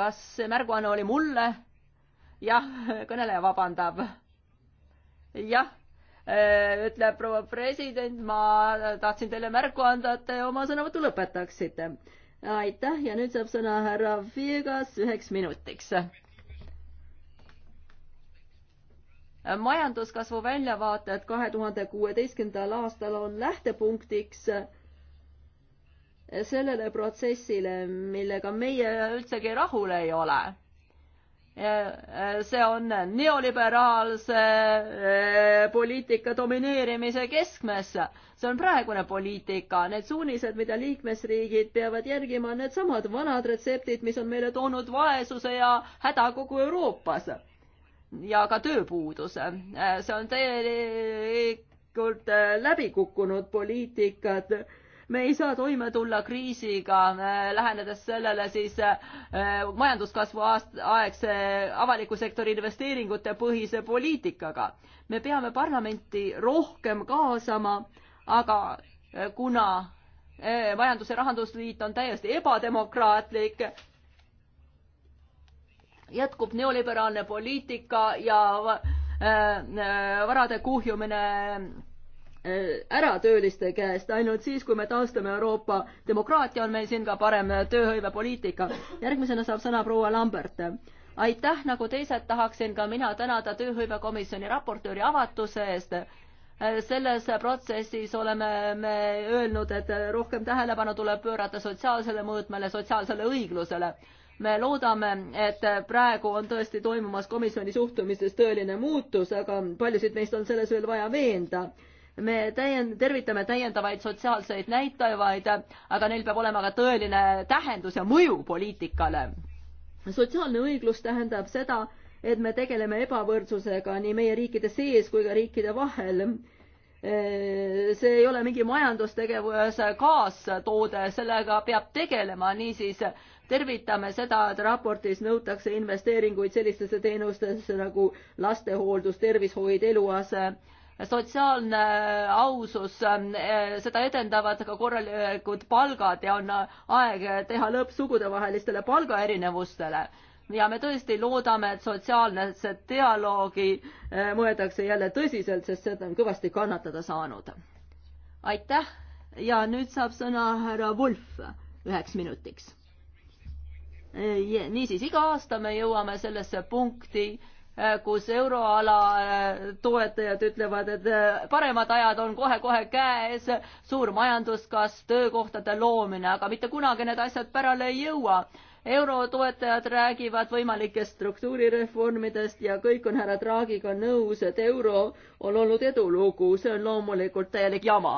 kas see märguanne oli mulle? jah, kõneleja vabandab. jah, äh, ütleb proua president, ma tahtsin teile märku anda, et te oma sõnavõtu lõpetaksite. aitäh ja nüüd saab sõna härra Viegas üheks minutiks. majanduskasvu väljavaated kahe tuhande kuueteistkümnendal aastal on lähtepunktiks sellele protsessile, millega meie üldsegi rahul ei ole. E, see on neoliberaalse e, poliitika domineerimise keskmes. see on praegune poliitika, need suunised, mida liikmesriigid peavad järgima, on needsamad vanad retseptid, mis on meile toonud vaesuse ja häda kogu Euroopas ja ka tööpuuduse. E, see on täielikult läbi kukkunud poliitikad me ei saa toime tulla kriisiga, lähenedes sellele siis eh, majanduskasvu aast-, aegse avaliku sektori investeeringute põhise poliitikaga. me peame parlamenti rohkem kaasama, aga eh, kuna eh, majandus- ja rahandusliit on täiesti ebademokraatlik, jätkub neoliberaalne poliitika ja varade kuhjumine Äh, äratööliste käest, ainult siis, kui me taastame Euroopa demokraatia, on meil siin ka parem äh, tööhõivepoliitika. järgmisena saab sõna proua Lambert. aitäh, nagu teised tahaksin ka mina tänada Tööhõivekomisjoni raportööri avatuse eest. Äh, selles protsessis oleme me öelnud, et rohkem tähelepanu tuleb pöörata sotsiaalsele mõõtmele, sotsiaalsele õiglusele me loodame, et praegu on tõesti toimumas komisjoni suhtumises tõeline muutus, aga paljusid meist on selles veel vaja veenda me täien-, tervitame täiendavaid sotsiaalseid näitajaid, aga neil peab olema ka tõeline tähendus ja mõju poliitikale. sotsiaalne õiglus tähendab seda, et me tegeleme ebavõrdsusega nii meie riikide sees kui ka riikide vahel see ei ole mingi majandustegevuse kaastoode, sellega peab tegelema, niisiis tervitame seda, et raportis nõutakse investeeringuid sellistesse teenustesse nagu lastehooldus, tervishoid, eluase sotsiaalne äh, ausus, ähm, äh, seda edendavad ka korralikud palgad ja on äh, aeg teha lõpp sugudevahelistele palgaerinevustele ja me tõesti loodame, et sotsiaalse dialoogi mõeldakse jälle tõsiselt, sest seda on kõvasti kannatada saanud. aitäh ja nüüd saab sõna härra Wolf üheks minutiks. niisiis, iga aasta me jõuame sellesse punkti Äh, kus euroala äh, toetajad ütlevad, et äh, paremad ajad on kohe-kohe käes, suur majanduskasv, töökohtade loomine, aga mitte kunagi need asjad pärale ei jõua. euro toetajad räägivad võimalikest struktuurireformidest ja kõik on härra Draagiga nõus, et euro on olnud edulugu, see on loomulikult täielik jama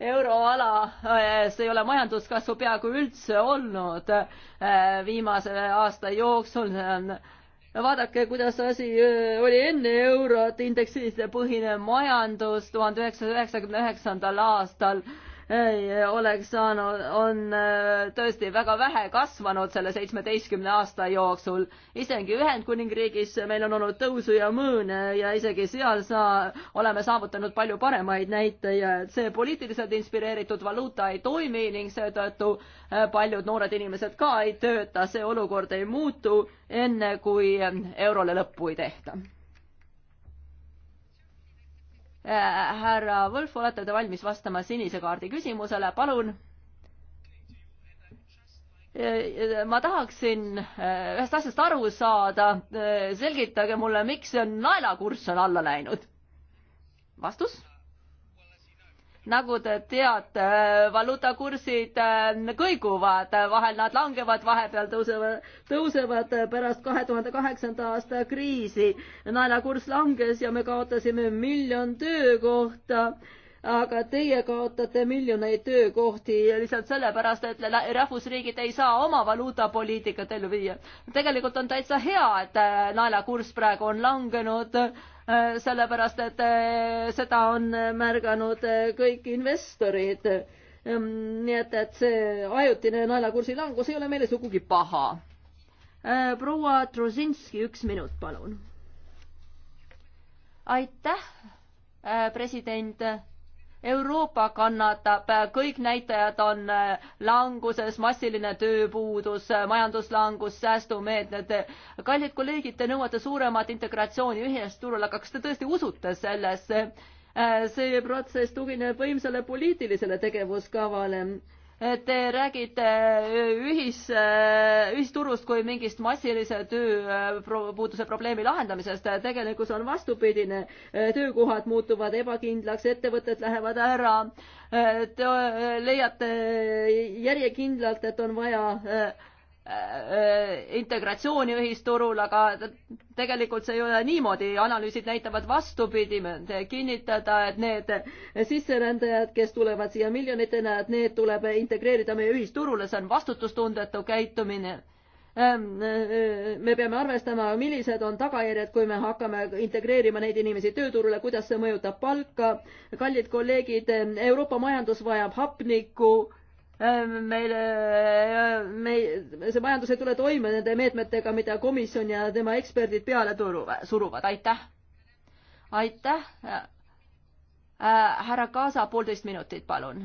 euroalas ei ole majanduskasvu peaaegu üldse olnud viimase aasta jooksul, see on vaadake, kuidas asi äh, oli enne eurot, indeksil põhinev majandus tuhande üheksasaja üheksakümne üheksandal aastal oleks saanud, on äh, tõesti väga vähe kasvanud selle seitsmeteistkümne aasta jooksul. isegi Ühendkuningriigis meil on olnud tõusu ja mõõne ja isegi seal saa-, oleme saavutanud palju paremaid näitajaid. see poliitiliselt inspireeritud valuuta ei toimi ning seetõttu äh, paljud noored inimesed ka ei tööta, see olukord ei muutu enne, kui eurole lõppu ei tehta Äh, härra Võlf, olete te valmis vastama sinise kaardi küsimusele, palun? Äh, ma tahaksin äh, ühest asjast aru saada, selgitage mulle, miks see naelakurss on alla läinud? vastus nagu te teate, valuutakursid äh, kõiguvad, äh, vahel nad langevad, vahepeal tõusevad, tõusevad äh, pärast kahe tuhande kaheksanda aasta kriisi. naelakurss langes ja me kaotasime miljon töökohta, aga teie kaotate miljoneid töökohti lihtsalt sellepärast, et rahvusriigid ei saa oma valuutapoliitikat ellu viia. tegelikult on täitsa hea, et naelakurss praegu on langenud Äh, sellepärast et äh, seda on märganud äh, kõik investorid. Ähm, nii et, et see ajutine naelakursi langus ei ole meile sugugi paha. proua Trusinski, üks minut, palun. aitäh, president Euroopa kannatab, kõik näitajad on äh, languses, massiline tööpuudus, äh, majanduslangus, säästumeetmed. kallid kolleegid, te nõuate suuremat integratsiooni ühest turul, aga kas te tõesti usute sellesse? Äh, see protsess tugineb võimsale poliitilisele tegevuskavale Te räägite äh, ühis, äh, ühisturust kui mingist massilise tööpuuduse äh, probleemi lahendamisest. tegelikkus on vastupidine. töökohad muutuvad ebakindlaks, ettevõtted lähevad ära. Te leiate järjekindlalt, et on vaja Äh, integratsiooni ühisturul, aga tegelikult see ei ole niimoodi, analüüsid näitavad vastupidi, kinnitada, et need sisserändajad, kes tulevad siia miljonitena, et need tuleb integreerida meie ühisturule, see on vastutustundetu käitumine. Ähm, äh, me peame arvestama, millised on tagajärjed, kui me hakkame integreerima neid inimesi tööturule, kuidas see mõjutab palka. kallid kolleegid, Euroopa majandus vajab hapnikku Ähm, meile, äh, me, see majandus ei tule toime nende meetmetega, mida komisjon ja tema eksperdid peale turuvad, suruvad, aitäh. aitäh äh,. härra Kaasa, poolteist minutit, palun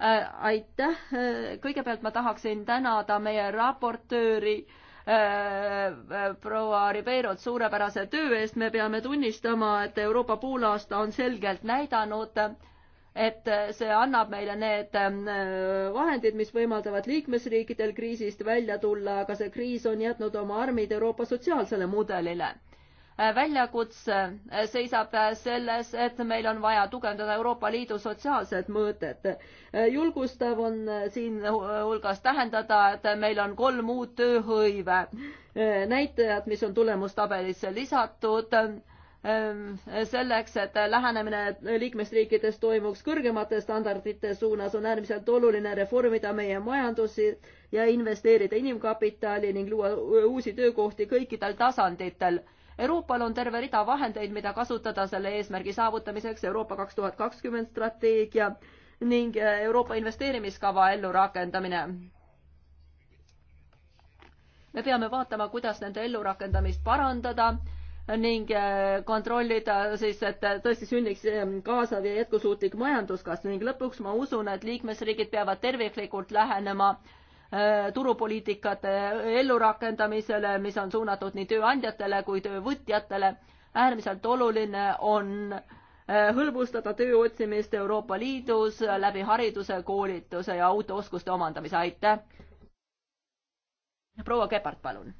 äh,. aitäh, äh, kõigepealt ma tahaksin tänada meie raportööri äh, äh, proua Ribeirot suurepärase töö eest, me peame tunnistama, et Euroopa poolaasta on selgelt näidanud äh, et äh, see annab meile need ähm, äh, vahendid, mis võimaldavad liikmesriikidel kriisist välja tulla, aga see kriis on jätnud oma armid Euroopa sotsiaalsele mudelile. Äh, väljakutse seisab selles, et meil on vaja tugevdada Euroopa Liidu sotsiaalset mõõtet. julgustav on siinhulgas tähendada, et meil on kolm uut tööhõive näitajat, mis on tulemustabelisse lisatud Ehm, selleks, et lähenemine liikmesriikides toimuks kõrgemate standardite suunas, on äärmiselt oluline reformida meie majandusi ja investeerida inimkapitali ning luua uusi töökohti kõikidel tasanditel. Euroopal on terve rida vahendeid, mida kasutada selle eesmärgi saavutamiseks Euroopa kaks tuhat kakskümmend strateegia ning Euroopa investeerimiskava ellurakendamine me peame vaatama, kuidas nende ellurakendamist parandada ning äh, kontrollida siis, et tõesti sünniks ähm, kaasav ja jätkusuutlik majanduskasv ning lõpuks ma usun, et liikmesriigid peavad terviklikult lähenema äh, turupoliitikate äh, ellurakendamisele, mis on suunatud nii tööandjatele kui töövõtjatele. äärmiselt oluline on hõlbustada töö otsimist Euroopa Liidus läbi hariduse, koolituse ja uute oskuste omandamise, aitäh. proua Kepart, palun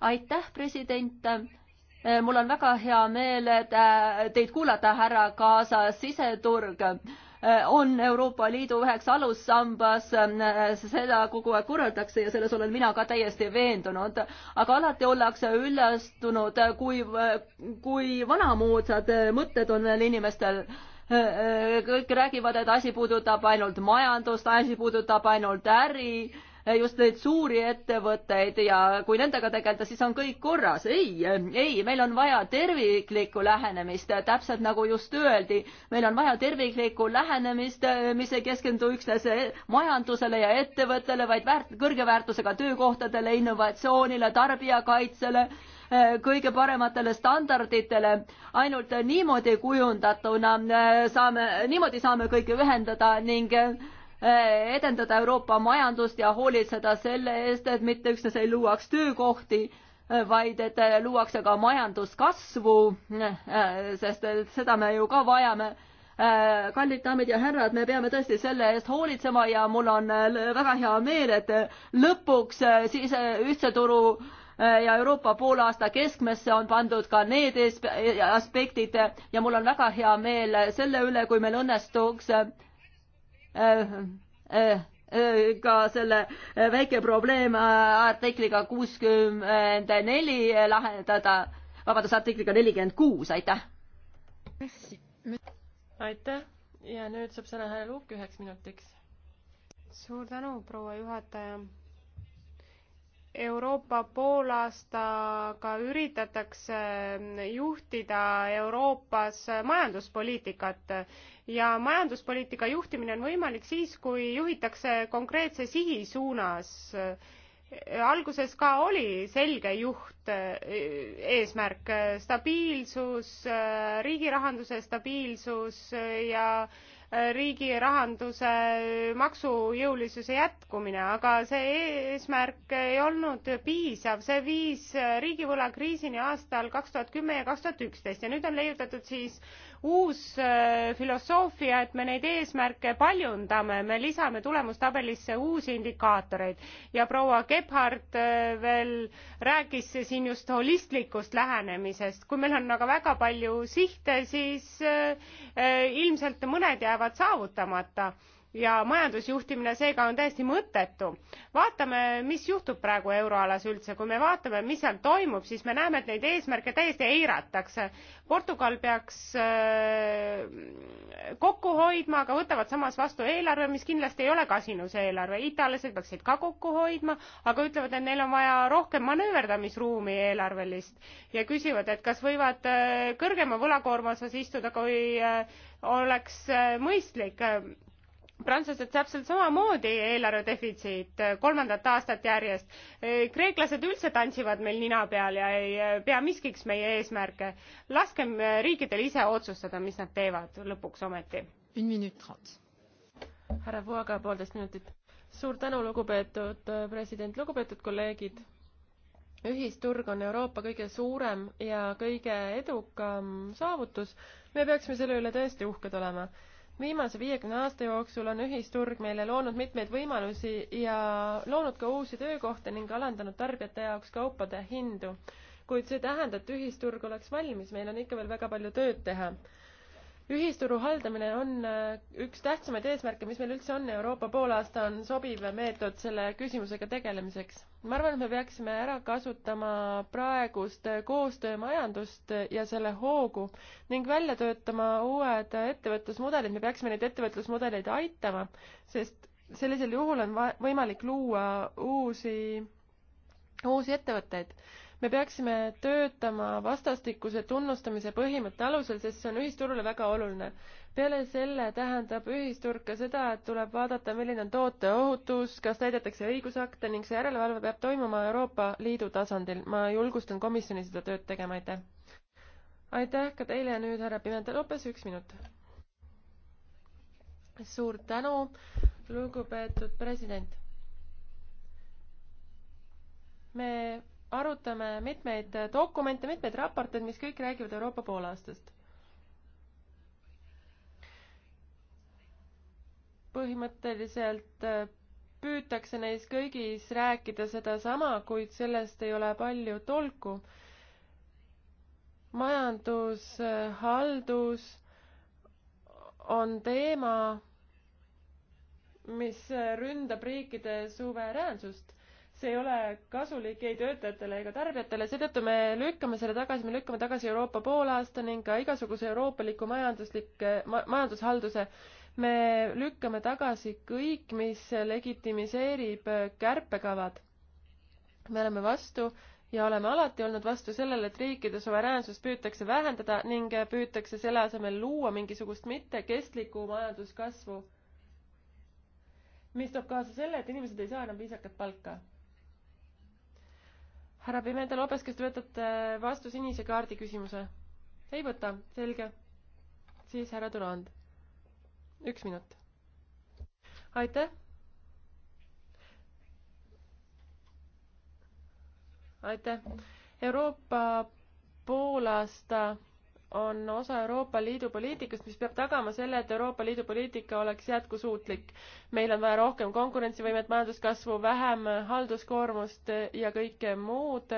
aitäh, president äh, mul on väga hea meel äh, teid kuulata, härra Kaasa, siseturg äh, on Euroopa Liidu üheks alussambas, seda kogu aeg korraldatakse ja selles olen mina ka täiesti veendunud. aga alati ollakse üllastunud, kui, kui vanamoodsad mõtted on veel inimestel kõik räägivad, et asi puudutab ainult majandust, asi puudutab ainult äri just neid suuri ettevõtteid ja kui nendega tegeleda, siis on kõik korras. ei, ei, meil on vaja terviklikku lähenemist, täpselt nagu just öeldi, meil on vaja terviklikku lähenemist, mis ei keskendu üksnes majandusele ja ettevõttele, vaid väärt-, kõrge väärtusega töökohtadele, innovatsioonile, tarbijakaitsele kõige parematele standarditele. ainult niimoodi kujundatuna eh, saame, niimoodi saame kõike ühendada ning Eh, edendada Euroopa majandust ja hoolitseda selle eest, et mitte üksnes ei luuaks töökohti, eh, vaid et eh, luuakse ka majanduskasvu, sest seda me ju ka vajame. kallid daamid ja härrad, me peame tõesti selle eest hoolitsema ja mul on väga hea meel, et lõpuks siis ühtse turu ja Euroopa poolaasta keskmesse on pandud ka need aspektid ja mul on väga hea meel selle üle, kui meil õnnestuks Äh, äh, äh, ka selle väike probleem artikliga kuuskümmend neli lahendada, vabandust, artikliga nelikümmend kuus, aitäh. aitäh ja nüüd saab sõna härra Luuk üheks minutiks. suur tänu, proua juhataja Euroopa poolaastaga üritatakse juhtida Euroopas majanduspoliitikat ja majanduspoliitika juhtimine on võimalik siis, kui juhitakse konkreetse sihi suunas. alguses ka oli selge juht, eh, eesmärk stabiilsus, eh, riigi rahanduse stabiilsus eh, ja riigi rahanduse maksujõulisuse jätkumine, aga see eesmärk ei olnud piisav, see viis riigivõlakriisini aastal kaks tuhat kümme ja kaks tuhat üksteist ja nüüd on leiutatud siis uus äh, filosoofia et me neid eesmärke paljundame me lisame tulemustabelisse uusi indikaatoreid ja proua gebhardt äh, veel rääkis siin just holistlikust lähenemisest kui meil on aga väga palju sihte siis äh, ilmselt mõned jäävad saavutamata ja majandusjuhtimine seega on täiesti mõttetu. vaatame, mis juhtub praegu euroalas üldse, kui me vaatame, mis seal toimub, siis me näeme, et neid eesmärke täiesti eiratakse. Portugal peaks äh, kokku hoidma, aga võtavad samas vastu eelarve, mis kindlasti ei ole kasinuse eelarve. itaallased peaksid ka kokku hoidma, aga ütlevad, et neil on vaja rohkem manööverdamisruumi eelarvelist ja küsivad, et kas võivad äh, kõrgema võlakoorma osas istuda, kui äh, oleks mõistlik prantslased täpselt samamoodi eelarve defitsiit eh, kolmandat aastat järjest. Eh, kreeklased üldse tantsivad meil nina peal ja ei eh, pea miskiks meie eesmärke. laskem riikidel ise otsustada, mis nad teevad lõpuks ometi. härra Puaga, poolteist minutit. suur tänu, lugupeetud president, lugupeetud kolleegid ühisturg on Euroopa kõige suurem ja kõige edukam saavutus, me peaksime selle üle tõesti uhked olema viimase viiekümne aasta jooksul on ühisturg meile loonud mitmeid võimalusi ja loonud ka uusi töökohti ning alandanud tarbijate jaoks kaupade hindu. kuid see ei tähenda, et ühisturg oleks valmis, meil on ikka veel väga palju tööd teha ühisturu haldamine on äh, üks tähtsamaid eesmärke, mis meil üldse on. Euroopa poolaasta on sobiv meetod selle küsimusega tegelemiseks. ma arvan, et me peaksime ära kasutama praegust koostöömajandust ja selle hoogu ning välja töötama uued ettevõtlusmudelid. me peaksime neid ettevõtlusmudeleid aitama, sest sellisel juhul on võimalik luua uusi, uusi ettevõtteid me peaksime töötama vastastikuse tunnustamise põhimõtte alusel, sest see on ühisturule väga oluline. peale selle tähendab ühisturg ka seda, et tuleb vaadata, milline on toote ohutus, kas täidetakse õigusakte ning see järelevalve peab toimuma Euroopa Liidu tasandil. ma julgustan komisjoni seda tööd tegema, aitäh. aitäh ka teile ja nüüd härra Pimenta-Lopes, üks minut. suur tänu, lugupeetud president. me arutame mitmeid dokumente, mitmeid raporteid, mis kõik räägivad Euroopa poolaastast. põhimõtteliselt äh, püütakse neis kõigis rääkida sedasama, kuid sellest ei ole palju tolku. majandus, äh, haldus on teema, mis äh, ründab riikide suveräänsust see ei ole kasulik ei töötajatele ega tarbijatele, seetõttu me lükkame selle tagasi, me lükkame tagasi Euroopa poolaasta ning ka igasuguse euroopaliku majanduslik ma,, majandushalduse. me lükkame tagasi kõik, mis legitimiseerib kärpekavad. me oleme vastu ja oleme alati olnud vastu sellele, et riikide suveräänsust püütakse vähendada ning püütakse selle asemel luua mingisugust mittekestlikku majanduskasvu, mis toob kaasa selle, et inimesed ei saa enam viisakat palka härra Pimenta Lopes, kas te võtate vastu sinise kaardi küsimuse? ei võta, selge. siis härra Durand. üks minut. aitäh. aitäh. Euroopa poolaasta on osa Euroopa Liidu poliitikast, mis peab tagama selle, et Euroopa Liidu poliitika oleks jätkusuutlik. meil on vaja rohkem konkurentsivõimet, majanduskasvu, vähem halduskoormust ja kõike muud.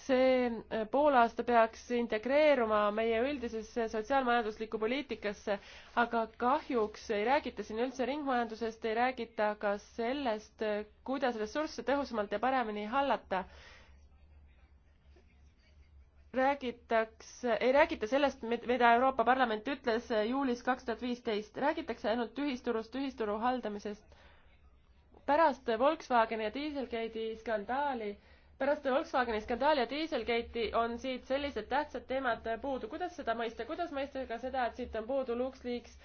see poolaasta peaks integreeruma meie üldisesse sotsiaalmajanduslikku poliitikasse, aga kahjuks ei räägita siin üldse ringmajandusest, ei räägita ka sellest, kuidas ressursse tõhusamalt ja paremini hallata räägitakse, ei räägita sellest, mida Euroopa Parlament ütles eh, juulis kaks tuhat viisteist, räägitakse ainult ühisturust, ühisturu haldamisest. pärast Volkswageni ja Dieselgate'i skandaali, pärast Volkswageni skandaali ja Dieselgate'i on siit sellised tähtsad teemad eh, puudu. kuidas seda mõista, kuidas mõista ka seda, et siit on puudu LuxLeaks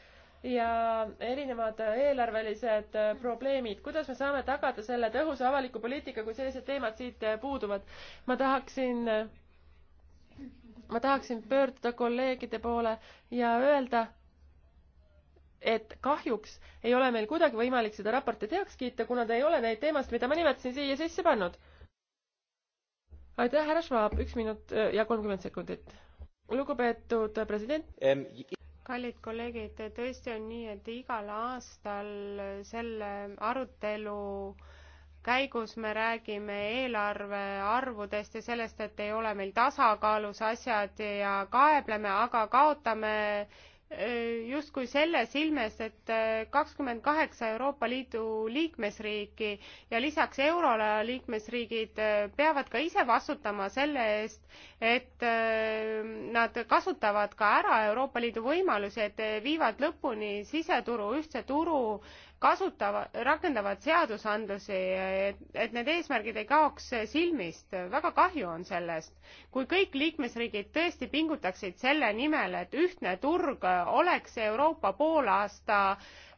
ja erinevad eh, eelarvelised probleemid, kuidas me saame tagada selle tõhusa avaliku poliitika, kui sellised teemad siit puuduvad? ma tahaksin ma tahaksin pöörduda kolleegide poole ja öelda, et kahjuks ei ole meil kuidagi võimalik seda raportit heaks kiita, kuna ta ei ole neid teemasid, mida ma nimetasin, siia sisse pannud. aitäh, härra Schwab, üks minut äh, ja kolmkümmend sekundit. lugupeetud president ähm,. kallid kolleegid, tõesti on nii, et igal aastal selle arutelu äh, käigus me räägime eelarve arvudest ja sellest, et ei ole meil tasakaalus asjad ja kaebleme, aga kaotame äh, justkui selle silmes, et äh, kakskümmend kaheksa Euroopa Liidu liikmesriiki ja lisaks eurole liikmesriigid äh, peavad ka ise vastutama selle eest, et nad kasutavad ka ära Euroopa Liidu võimalusi, et viivad lõpuni siseturu, ühtse turu kasutavad, rakendavad seadusandlusi, et need eesmärgid ei kaoks silmist. väga kahju on sellest. kui kõik liikmesriigid tõesti pingutaksid selle nimel, et ühtne turg oleks Euroopa poolaasta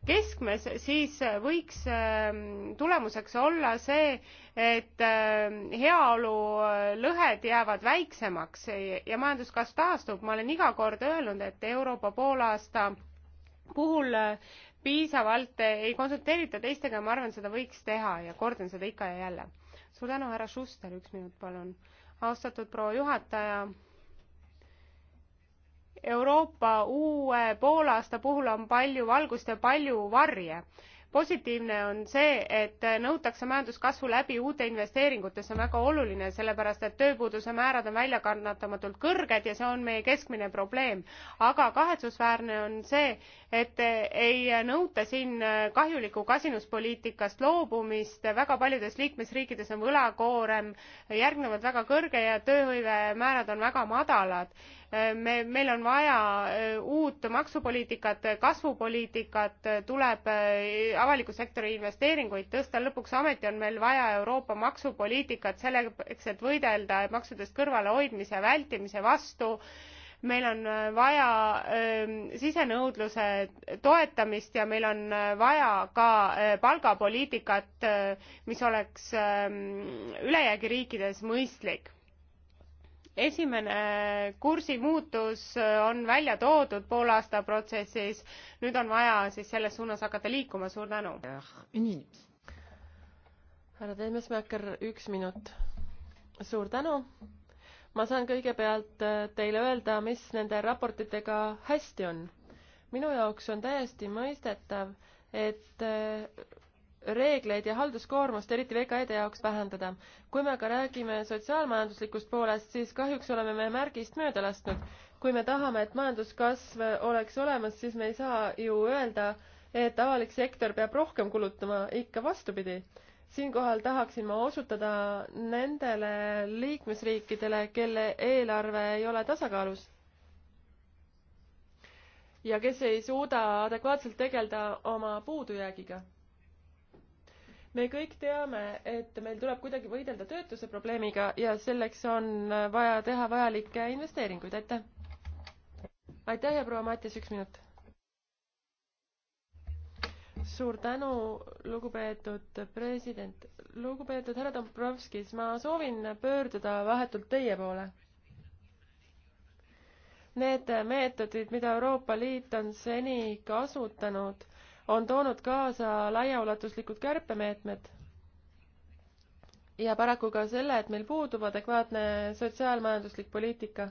keskmes, siis võiks ähm, tulemuseks olla see, et ähm, heaolu äh, lõhed jäävad väiksemaks ja majanduskasv taastub. ma olen iga kord öelnud, et Euroopa poolaasta puhul äh, piisavalt ei konsulteerita teistega ja ma arvan, seda võiks teha ja kordan seda ikka ja jälle. suur tänu, härra Schuster, üks minut, palun. austatud proua juhataja. Euroopa uue poolaasta puhul on palju valgust ja palju varje positiivne on see, et nõutakse majanduskasvu läbi uute investeeringute, see on väga oluline, sellepärast et tööpuuduse määrad on väljakannatamatult kõrged ja see on meie keskmine probleem. aga kahetsusväärne on see, et ei nõuta siin kahjuliku kasinuspoliitikast loobumist, väga paljudes liikmesriikides on võlakoorem järgnevalt väga kõrge ja tööhõivemäärad on väga madalad Äh, me, meil on vaja äh, uut maksupoliitikat, äh, kasvupoliitikat, tuleb avaliku sektori investeeringuid tõsta, lõpuks ometi on meil vaja Euroopa maksupoliitikat selleks, et võidelda maksudest kõrvalehoidmise vältimise vastu meil on vaja äh, sisenõudluse toetamist ja meil on vaja ka äh, palgapoliitikat äh, mis oleks ähm, ülejäägiriikides mõistlik esimene kursi muutus äh, on välja toodud poolaasta protsessis, nüüd on vaja siis selles suunas hakata liikuma, suur tänu. härra Teemesmäker, üks minut. suur tänu. ma saan kõigepealt äh, teile öelda, mis nende raportitega hästi on. minu jaoks on täiesti mõistetav, et äh, reegleid ja halduskoormust, eriti VKE-de jaoks, vähendada. kui me aga räägime sotsiaalmajanduslikust poolest, siis kahjuks oleme me märgist mööda lasknud. kui me tahame, et majanduskasv oleks olemas, siis me ei saa ju öelda, et avalik sektor peab rohkem kulutama, ikka vastupidi. siinkohal tahaksin ma osutada nendele liikmesriikidele, kelle eelarve ei ole tasakaalus ja kes ei suuda adekvaatselt tegeleda oma puudujäägiga me kõik teame, et meil tuleb kuidagi võidelda töötuse probleemiga ja selleks on vaja teha vajalikke investeeringuid, aitäh. aitäh ja proua Mattias, üks minut. suur tänu, lugupeetud president. lugupeetud härra Dombrovskis, ma soovin pöörduda vahetult teie poole need meetodid, mida Euroopa Liit on seni kasutanud, on toonud kaasa laiaulatuslikud kärpemeetmed ja paraku ka selle, et meil puudub adekvaatne sotsiaalmajanduslik poliitika.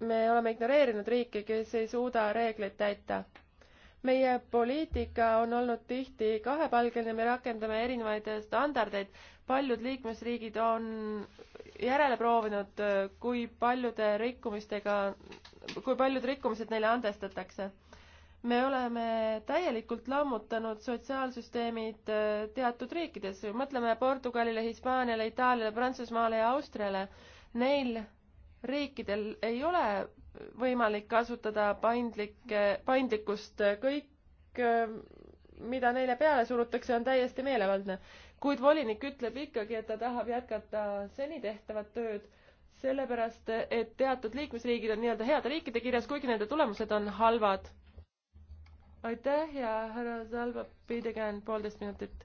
me oleme ignoreerinud riike, kes ei suuda reegleid täita. meie poliitika on olnud tihti kahepalgeline, me rakendame erinevaid standardeid, paljud liikmesriigid on järele proovinud, kui paljude rikkumistega kui paljud rikkumised neile andestatakse. me oleme täielikult lammutanud sotsiaalsüsteemid äh, teatud riikides, mõtleme Portugalile, Hispaaniale, Itaaliale, Prantsusmaale ja Austriale. Neil riikidel ei ole võimalik kasutada paindlikke, paindlikkust, kõik, äh, mida neile peale surutakse, on täiesti meelevaldne. kuid volinik ütleb ikkagi, et ta tahab jätkata seni tehtavat tööd sellepärast, et teatud liikmesriigid on nii-öelda heade riikide kirjas, kuigi nende tulemused on halvad. aitäh ja härra Salva, pidage ainult poolteist minutit.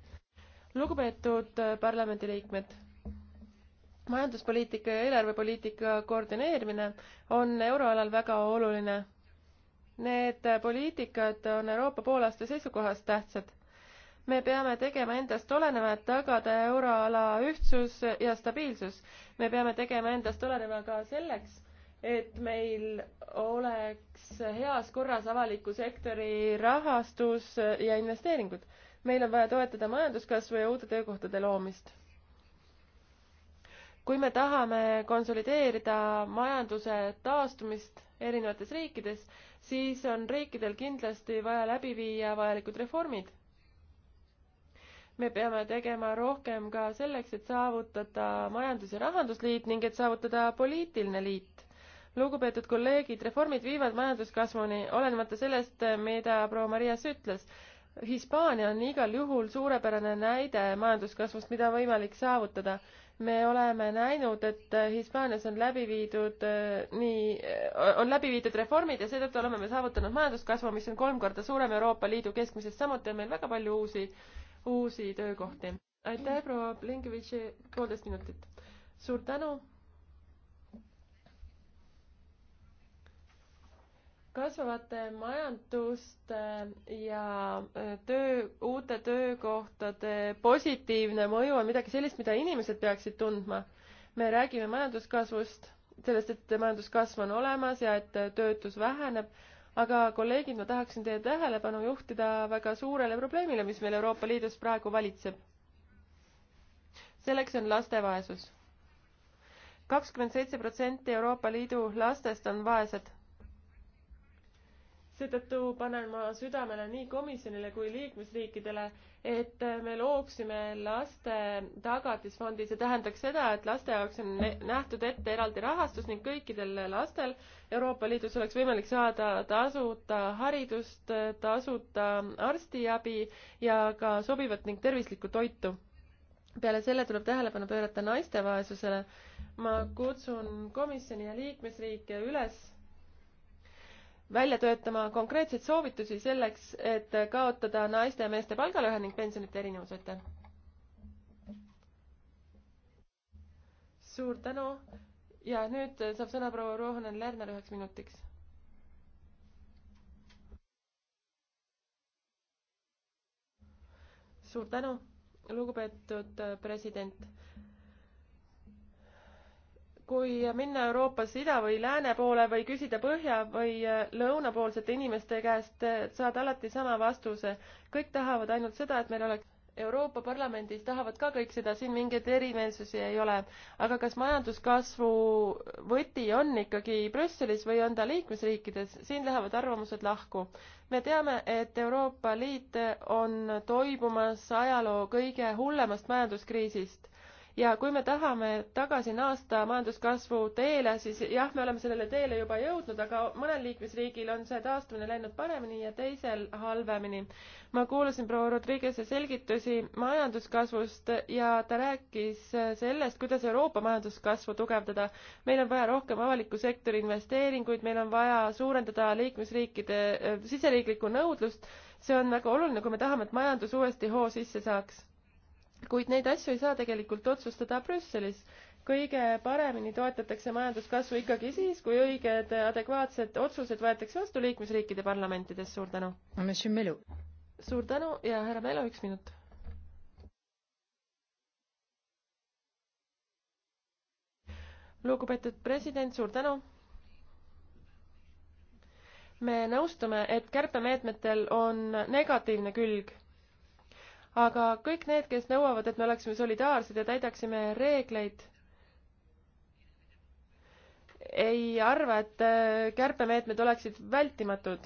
lugupeetud äh, parlamendiliikmed majanduspoliitika ja eelarvepoliitika koordineerimine on euroalal väga oluline. Need äh, poliitikad on Euroopa poolaasta seisukohast tähtsad me peame tegema endast oleneva, et tagada euroala ühtsus ja stabiilsus. me peame tegema endast oleneva ka selleks, et meil oleks heas korras avaliku sektori rahastus ja investeeringud. meil on vaja toetada majanduskasvu ja uute töökohtade loomist. kui me tahame konsolideerida majanduse taastumist erinevates riikides, siis on riikidel kindlasti vaja läbi viia vajalikud reformid me peame tegema rohkem ka selleks, et saavutada majandus- ja rahandusliit ning et saavutada poliitiline liit. lugupeetud kolleegid, reformid viivad majanduskasvuni, olenemata sellest, mida proua Marias ütles. Hispaania on igal juhul suurepärane näide majanduskasvust, mida on võimalik saavutada me oleme näinud, et Hispaanias on läbi viidud äh, nii, äh, on läbi viidud reformid ja seetõttu oleme me saavutanud majanduskasvu, mis on kolm korda suurem Euroopa Liidu keskmisest, samuti on meil väga palju uusi uusi töökohti. aitäh, proua Blinkevitši, poolteist minutit. suur tänu. kasvavate majanduste ja äh, töö, uute töökohtade positiivne mõju on midagi sellist, mida inimesed peaksid tundma. me räägime majanduskasvust, sellest, et majanduskasv on olemas ja et töötus väheneb aga kolleegid, ma tahaksin teie tähelepanu juhtida väga suurele probleemile, mis meil Euroopa Liidus praegu valitseb. selleks on laste vaesus. kakskümmend seitse protsenti Euroopa Liidu lastest on vaesed seetõttu panen ma südamele nii komisjonile kui liikmesriikidele, et me looksime laste tagatisfondi, see tähendaks seda, et laste jaoks on nähtud ette eraldi rahastus ning kõikidel lastel Euroopa Liidus oleks võimalik saada tasuta haridust, tasuta arstiabi ja ka sobivat ning tervislikku toitu peale selle tuleb tähelepanu pöörata naiste vaesusele. ma kutsun komisjoni ja liikmesriike üles välja töötama konkreetseid soovitusi selleks, et kaotada naiste ja meeste palgalõhe ning pensionite erinevus, aitäh! suur tänu ja nüüd saab sõna proua Ruohonen Lerner üheks minutiks. suur tänu, lugupeetud president kui minna Euroopas ida või lääne poole või küsida põhja või äh, lõunapoolsete inimeste käest, äh, saad alati sama vastuse. kõik tahavad ainult seda, et meil oleks Euroopa Parlamendis tahavad ka kõik seda, siin mingeid erimeelsusi ei ole. aga kas majanduskasvu võti on ikkagi Brüsselis või on ta liikmesriikides, siin lähevad arvamused lahku. me teame, et Euroopa Liit on toibumas ajaloo kõige hullemast majanduskriisist ja kui me tahame tagasi naasta majanduskasvu teele, siis jah, me oleme sellele teele juba jõudnud, aga mõnel liikmesriigil on see taastumine läinud paremini ja teisel halvemini. ma kuulasin proua Rodriguez'e selgitusi majanduskasvust ja ta rääkis sellest, kuidas Euroopa majanduskasvu tugevdada. meil on vaja rohkem avaliku sektori investeeringuid, meil on vaja suurendada liikmesriikide äh, siseriiklikku nõudlust. see on väga oluline, kui me tahame, et majandus uuesti hoo sisse saaks kuid neid asju ei saa tegelikult otsustada Brüsselis. kõige paremini toetatakse majanduskasvu ikkagi siis, kui õiged adekvaatsed otsused võetakse vastu liikmesriikide parlamentides. suur tänu. suur tänu ja härra Melo, üks minut. lugupeetud president, suur tänu me nõustume, et kärpemeetmetel on negatiivne külg aga kõik need, kes nõuavad, et me oleksime solidaarsed ja täidaksime reegleid, ei arva, et äh, kärpemeetmed oleksid vältimatud.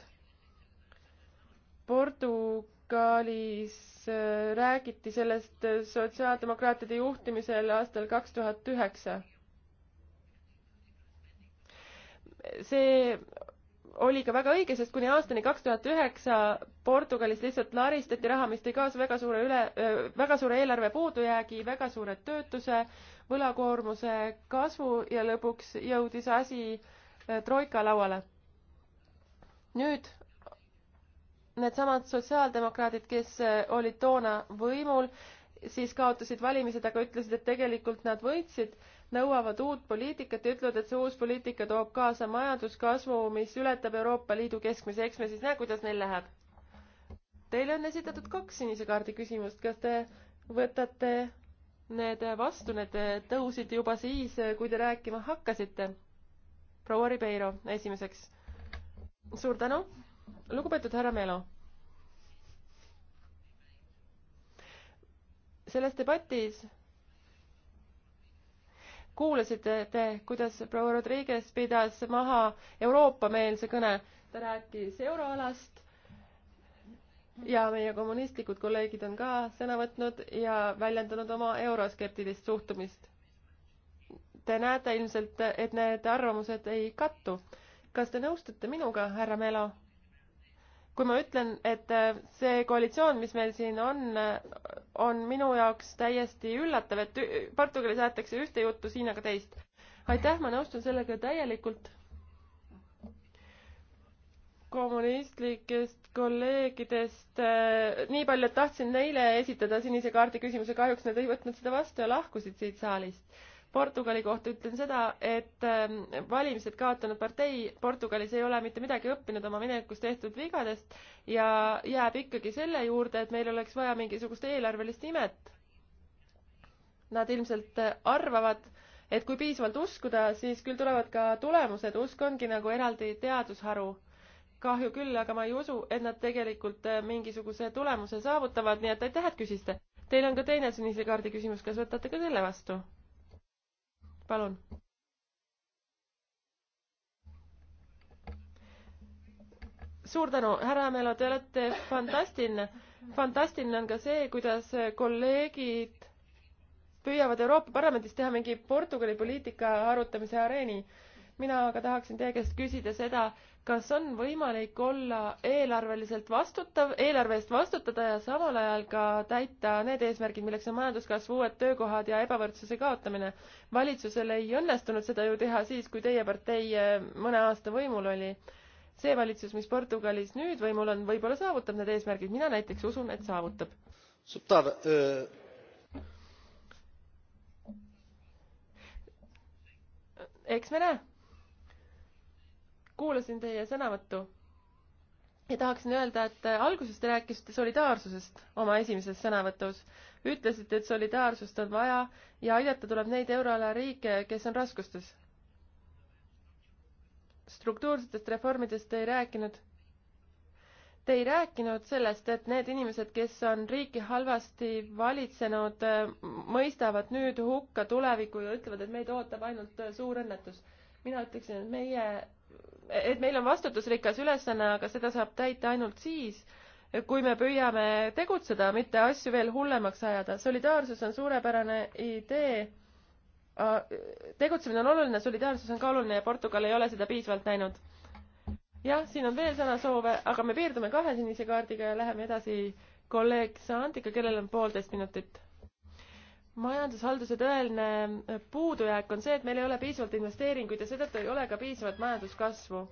Portugalis äh, räägiti sellest äh, sotsiaaldemokraatide juhtimisel aastal kaks tuhat üheksa. see oli ka väga õige, sest kuni aastani kaks tuhat üheksa Portugalis lihtsalt laristati raha, mis tõi kaasa väga suure üle, väga suure eelarve puudujäägi, väga suure töötuse, võlakoormuse kasvu ja lõpuks jõudis asi troika lauale. nüüd needsamad sotsiaaldemokraadid, kes olid toona võimul, siis kaotasid valimised, aga ütlesid, et tegelikult nad võitsid, nõuavad uut poliitikat ja ütlevad, et see uus poliitika toob kaasa majanduskasvu, mis ületab Euroopa Liidu keskmise, eks me siis näe, kuidas neil läheb. Teile on esitatud kaks sinise kaardi küsimust, kas te võtate need vastu, need tõusid juba siis, kui te rääkima hakkasite? proua Ribeiro esimeseks. suur tänu, lugupeetud härra Melo. selles debatis kuulasite te, kuidas proua Rodriguez pidas maha Euroopa-meelse kõne. ta rääkis euroalast ja meie kommunistlikud kolleegid on ka sõna võtnud ja väljendanud oma euroskeptilist suhtumist. Te näete ilmselt, et need arvamused ei kattu. kas te nõustute minuga, härra Melo? kui ma ütlen, et see koalitsioon, mis meil siin on, on minu jaoks täiesti üllatav, et Portugalis aetakse ühte juttu, siin aga teist. aitäh, ma nõustun sellega täielikult kommunistlikest kolleegidest äh, nii palju, et tahtsin neile esitada sinise kaardi küsimuse, kahjuks nad ei võtnud seda vastu ja lahkusid siit saalist. Portugali kohta ütlen seda, et ähm, valimised kaotanud partei Portugalis ei ole mitte midagi õppinud oma minevikus tehtud vigadest ja jääb ikkagi selle juurde, et meil oleks vaja mingisugust eelarvelist imet. Nad ilmselt äh, arvavad, et kui piisavalt uskuda, siis küll tulevad ka tulemused, usk ongi nagu eraldi teadusharu kahju küll, aga ma ei usu, et nad tegelikult äh, mingisuguse tulemuse saavutavad, nii et aitäh, et küsisite. Teil on ka teine sinise kaardi küsimus, kas võtate ka selle vastu? palun. suur tänu, härra Melo, te olete fantastiline. fantastiline on ka see, kuidas kolleegid püüavad Euroopa Parlamendis teha mingi Portugali poliitika arutamise areeni mina aga tahaksin teie käest küsida seda, kas on võimalik olla eelarveliselt vastutav, eelarve eest vastutada ja samal ajal ka täita need eesmärgid, milleks on majanduskasv, uued töökohad ja ebavõrdsuse kaotamine? valitsusel ei õnnestunud seda ju teha siis, kui teie partei eh, mõne aasta võimul oli. see valitsus, mis Portugalis nüüd võimul on, võib-olla saavutab need eesmärgid, mina näiteks usun, et saavutab. Eh, eks me näe kuulasin teie sõnavõttu ja tahaksin öelda, et alguses te rääkisite solidaarsusest oma esimeses sõnavõtus. ütlesite, et solidaarsust on vaja ja aidata tuleb neid euroala riike, kes on raskustes. struktuursetest reformidest te ei rääkinud. Te ei rääkinud sellest, et need inimesed, kes on riiki halvasti valitsenud, mõistavad nüüd hukka tulevikku ja ütlevad, et meid ootab ainult suur õnnetus. mina ütleksin, et meie et meil on vastutusrikas ülesanne, aga seda saab täita ainult siis, kui me püüame tegutseda, mitte asju veel hullemaks ajada. solidaarsus on suurepärane idee. tegutsemine on oluline, solidaarsus on ka oluline ja Portugal ei ole seda piisavalt näinud. jah, siin on veel sõnasoove, aga me piirdume kahe sinise kaardiga ja läheme edasi kolleeg Saandiga, kellel on poolteist minutit majandushalduse tõeline puudujääk on see, et meil ei ole piisavalt investeeringuid ja seetõttu ei ole ka piisavat majanduskasvu.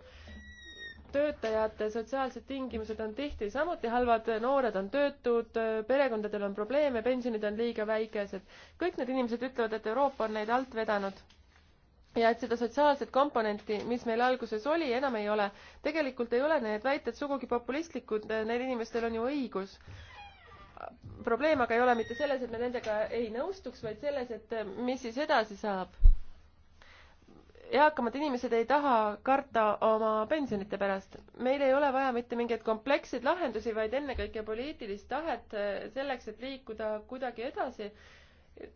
töötajate sotsiaalsed tingimused on tihti samuti halvad, noored on töötud, perekondadel on probleeme, pensionid on liiga väikesed. kõik need inimesed ütlevad, et Euroopa on neid alt vedanud ja et seda sotsiaalset komponenti, mis meil alguses oli, enam ei ole. tegelikult ei ole need väited sugugi populistlikud, neil inimestel on ju õigus probleem aga ei ole mitte selles, et me nendega ei nõustuks, vaid selles, et eh, mis siis edasi saab. eakamad inimesed ei taha karta oma pensionite pärast. meil ei ole vaja mitte mingeid kompleksseid lahendusi, vaid ennekõike poliitilist tahet eh, selleks, et liikuda kuidagi edasi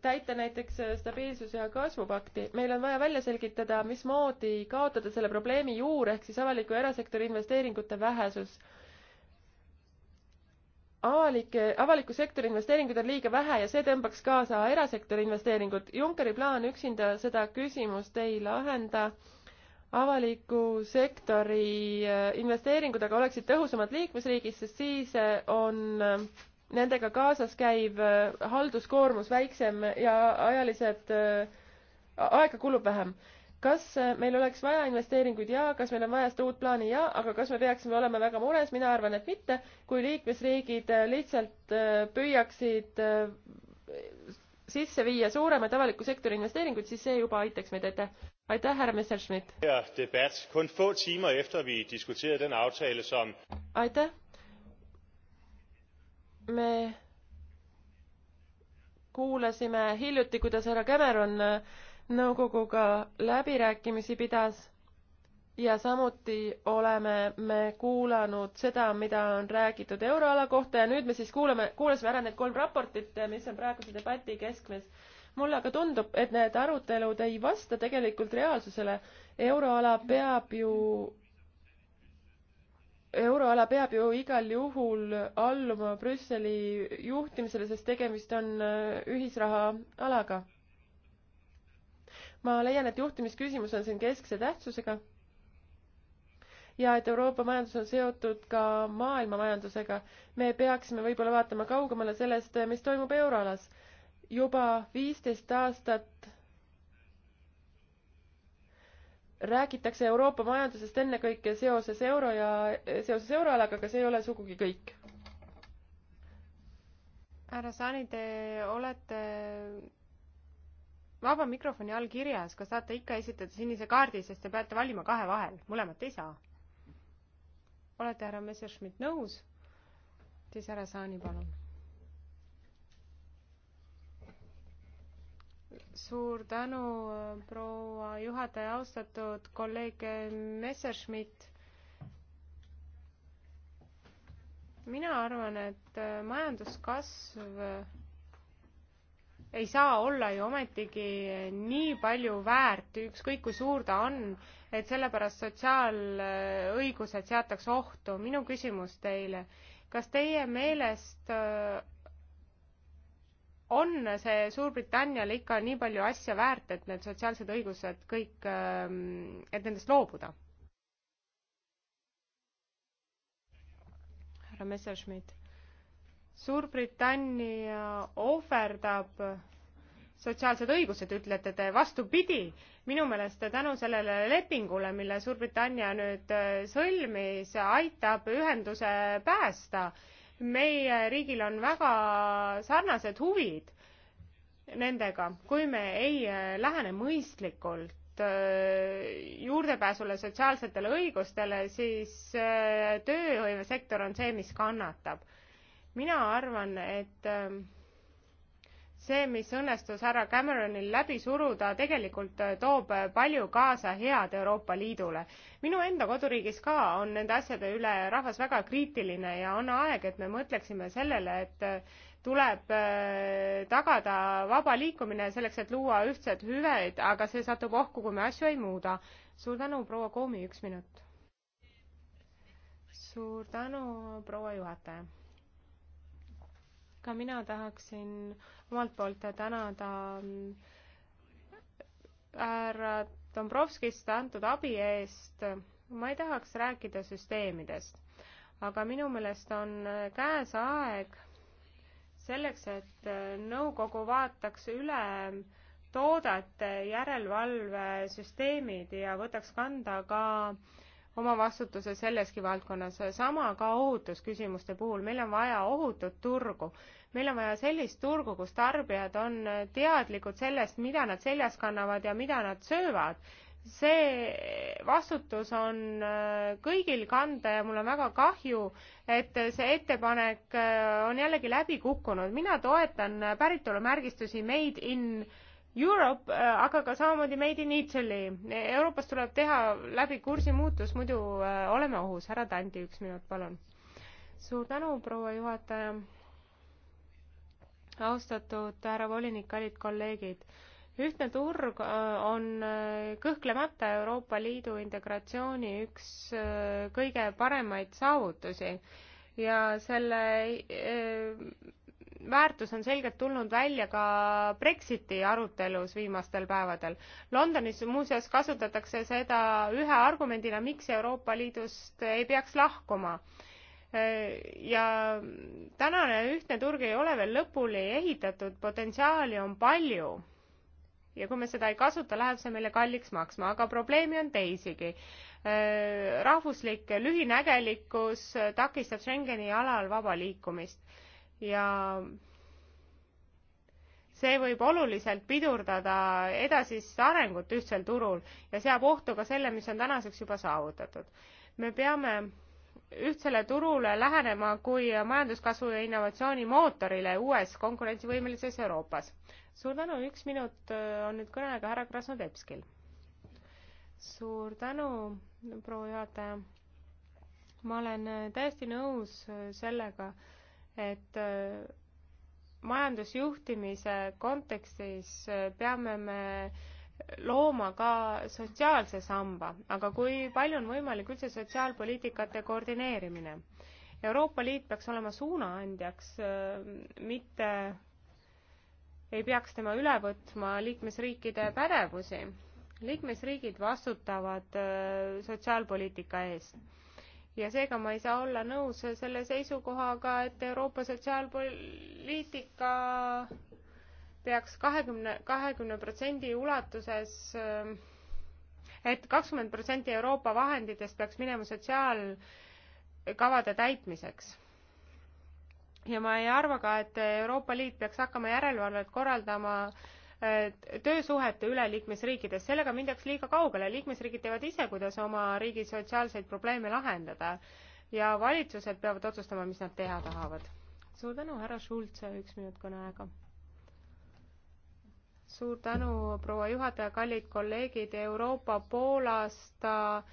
täita näiteks eh, stabiilsuse ja kasvupakti. meil on vaja välja selgitada, mismoodi kaotada selle probleemi juur ehk siis avaliku ja erasektori investeeringute vähesus avalike, avaliku sektori investeeringuid on liiga vähe ja see tõmbaks kaasa erasektori investeeringud. Junckeri plaan üksinda seda küsimust ei lahenda. avaliku sektori äh, investeeringud aga oleksid tõhusamad liikmesriigis, sest siis äh, on äh, nendega kaasas käiv halduskoormus väiksem ja ajalised, aega kulub vähem kas äh, meil oleks vaja investeeringuid ja kas meil on vaja seda uut plaani ja, aga kas me peaksime olema väga mures, mina arvan, et mitte, kui liikmesriigid äh, lihtsalt äh, püüaksid sisse viia suuremaid avaliku sektori investeeringuid, siis see juba aitaks meid, aitäh. aitäh, härra Messerschmidt. aitäh. me kuulasime hiljuti, kuidas härra Cameron äh, nõukoguga läbirääkimisi pidas ja samuti oleme me kuulanud seda, mida on räägitud euroala kohta ja nüüd me siis kuulame, kuulasime ära need kolm raportit, mis on praeguse debati keskmes. mulle aga tundub, et need arutelud ei vasta tegelikult reaalsusele. euroala peab ju euroala peab ju igal juhul alluma Brüsseli juhtimisele, sest tegemist on äh, ühisraha alaga ma leian, et juhtimisküsimus on siin keskse tähtsusega ja et Euroopa majandus on seotud ka maailma majandusega. me peaksime võib-olla vaatama kaugemale sellest, mis toimub euroalas. juba viisteist aastat räägitakse Euroopa majandusest ennekõike seoses euro ja seoses euroalaga, aga see ei ole sugugi kõik. härra Saani, te olete vaba mikrofoni all kirjas, kas saate ikka esitada sinise kaardi, sest te peate valima kahe vahel, mõlemat ei saa. olete härra Messerschmidt nõus? siis härra Saani, palun. suur tänu, proua juhataja, austatud kolleeg Messerschmidt. mina arvan, et majanduskasv ei saa olla ju ometigi nii palju väärt, ükskõik kui suur ta on, et sellepärast sotsiaalõigused seatakse ohtu. minu küsimus teile, kas teie meelest äh, on see Suurbritanniale ikka nii palju asja väärt, et need sotsiaalsed õigused kõik, ähm, et nendest loobuda? härra Messerschmidt Suurbritannia ohverdab sotsiaalsed õigused, ütlete te, vastupidi, minu meelest tänu sellele lepingule, mille Suurbritannia nüüd äh, sõlmis, aitab ühenduse päästa. meie riigil on väga sarnased huvid nendega, kui me ei äh, lähene mõistlikult äh, juurdepääsule sotsiaalsetele õigustele, siis tööhõivesektor on see, mis kannatab mina arvan, et ähm, see, mis õnnestus härra Cameronil läbi suruda, tegelikult äh, toob äh, palju kaasa head Euroopa Liidule. minu enda koduriigis ka on nende asjade üle rahvas väga kriitiline ja on aeg, et me mõtleksime sellele, et äh, tuleb tagada vaba liikumine selleks, et luua ühtsed hüved, aga see satub ohku, kui me asju ei muuda. suur tänu, proua Koomi, üks minut. suur tänu, proua juhataja ka mina tahaksin omalt poolt tänada mm, härra Dombrovskist antud abi eest. ma ei tahaks rääkida süsteemidest, aga minu meelest on käes aeg selleks, et nõukogu vaataks üle toodete järelevalvesüsteemid ja võtaks kanda ka äh, oma vastutuse selleski valdkonnas. sama ka ohutusküsimuste puhul, meil on vaja ohutut turgu. meil on vaja sellist turgu, kus tarbijad on teadlikud sellest, mida nad seljas kannavad ja mida nad söövad. see vastutus on äh, kõigil kanda ja mul on väga kahju, et see ettepanek äh, on jällegi läbi kukkunud. mina toetan päritolumärgistusi Made in Europe, äh, aga ka samamoodi Made in Italy. Euroopas tuleb teha läbi kursimuutus, muidu äh, oleme ohus. härra Tanti, üks minut, palun. suur tänu, proua juhataja. austatud härra volinik, kallid kolleegid. ühtne turg äh, on kõhklemata Euroopa Liidu integratsiooni üks kõige paremaid saavutusi ja selle väärtus on selgelt tulnud välja ka Brexiti arutelus viimastel päevadel. Londonis muuseas kasutatakse seda ühe argumendina, miks Euroopa Liidust ei peaks lahkuma. ja tänane ühtne turg ei ole veel lõpuni ehitatud, potentsiaali on palju ja kui me seda ei kasuta, läheb see meile kalliks maksma, aga probleeme on teisigi. rahvuslik lühinägelikkus takistab Schengeni alal vaba liikumist ja see võib oluliselt pidurdada edasist arengut ühtsel turul ja seab ohtu ka selle, mis on tänaseks juba saavutatud. me peame ühtsele turule lähenema kui majanduskasvu ja innovatsiooni mootorile uues konkurentsivõimelises Euroopas. suur tänu, üks minut äh, on nüüd kõneaega härra Krasnodebskil. suur tänu, proua juhataja. ma olen äh, täiesti nõus äh, sellega et äh, majandusjuhtimise kontekstis äh, peame me looma ka sotsiaalse samba, aga kui palju on võimalik üldse sotsiaalpoliitikate koordineerimine? Euroopa Liit peaks olema suunaandjaks, äh, mitte ei peaks tema üle võtma liikmesriikide pädevusi. liikmesriigid vastutavad sotsiaalpoliitika eest ja seega ma ei saa olla nõus selle seisukohaga, et Euroopa sotsiaalpoliitika peaks kahekümne, kahekümne protsendi ulatuses, et kakskümmend protsenti Euroopa vahenditest peaks minema sotsiaalkavade täitmiseks. ja ma ei arva ka, et Euroopa Liit peaks hakkama järelevalvet korraldama äh, Äh, töösuhete üle liikmesriikides. sellega mindaks liiga kaugele, liikmesriigid teavad ise, kuidas oma riigi sotsiaalseid probleeme lahendada ja valitsused peavad otsustama, mis nad teha tahavad. suur tänu, härra Schulz, üks minut kõneaega. suur tänu, proua juhataja, kallid kolleegid Euroopa poolaasta äh,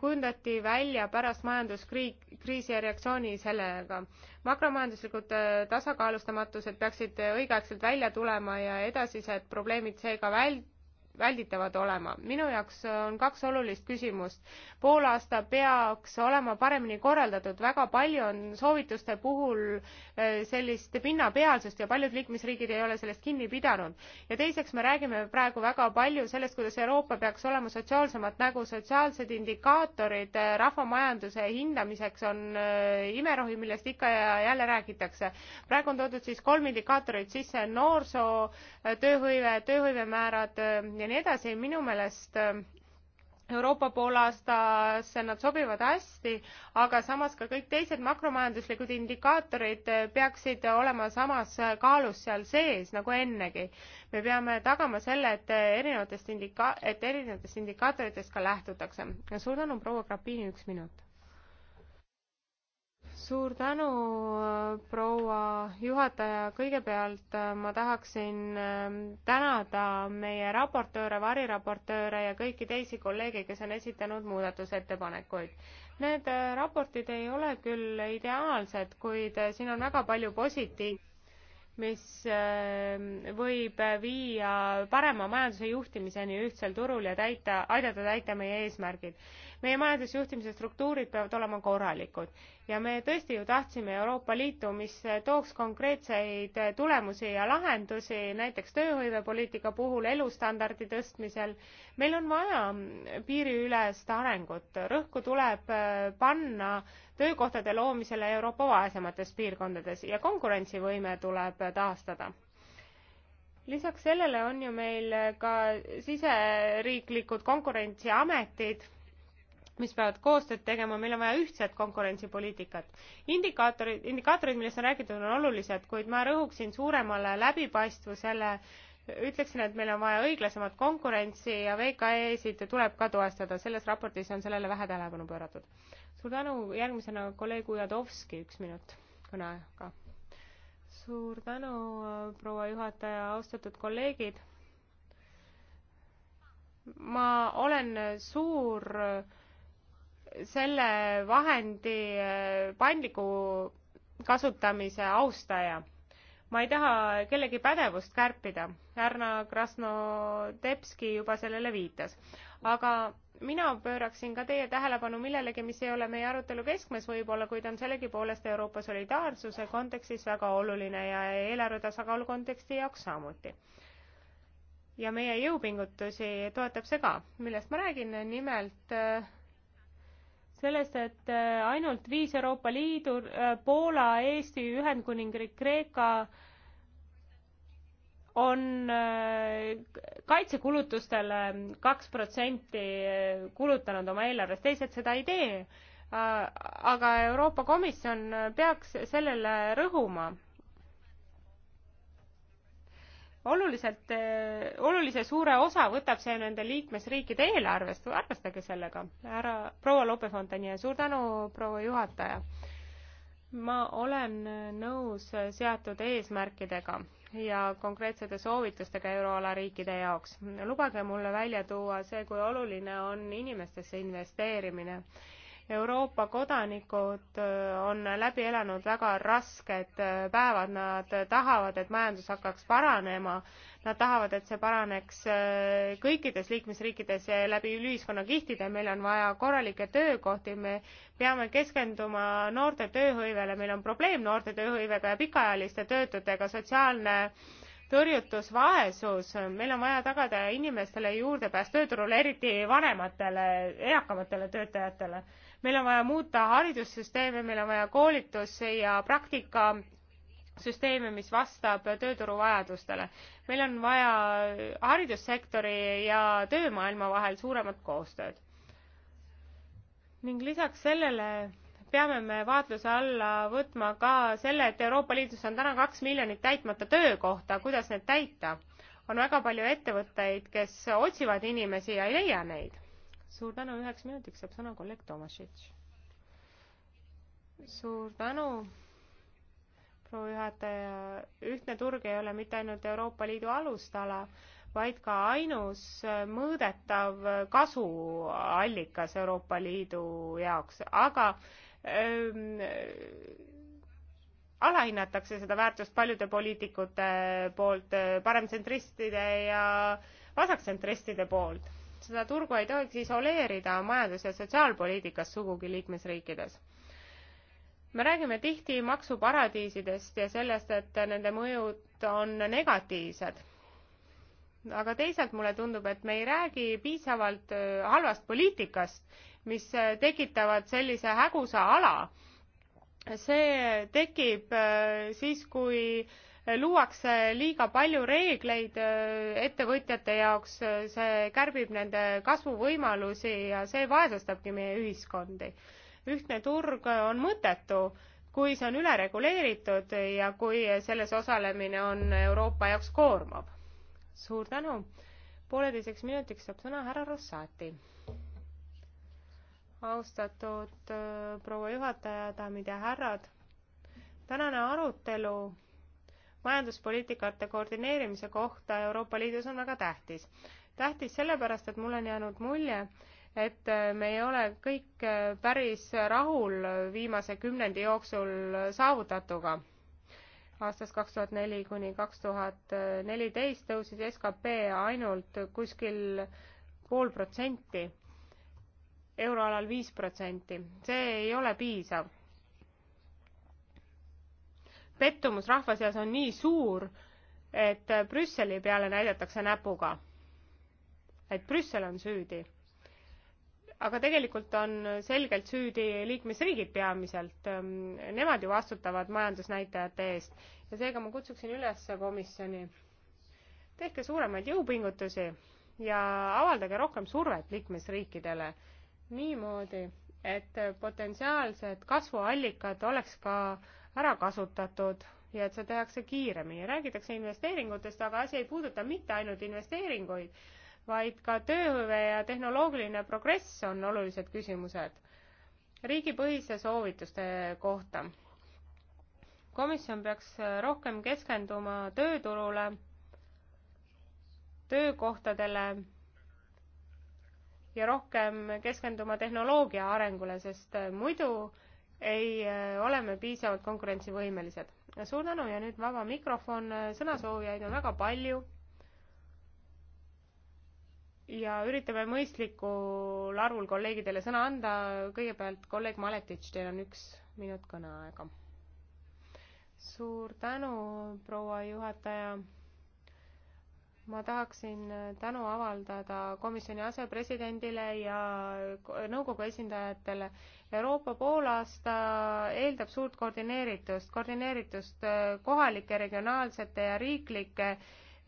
kujundati välja pärast majanduskriisi ja reaktsiooni sellega. makromajanduslikud äh, tasakaalustamatused peaksid õigeaegselt välja tulema ja edasised probleemid seega vält-, välditavad olema. minu jaoks on kaks olulist küsimust. poolaasta peaks olema paremini korraldatud, väga palju on soovituste puhul äh, sellist pinnapealsust ja paljud liikmesriigid ei ole sellest kinni pidanud. ja teiseks, me räägime praegu väga palju sellest, kuidas Euroopa peaks olema sotsiaalsemat nägu, sotsiaalsed indikaatorid äh, rahvamajanduse hindamiseks on äh, imerohi, millest ikka ja jälle räägitakse. praegu on toodud siis kolm indikaatorit sisse, noorsoo, tööhõive, tööhõivemäärad ja nii edasi, minu meelest äh, Euroopa poolaastasse nad sobivad hästi, aga samas ka kõik teised makromajanduslikud indikaatorid äh, peaksid olema samas äh, kaalus seal sees nagu ennegi. me peame tagama selle, et erinevatest indika-, et erinevatest indikaatoritest ka lähtutakse. suur tänu, proua Grapini, üks minut suur tänu, proua juhataja, kõigepealt äh, ma tahaksin ähm, tänada meie raportööre, variraportööre ja kõiki teisi kolleege, kes on esitanud muudatusettepanekuid. Need äh, raportid ei ole küll ideaalsed, kuid äh, siin on väga palju positiivset mis ähm, võib viia parema majanduse juhtimiseni ühtsel turul ja täita, aidata täita meie eesmärgid meie majandusjuhtimise struktuurid peavad olema korralikud ja me tõesti ju tahtsime Euroopa Liitu, mis tooks konkreetseid tulemusi ja lahendusi näiteks tööhõivepoliitika puhul, elustandardi tõstmisel. meil on vaja piiriülest arengut, rõhku tuleb äh, panna töökohtade loomisele Euroopa vaesemates piirkondades ja konkurentsivõime tuleb taastada lisaks sellele on ju meil ka siseriiklikud konkurentsiametid mis peavad koostööd tegema, meil on vaja ühtset konkurentsipoliitikat. indikaatorid, indikaatorid, millest on räägitud, on olulised, kuid ma rõhuksin suuremale läbipaistvusele, ütleksin, et meil on vaja õiglasemat konkurentsi ja VKE-sid tuleb ka toestada, selles raportis on sellele vähe tähelepanu pööratud. suur tänu, järgmisena kolleeg Ujadovski, üks minut kõneaega. suur tänu, proua juhataja, austatud kolleegid ma olen suur selle vahendi äh, paindliku kasutamise austaja. ma ei taha kellegi pädevust kärpida, härra Krasnodebski juba sellele viitas, aga mina pööraksin ka teie tähelepanu millelegi, mis ei ole meie arutelu keskmes võib-olla, kuid on sellegipoolest Euroopa solidaarsuse kontekstis väga oluline ja eelarve tasakaalu konteksti jaoks samuti ja meie jõupingutusi toetab see ka, millest ma räägin, nimelt äh, sellest, et äh, ainult viis Euroopa Liidu, äh, Poola, Eesti, Ühendkuningriik, Kreeka on äh, kaitsekulutustele kaks protsenti kulutanud oma eelarvest, teised seda ei tee. aga Euroopa Komisjon peaks sellele rõhuma oluliselt, olulise suure osa võtab see nende liikmesriikide eelarvest, arvestage sellega. härra proua Lopefontani ja suur tänu, proua juhataja. ma olen nõus seatud eesmärkidega ja konkreetsete soovitustega euroala riikide jaoks. lubage mulle välja tuua see, kui oluline on inimestesse investeerimine Euroopa kodanikud äh, on läbi elanud väga rasked äh, päevad, nad tahavad, et majandus hakkaks paranema, nad tahavad, et see paraneks äh, kõikides liikmesriikides läbi ühiskonnakihtide, meil on vaja korralikke töökohti, me peame keskenduma noorte tööhõivele, meil on probleem noorte tööhõivega ja pikaajaliste töötutega, sotsiaalne tõrjutus, vaesus, meil on vaja tagada inimestele juurdepääs tööturule, eriti vanematele, eakamatele töötajatele meil on vaja muuta haridussüsteeme, meil on vaja koolitus ja praktika süsteemi, mis vastab tööturu vajadustele. meil on vaja haridussektori ja töömaailma vahel suuremat koostööd. ning lisaks sellele peame me vaatluse alla võtma ka selle, et Euroopa Liidus on täna kaks miljonit täitmata töökohta, kuidas need täita? on väga palju ettevõtteid, kes otsivad inimesi ja ei leia neid suur tänu, üheks minutiks saab sõna kolleeg Tomašitš. suur tänu, proua juhataja, ühtne turg ei ole mitte ainult Euroopa Liidu alustala, vaid ka ainus mõõdetav kasuallikas Euroopa Liidu jaoks, aga ähm, alahinnatakse seda väärtust paljude poliitikute poolt, paremtsentristide ja vasaktsentristide poolt seda turgu ei tohiks isoleerida majandus- ja sotsiaalpoliitikast sugugi liikmesriikides. me räägime tihti maksuparadiisidest ja sellest, et nende mõjud on negatiivsed. aga teisalt mulle tundub, et me ei räägi piisavalt äh, halvast poliitikast, mis äh, tekitavad sellise hägusa ala. see tekib äh, siis, kui äh, luuakse liiga palju reegleid äh, ettevõtjate jaoks, äh, see kärbib nende kasvuvõimalusi ja see vaesustabki meie ühiskondi. ühtne turg äh, on mõttetu kui see on ülereguleeritud ja kui selles osalemine on Euroopa jaoks koormav. suur tänu. pooleteiseks minutiks saab sõna härra Rossati. austatud proua juhataja, daamid ja härrad. tänane arutelu majanduspoliitikate koordineerimise kohta Euroopa Liidus on väga tähtis. tähtis sellepärast, et mul on jäänud mulje, et me ei ole kõik päris rahul viimase kümnendi jooksul saavutatuga. aastast kaks tuhat neli kuni kaks tuhat neliteist tõusis skp ainult kuskil pool protsenti, euroalal viis protsenti. see ei ole piisav pettumus rahva seas on nii suur, et Brüsseli peale näidatakse näpuga. et Brüssel on süüdi. aga tegelikult on selgelt süüdi liikmesriigid peamiselt. Nemad ju vastutavad majandusnäitajate eest ja seega ma kutsuksin üles komisjoni, tehke suuremaid jõupingutusi ja avaldage rohkem survet liikmesriikidele niimoodi, et potentsiaalsed kasvuallikad oleks ka äh, ära kasutatud ja et seda tehakse kiiremini. räägitakse investeeringutest, aga asi ei puuduta mitte ainult investeeringuid, vaid ka tööhõive ja tehnoloogiline progress on olulised küsimused riigipõhise soovituste kohta. komisjon peaks rohkem keskenduma tööturule, töökohtadele ja rohkem keskenduma tehnoloogia arengule, sest muidu äh, ei äh, ole me piisavalt konkurentsivõimelised. suur tänu ja nüüd vaba mikrofon, äh, sõnasoovijaid on väga palju. ja üritame mõistlikul arvul kolleegidele sõna anda, kõigepealt kolleeg Maletitš, teil on üks minut kõneaega. suur tänu, proua juhataja ma tahaksin äh, tänu avaldada komisjoni asepresidendile ja nõukogu esindajatele Euroopa poolaasta eeldab suurt koordineeritust, koordineeritust äh, kohalike, regionaalsete ja riiklike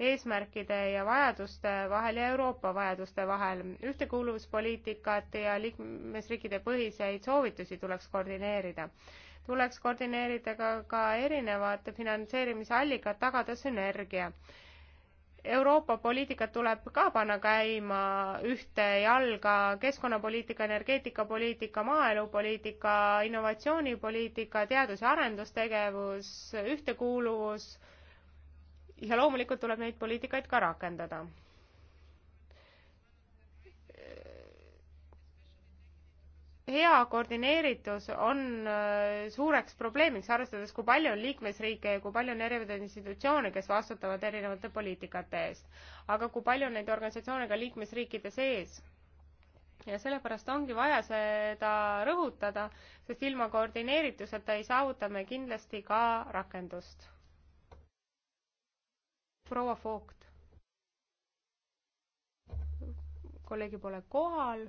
eesmärkide ja vajaduste vahel ja Euroopa vajaduste vahel. ühtekuuluvuspoliitikat ja liikmesriikide põhiseid soovitusi tuleks koordineerida. tuleks koordineerida ka, ka erinevate finantseerimisallikad, tagada sünergia Euroopa poliitikat tuleb ka panna käima ühte jalga, keskkonnapoliitika, energeetikapoliitika, maaelupoliitika, innovatsioonipoliitika, teadus- ja arendustegevus, ühtekuuluvus ja loomulikult tuleb neid poliitikaid ka rakendada hea koordineeritus on äh, suureks probleemiks, arvestades, kui palju on liikmesriike ja kui palju on erinevaid institutsioone, kes vastutavad erinevate poliitikate eest. aga kui palju on neid organisatsioone ka liikmesriikide sees? ja sellepärast ongi vaja seda rõhutada, sest ilma koordineerituseta ei saavuta me kindlasti ka rakendust. proua Foogt. kolleegi pole kohal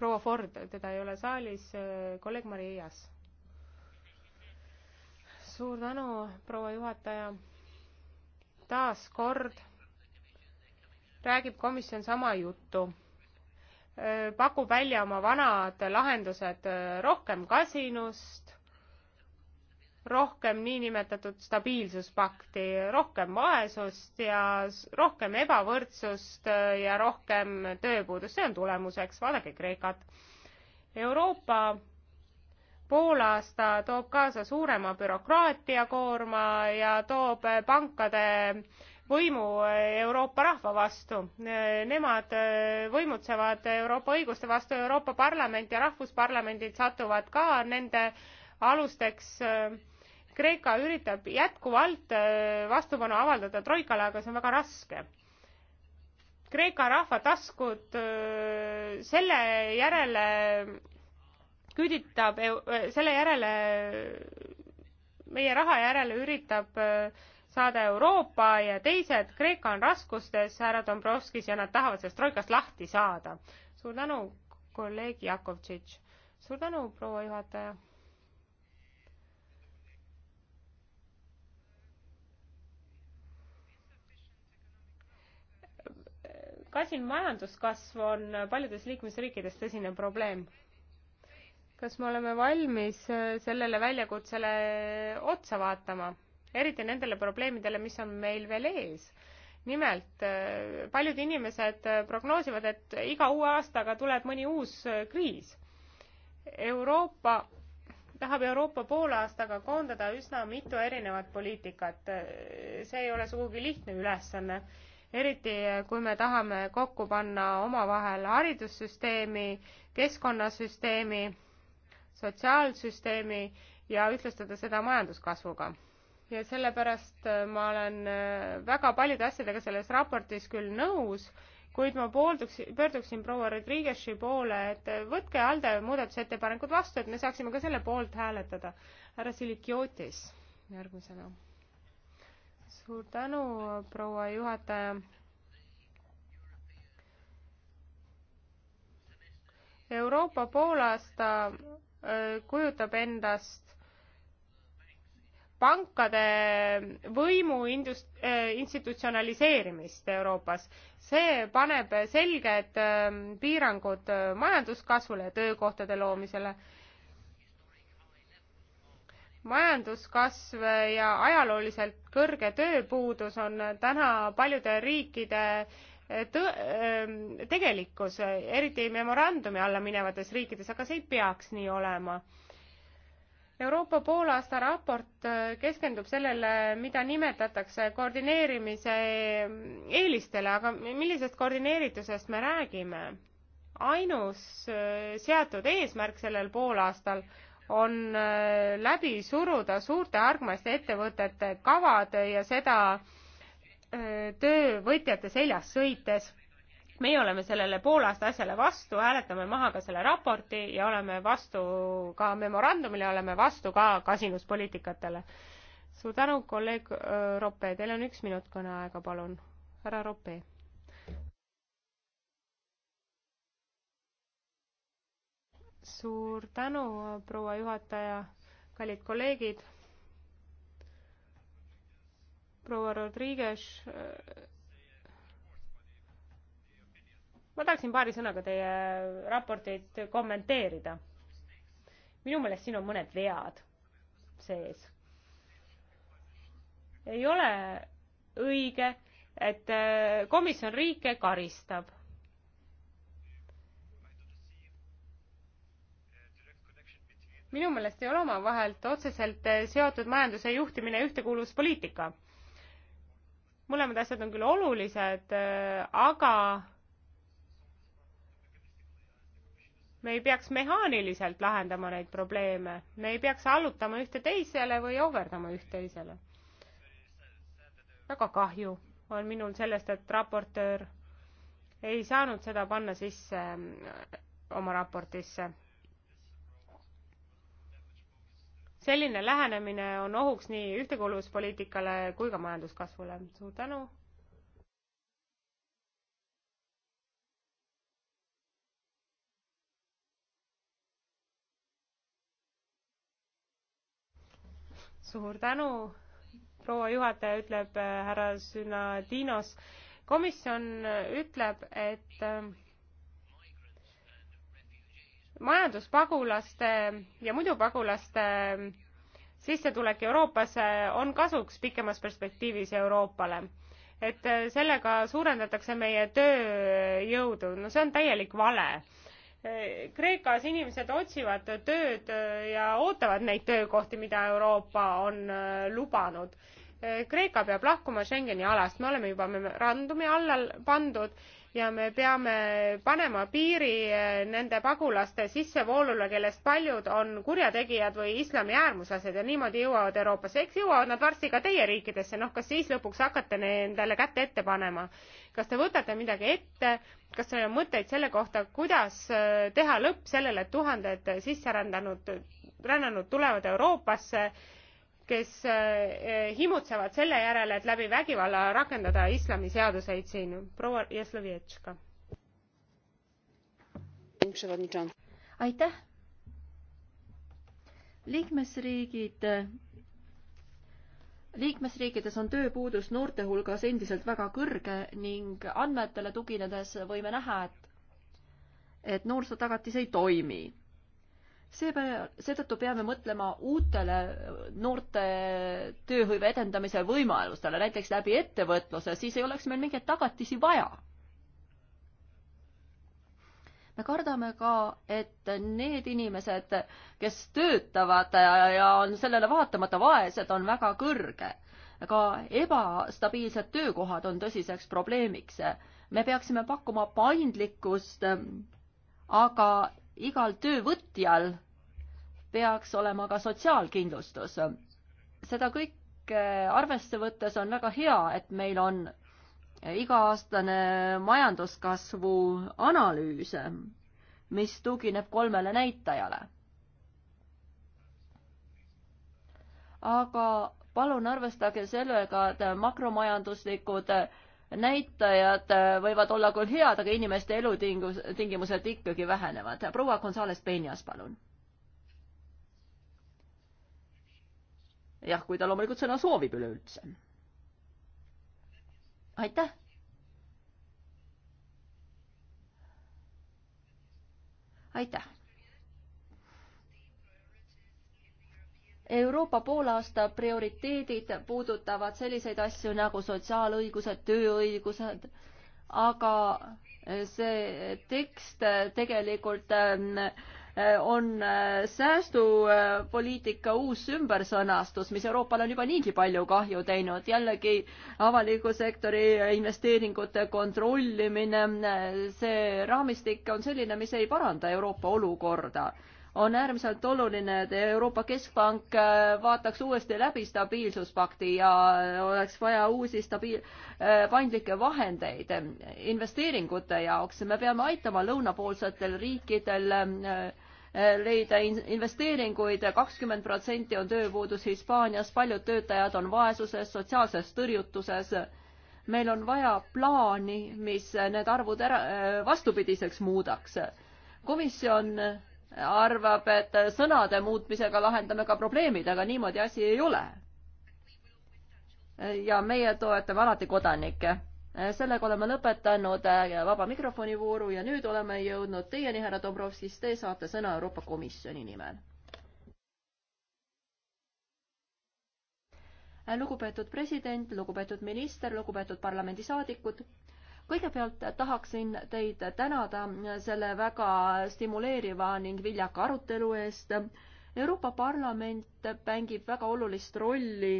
proua Ford, teda ei ole saalis, kolleeg Maria Jas. suur tänu, proua juhataja. taas kord räägib komisjon sama juttu pakub välja oma vanad lahendused rohkem kasinust rohkem niinimetatud stabiilsuspakti, rohkem vaesust ja rohkem ebavõrdsust äh, ja rohkem tööpuudust, see on tulemuseks, vaadake Kreekat. Euroopa poolaasta toob kaasa suurema bürokraatiakoorma ja toob pankade võimu äh, Euroopa rahva vastu. Äh, nemad võimutsevad Euroopa õiguste vastu, Euroopa Parlament ja rahvusparlamendid satuvad ka nende alusteks äh, Kreeka üritab jätkuvalt äh, vastupanu avaldada Troikale, aga see on väga raske. Kreeka rahva taskud äh, selle järele küüditab, äh, selle järele, meie raha järele üritab saada Euroopa ja teised, Kreeka on raskustes, härra Dombrovskis, ja nad tahavad sellest troikast lahti saada. suur tänu, kolleeg Jakovtšitš. suur tänu, proua juhataja kasin majanduskasv on paljudes liikmesriikides tõsine probleem. kas me oleme valmis äh, sellele väljakutsele otsa vaatama, eriti nendele probleemidele, mis on meil veel ees? nimelt, äh, paljud inimesed äh, prognoosivad, et iga uue aastaga tuleb mõni uus kriis. Euroopa tahab Euroopa poolaastaga koondada üsna mitu erinevat poliitikat. see ei ole sugugi lihtne ülesanne eriti eh, kui me tahame kokku panna omavahel haridussüsteemi, keskkonnasüsteemi, sotsiaalsüsteemi ja ühtlustada seda majanduskasvuga. ja sellepärast eh, ma olen eh, väga paljude asjadega selles raportis küll nõus, kuid ma poolduks, pöörduksin proua Rodriguez'i poole, et võtke ALDE muudatusettepanekud vastu, et me saaksime ka selle poolt hääletada. härra Silikiotis järgmisena suur tänu, proua juhataja. Euroopa poolaasta kujutab endast pankade võimu indust-, institutsionaliseerimist Euroopas. see paneb selged piirangud majanduskasvule ja töökohtade loomisele majanduskasv ja ajalooliselt kõrge tööpuudus on täna paljude riikide eh, tõ-, eh, tegelikkus, eriti memorandumi alla minevates riikides, aga see ei peaks nii olema. Euroopa poolaasta raport eh, keskendub sellele, mida nimetatakse koordineerimise eelistele, aga millisest koordineeritusest me räägime? ainus seatud eesmärk sellel poolaastal on äh, läbi suruda suurte argmaste ettevõtete kavad ja seda äh, töövõtjate seljas sõites. meie oleme sellele poolaasta asjale vastu, hääletame maha ka selle raporti ja oleme vastu ka memorandumile, oleme vastu ka kasinuspoliitikatele. suur tänu, kolleeg äh, Roppe, teil on üks minut kõneaega, palun. härra Roppe suur tänu, proua juhataja, kallid kolleegid. proua Rodriguez. ma tahaksin paari sõnaga teie raporteid kommenteerida. minu meelest siin on mõned vead sees. ei ole õige, et komisjon riike karistab minu meelest ei ole omavahelt otseselt eh, seotud majanduse juhtimine ja ühtekuuluvuspoliitika. mõlemad asjad on küll olulised, eh, aga me ei peaks mehaaniliselt lahendama neid probleeme, me ei peaks allutama ühte teisele või ohverdama üht teisele. väga kahju on minul sellest, et raportöör ei saanud seda panna sisse mm, oma raportisse selline lähenemine on ohuks nii ühtekuuluvuspoliitikale kui ka majanduskasvule. suur tänu. suur tänu, proua juhataja, ütleb äh, härra Sünadinos. komisjon ütleb, et äh, majanduspagulaste ja muidu pagulaste sissetulek Euroopasse eh, on kasuks pikemas perspektiivis Euroopale. et eh, sellega suurendatakse meie tööjõudu, no see on täielik vale. Eh, Kreekas inimesed otsivad tööd ja ootavad neid töökohti, mida Euroopa on lubanud Kreeka peab lahkuma Schengeni alast, me oleme juba memorandumi alla pandud ja me peame panema piiri eh, nende pagulaste sissevoolule, kellest paljud on kurjategijad või islami äärmuslased ja niimoodi jõuavad Euroopasse. eks jõuavad nad varsti ka teie riikidesse, noh, kas siis lõpuks hakkate nendele kätte ette panema? kas te võtate midagi ette, kas teil on mõtteid selle kohta, kuidas eh, teha lõpp sellele, et tuhanded sisserändanud, rännanud tulevad Euroopasse kes eh, himutsevad selle järele, et läbi vägivalla rakendada islami seaduseid siin. proua Jaslovetška. aitäh. liikmesriigid, liikmesriikides on tööpuudus noorte hulgas endiselt väga kõrge ning andmetele tuginedes võime näha, et, et noorsootagatis ei toimi seepeale, seetõttu peame mõtlema uutele noorte tööhõive edendamise võimalustele, näiteks läbi ettevõtluse, siis ei oleks meil mingeid tagatisi vaja. me kardame ka, et need inimesed, kes töötavad ja on sellele vaatamata vaesed, on väga kõrge. ka ebastabiilsed töökohad on tõsiseks probleemiks. me peaksime pakkuma paindlikkust aga igal töövõtjal peaks olema ka sotsiaalkindlustus. seda kõike äh, arvesse võttes on väga hea, et meil on äh, iga-aastane majanduskasvu analüüs, mis tugineb kolmele näitajale. aga palun arvestage sellega, et makromajanduslikud näitajad äh, võivad olla küll head, aga inimeste elutingus, tingimused ikkagi vähenevad. proua Gonzales Penjas, palun. jah, kui ta loomulikult sõna soovib üleüldse. aitäh. aitäh Euroopa poolaasta prioriteedid puudutavad selliseid asju nagu sotsiaalõigused, tööõigused, aga see tekst tegelikult ähm, on äh, säästupoliitika uus ümbersõnastus, mis Euroopale on juba niigi palju kahju teinud. jällegi avaliku sektori investeeringute kontrollimine, äh, see raamistik on selline, mis ei paranda Euroopa olukorda on äärmiselt oluline, et Euroopa Keskpank äh, vaataks uuesti läbi stabiilsuspakti ja oleks vaja uusi stabiil-, äh, paindlikke vahendeid investeeringute jaoks. me peame aitama lõunapoolsetel riikidel äh, leida investeeringuid, kakskümmend protsenti on tööpuudus Hispaanias, paljud töötajad on vaesuses, sotsiaalses tõrjutuses. meil on vaja plaani, mis need arvud ära, vastupidiseks muudaks. komisjon arvab, et sõnade muutmisega lahendame ka probleemid, aga niimoodi asi ei ole. ja meie toetame alati kodanikke. sellega oleme lõpetanud vaba mikrofoni vooru ja nüüd oleme jõudnud teieni, härra Dombrovskis, te saate sõna Euroopa Komisjoni nimel. lugupeetud president, lugupeetud minister, lugupeetud parlamendisaadikud kõigepealt tahaksin teid tänada selle väga stimuleeriva ning viljaka arutelu eest. Euroopa Parlament mängib väga olulist rolli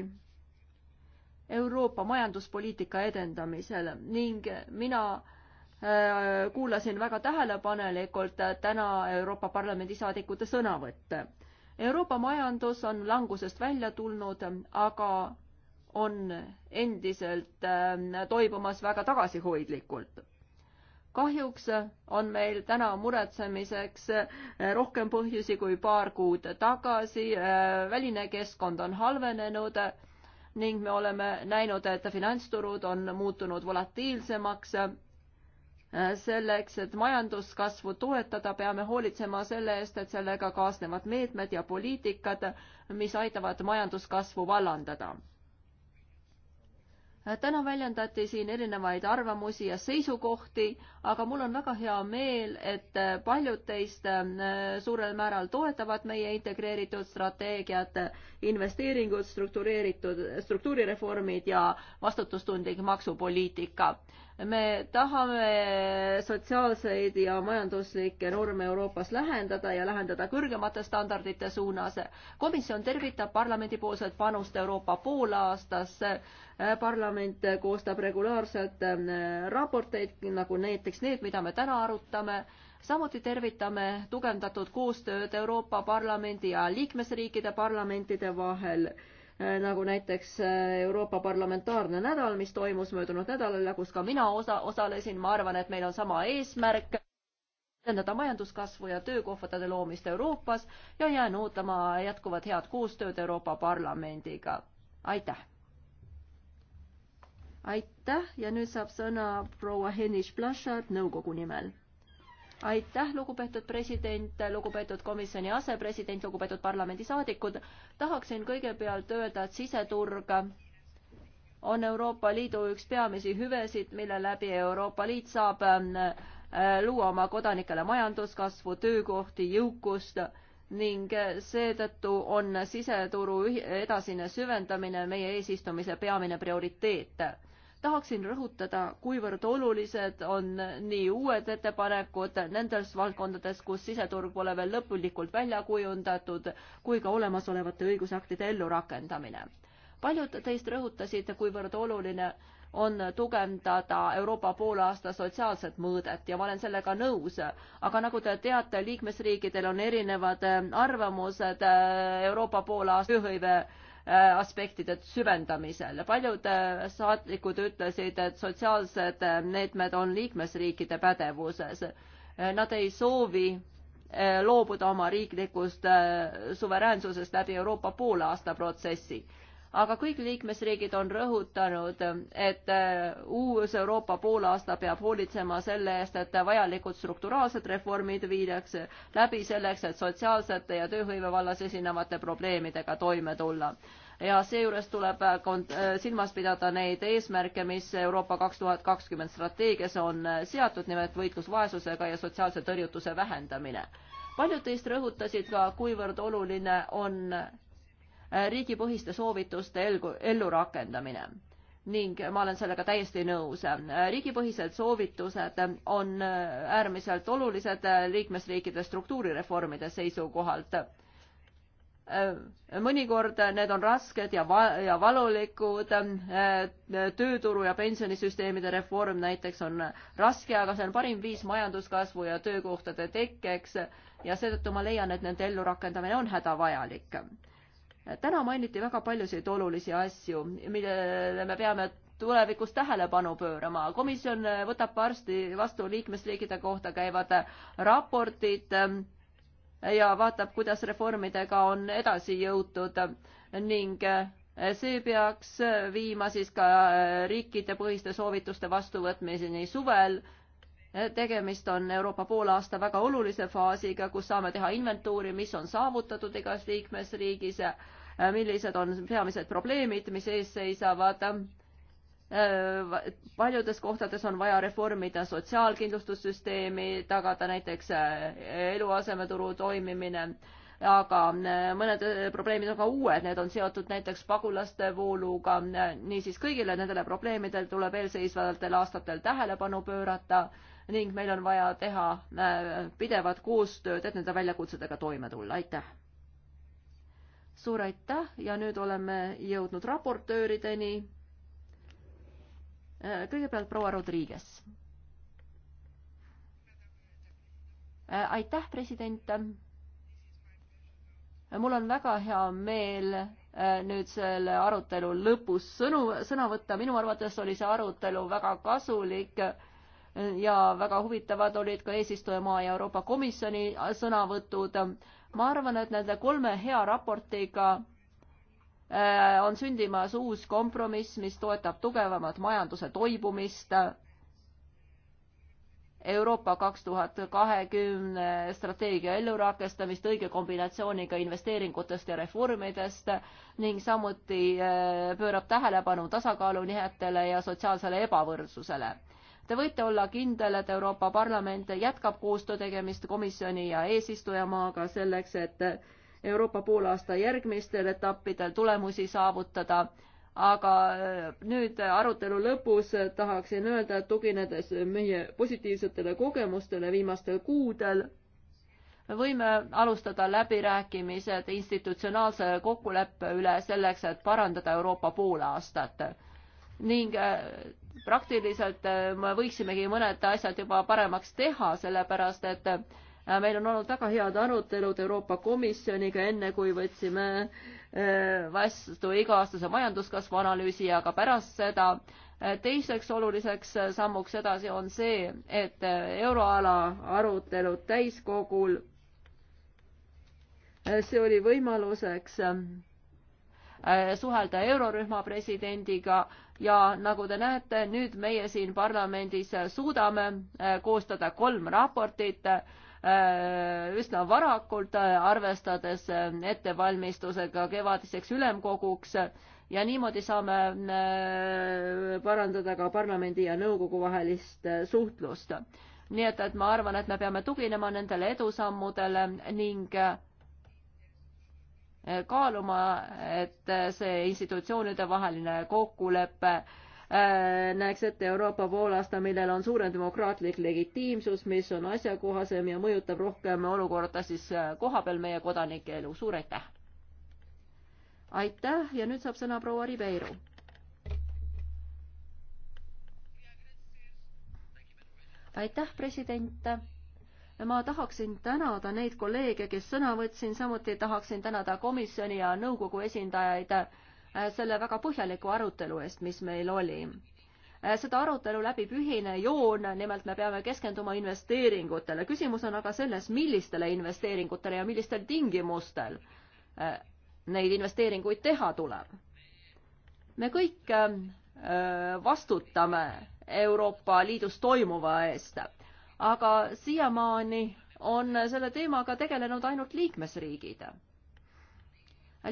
Euroopa majanduspoliitika edendamisel ning mina äh, kuulasin väga tähelepanelikult täna Euroopa Parlamendi saadikute sõnavõtte. Euroopa majandus on langusest välja tulnud, aga on endiselt ähm, toimumas väga tagasihoidlikult. kahjuks on meil täna muretsemiseks äh, rohkem põhjusi kui paar kuud tagasi, äh, väline keskkond on halvenenud ning me oleme näinud, et finantsturud on muutunud volatiilsemaks. Äh, selleks, et majanduskasvu toetada, peame hoolitsema selle eest, et sellega kaasnevad meetmed ja poliitikad, mis aitavad majanduskasvu vallandada täna väljendati siin erinevaid arvamusi ja seisukohti, aga mul on väga hea meel, et paljud teist äh, suurel määral toetavad meie integreeritud strateegiat, investeeringud, struktureeritud, struktuurireformid ja vastutustundlik maksupoliitika me tahame sotsiaalseid ja majanduslikke norme Euroopas lähendada ja lähendada kõrgemate standardite suunas. komisjon tervitab parlamendipoolset panust Euroopa poolaastasse. parlament koostab regulaarselt äh, raporteid, nagu näiteks need, mida me täna arutame samuti tervitame tugevdatud koostööd Euroopa Parlamendi ja liikmesriikide parlamentide vahel Äh, nagu näiteks äh, Euroopa Parlamentaarne nädal, mis toimus möödunud nädalal ja kus ka mina osa, osalesin, ma arvan, et meil on sama eesmärk, edendada majanduskasvu ja töökohtade loomist Euroopas ja jään ootama jätkuvat head koostööd Euroopa Parlamendiga. aitäh! aitäh ja nüüd saab sõna proua Hennis Plašard nõukogu nimel aitäh, lugupeetud president, lugupeetud komisjoni asepresident, lugupeetud parlamendisaadikud. tahaksin kõigepealt öelda, et siseturg on Euroopa Liidu üks peamisi hüvesid, mille läbi Euroopa Liit saab ähm, äh, luua oma kodanikele majanduskasvu, töökohti, jõukust ning äh, seetõttu on siseturu edasine süvendamine meie eesistumise peamine prioriteet tahaksin rõhutada, kuivõrd olulised on nii uued ettepanekud nendes valdkondades, kus siseturg pole veel lõplikult välja kujundatud, kui ka olemasolevate õigusaktide ellurakendamine. paljud teist rõhutasid, kuivõrd oluline on tugevdada Euroopa poolaasta sotsiaalset mõõdet ja ma olen sellega nõus, aga nagu te teate, liikmesriikidel on erinevad arvamused Euroopa poolaasta tööhõive Äh, aspektide süvendamisel. paljud äh, saatlikud ütlesid, et sotsiaalsed äh, meetmed on liikmesriikide pädevuses. Nad ei soovi loobuda oma riiklikust suveräänsusest läbi Euroopa poolaasta protsessi aga kõik liikmesriigid on rõhutanud, et äh, uus Euroopa poolaasta peab hoolitsema selle eest, et vajalikud strukturaalsed reformid viidakse läbi selleks, et sotsiaalsete ja tööhõive vallas esinevate probleemidega toime tulla ja seejuures tuleb äh, äh, silmas pidada neid eesmärke, mis Euroopa kaks tuhat kakskümmend strateegias on seatud, nimelt võitlus vaesusega ja sotsiaalse tõrjutuse vähendamine. paljud teist rõhutasid ka, kuivõrd oluline on Äh, riigipõhiste soovituste ellurakendamine ning ma olen sellega täiesti nõus. Äh, riigipõhised soovitused on äh, äärmiselt olulised liikmesriikide struktuurireformide seisukohalt. mõnikord need on rasked ja va-, ja valulikud, tööturu ja pensionisüsteemide reform näiteks on raske, aga see on parim viis majanduskasvu ja töökohtade tekkeks ja seetõttu ma leian, et nende ellurakendamine on hädavajalik täna mainiti väga paljusid olulisi asju, millele me peame tulevikus tähelepanu pöörama. komisjon võtab varsti vastu liikmesriikide kohta käivad raportid ja vaatab, kuidas reformidega on edasi jõutud ning see peaks viima siis ka riikidepõhiste soovituste vastuvõtmiseni suvel tegemist on Euroopa poolaasta väga olulise faasiga, kus saame teha inventuuri, mis on saavutatud igas liikmesriigis Äh, millised on peamised probleemid, mis ees seisavad. Äh, paljudes kohtades on vaja reformida sotsiaalkindlustussüsteemi, tagada näiteks äh, eluasemeturu toimimine, aga mõned probleemid on ka uued, need on seotud näiteks pagulaste vooluga, niisiis kõigile nendele probleemidele tuleb eelseisvatel aastatel tähelepanu pöörata ning meil on vaja teha pidevat koostööd, et nende väljakutsedega toime tulla, aitäh! suur aitäh ja nüüd oleme jõudnud raportöörideni. Äh, kõigepealt proua Rodriguez. Äh, aitäh, president. mul on väga hea meel äh, nüüd selle arutelu lõpus sõnu, sõna võtta. minu arvates oli see arutelu väga kasulik ja väga huvitavad olid ka eesistujamaa ja Euroopa Komisjoni sõnavõtud ma arvan, et nende kolme hea raportiga äh, on sündimas uus kompromiss, mis toetab tugevamat majanduse toibumist. Euroopa kaks tuhat kahekümne strateegia ellurakestamist õige kombinatsiooniga investeeringutest ja reformidest ning samuti äh, pöörab tähelepanu tasakaalunihetele ja sotsiaalsele ebavõrdsusele Te võite olla kindel, et Euroopa Parlament jätkab koostöö tegemist komisjoni ja eesistujamaaga selleks, et Euroopa poolaasta järgmistel etappidel tulemusi saavutada. aga äh, nüüd arutelu lõpus tahaksin öelda, et tuginedes meie positiivsetele kogemustele viimastel kuudel, võime alustada läbirääkimised institutsionaalse kokkuleppe üle selleks, et parandada Euroopa poolaastat ning äh, praktiliselt äh, me võiksimegi mõned asjad juba paremaks teha, sellepärast et äh, meil on olnud väga head arutelud Euroopa Komisjoniga, enne kui võtsime äh, vastu iga-aastase majanduskasvu analüüsi ja ka pärast seda. teiseks oluliseks sammuks edasi on see, et euroala arutelud täiskogul, see oli võimaluseks suhelda eurorühma presidendiga ja nagu te näete, nüüd meie siin parlamendis suudame äh, koostada kolm raportit äh, üsna varakult, äh, arvestades ettevalmistusega kevadiseks ülemkoguks ja niimoodi saame parandada ka parlamendi ja nõukogu vahelist suhtlust. nii et, et ma arvan, et me peame tuginema nendele edusammudele ning kaaluma, et see institutsioonide vaheline kokkulepe äh, näeks ette Euroopa poolaasta, millel on suurem demokraatlik legitiimsus, mis on asjakohasem ja mõjutab rohkem olukorda siis äh, kohapeal meie kodanike elu. suur aitäh! aitäh ja nüüd saab sõna proua Ribeiro. aitäh, president ma tahaksin tänada neid kolleege, kes sõna võtsin, samuti tahaksin tänada komisjoni ja nõukogu esindajaid äh, selle väga põhjaliku arutelu eest, mis meil oli. Äh, seda arutelu läbib ühine joon, nimelt me peame keskenduma investeeringutele. küsimus on aga selles, millistele investeeringutele ja millistel tingimustel äh, neid investeeringuid teha tuleb. me kõik vastutame Euroopa Liidus toimuva eest aga siiamaani on selle teemaga tegelenud ainult liikmesriigid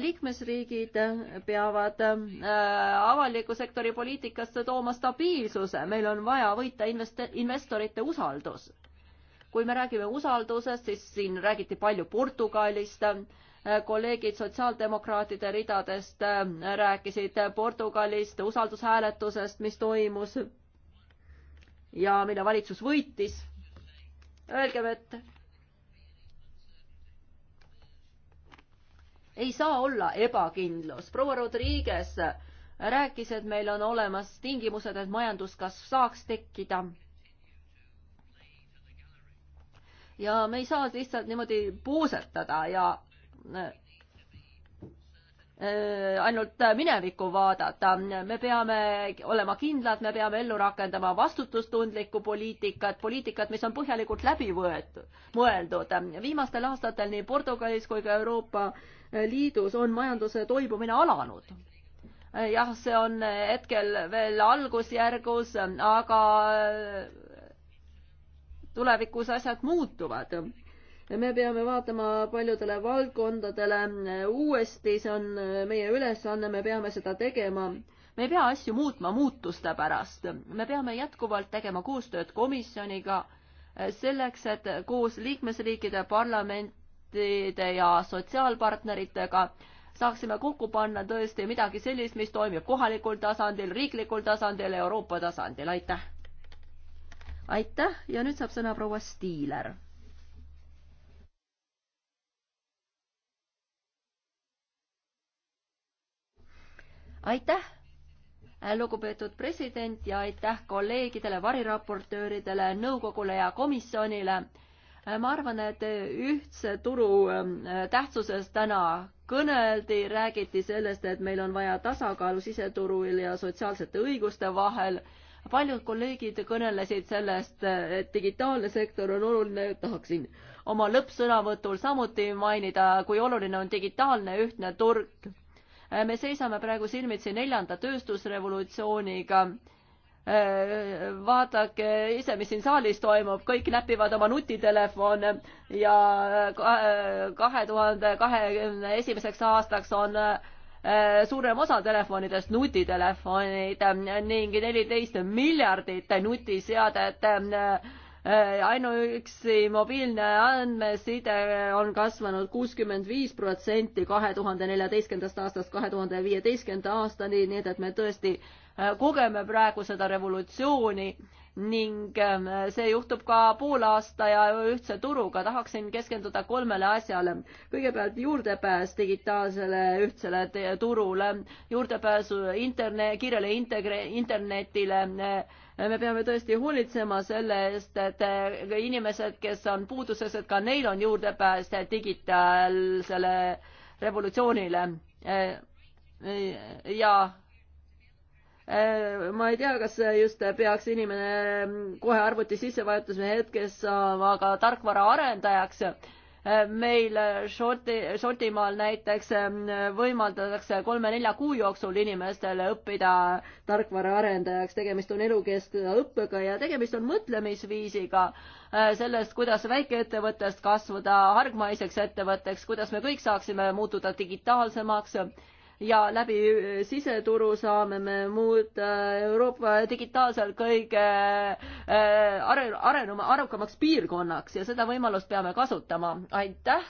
liikmesriigid peavad äh, avaliku sektori poliitikasse tooma stabiilsuse, meil on vaja võita invest-, investorite usaldus. kui me räägime usaldusest, siis siin räägiti palju Portugalist, äh, kolleegid sotsiaaldemokraatide ridadest äh, rääkisid Portugalist, usaldushääletusest, mis toimus ja mille valitsus võitis öelgem, et ei saa olla ebakindlus. proua Rodriguez rääkis, et meil on olemas tingimused, et majanduskasv saaks tekkida. ja me ei saa lihtsalt niimoodi puusetada ja Äh, ainult minevikku vaadata, me peame olema kindlad, me peame ellu rakendama vastutustundlikku poliitikat, poliitikat, mis on põhjalikult läbi võetud, mõeldud. viimastel aastatel nii Portugalis kui ka Euroopa Liidus on majanduse toibumine alanud jah, see on hetkel veel algusjärgus, aga tulevikus asjad muutuvad me peame vaatama paljudele valdkondadele e, uuesti, see on e, meie ülesanne, me peame seda tegema. me ei pea asju muutma muutuste pärast, me peame jätkuvalt tegema koostööd komisjoniga e, selleks, et koos liikmesriikide parlamentide ja sotsiaalpartneritega saaksime kokku panna tõesti midagi sellist, mis toimib kohalikul tasandil, riiklikul tasandil, Euroopa tasandil, aitäh! aitäh ja nüüd saab sõna proua Stiiler aitäh, äh, lugupeetud president ja aitäh kolleegidele, variraportööridele, nõukogule ja komisjonile. Äh, ma arvan, et ühtse turu ähm, tähtsusest täna kõneldi, räägiti sellest, et meil on vaja tasakaalu siseturul ja sotsiaalsete õiguste vahel paljud kolleegid kõnelesid sellest, et digitaalne sektor on oluline, tahaksin oma lõppsõnavõtul samuti mainida, kui oluline on digitaalne ühtne turg. Äh, me seisame praegu silmitsi neljanda tööstusrevolutsiooniga. Äh, vaadake ise, mis siin saalis toimub, kõik näpivad oma nutitelefone ja äh, kahe tuhande kahekümne esimeseks aastaks on suurem osa telefonidest nutitelefonid ning neliteist miljardit nutiseadet Äh, ainuüksi mobiilne andmeside on kasvanud kuuskümmend viis protsenti kahe tuhande neljateistkümnendast aastast kahe tuhande viieteistkümnenda aastani, nii et, et me tõesti äh, kogeme praegu seda revolutsiooni ning ähm, see juhtub ka poolaasta ja ühtse turuga. tahaksin keskenduda kolmele asjale. kõigepealt juurdepääs digitaalsele ühtsele turule, juurdepääsu interne-, kiirele integre-, internetile äh, me peame tõesti hoolitsema selle eest, et inimesed, kes on puuduses, et ka neil on juurdepääs digitaalsele revolutsioonile. ja ma ei tea, kas just peaks inimene kohe arvuti sisse vajutama hetkes, aga tarkvara arendajaks meil Šoti, Šotimaal näiteks ähm, võimaldatakse kolme-nelja kuu jooksul inimestele õppida tarkvaraarendajaks, tegemist on elukestva õppega ja tegemist on mõtlemisviisiga äh, sellest, kuidas väikeettevõttest kasvada hargmaiseks ettevõtteks, kuidas me kõik saaksime muutuda digitaalsemaks ja läbi siseturu saame me muuta äh, Euroopa digitaalselt kõige äh, arenuma, arukamaks piirkonnaks ja seda võimalust peame kasutama. aitäh!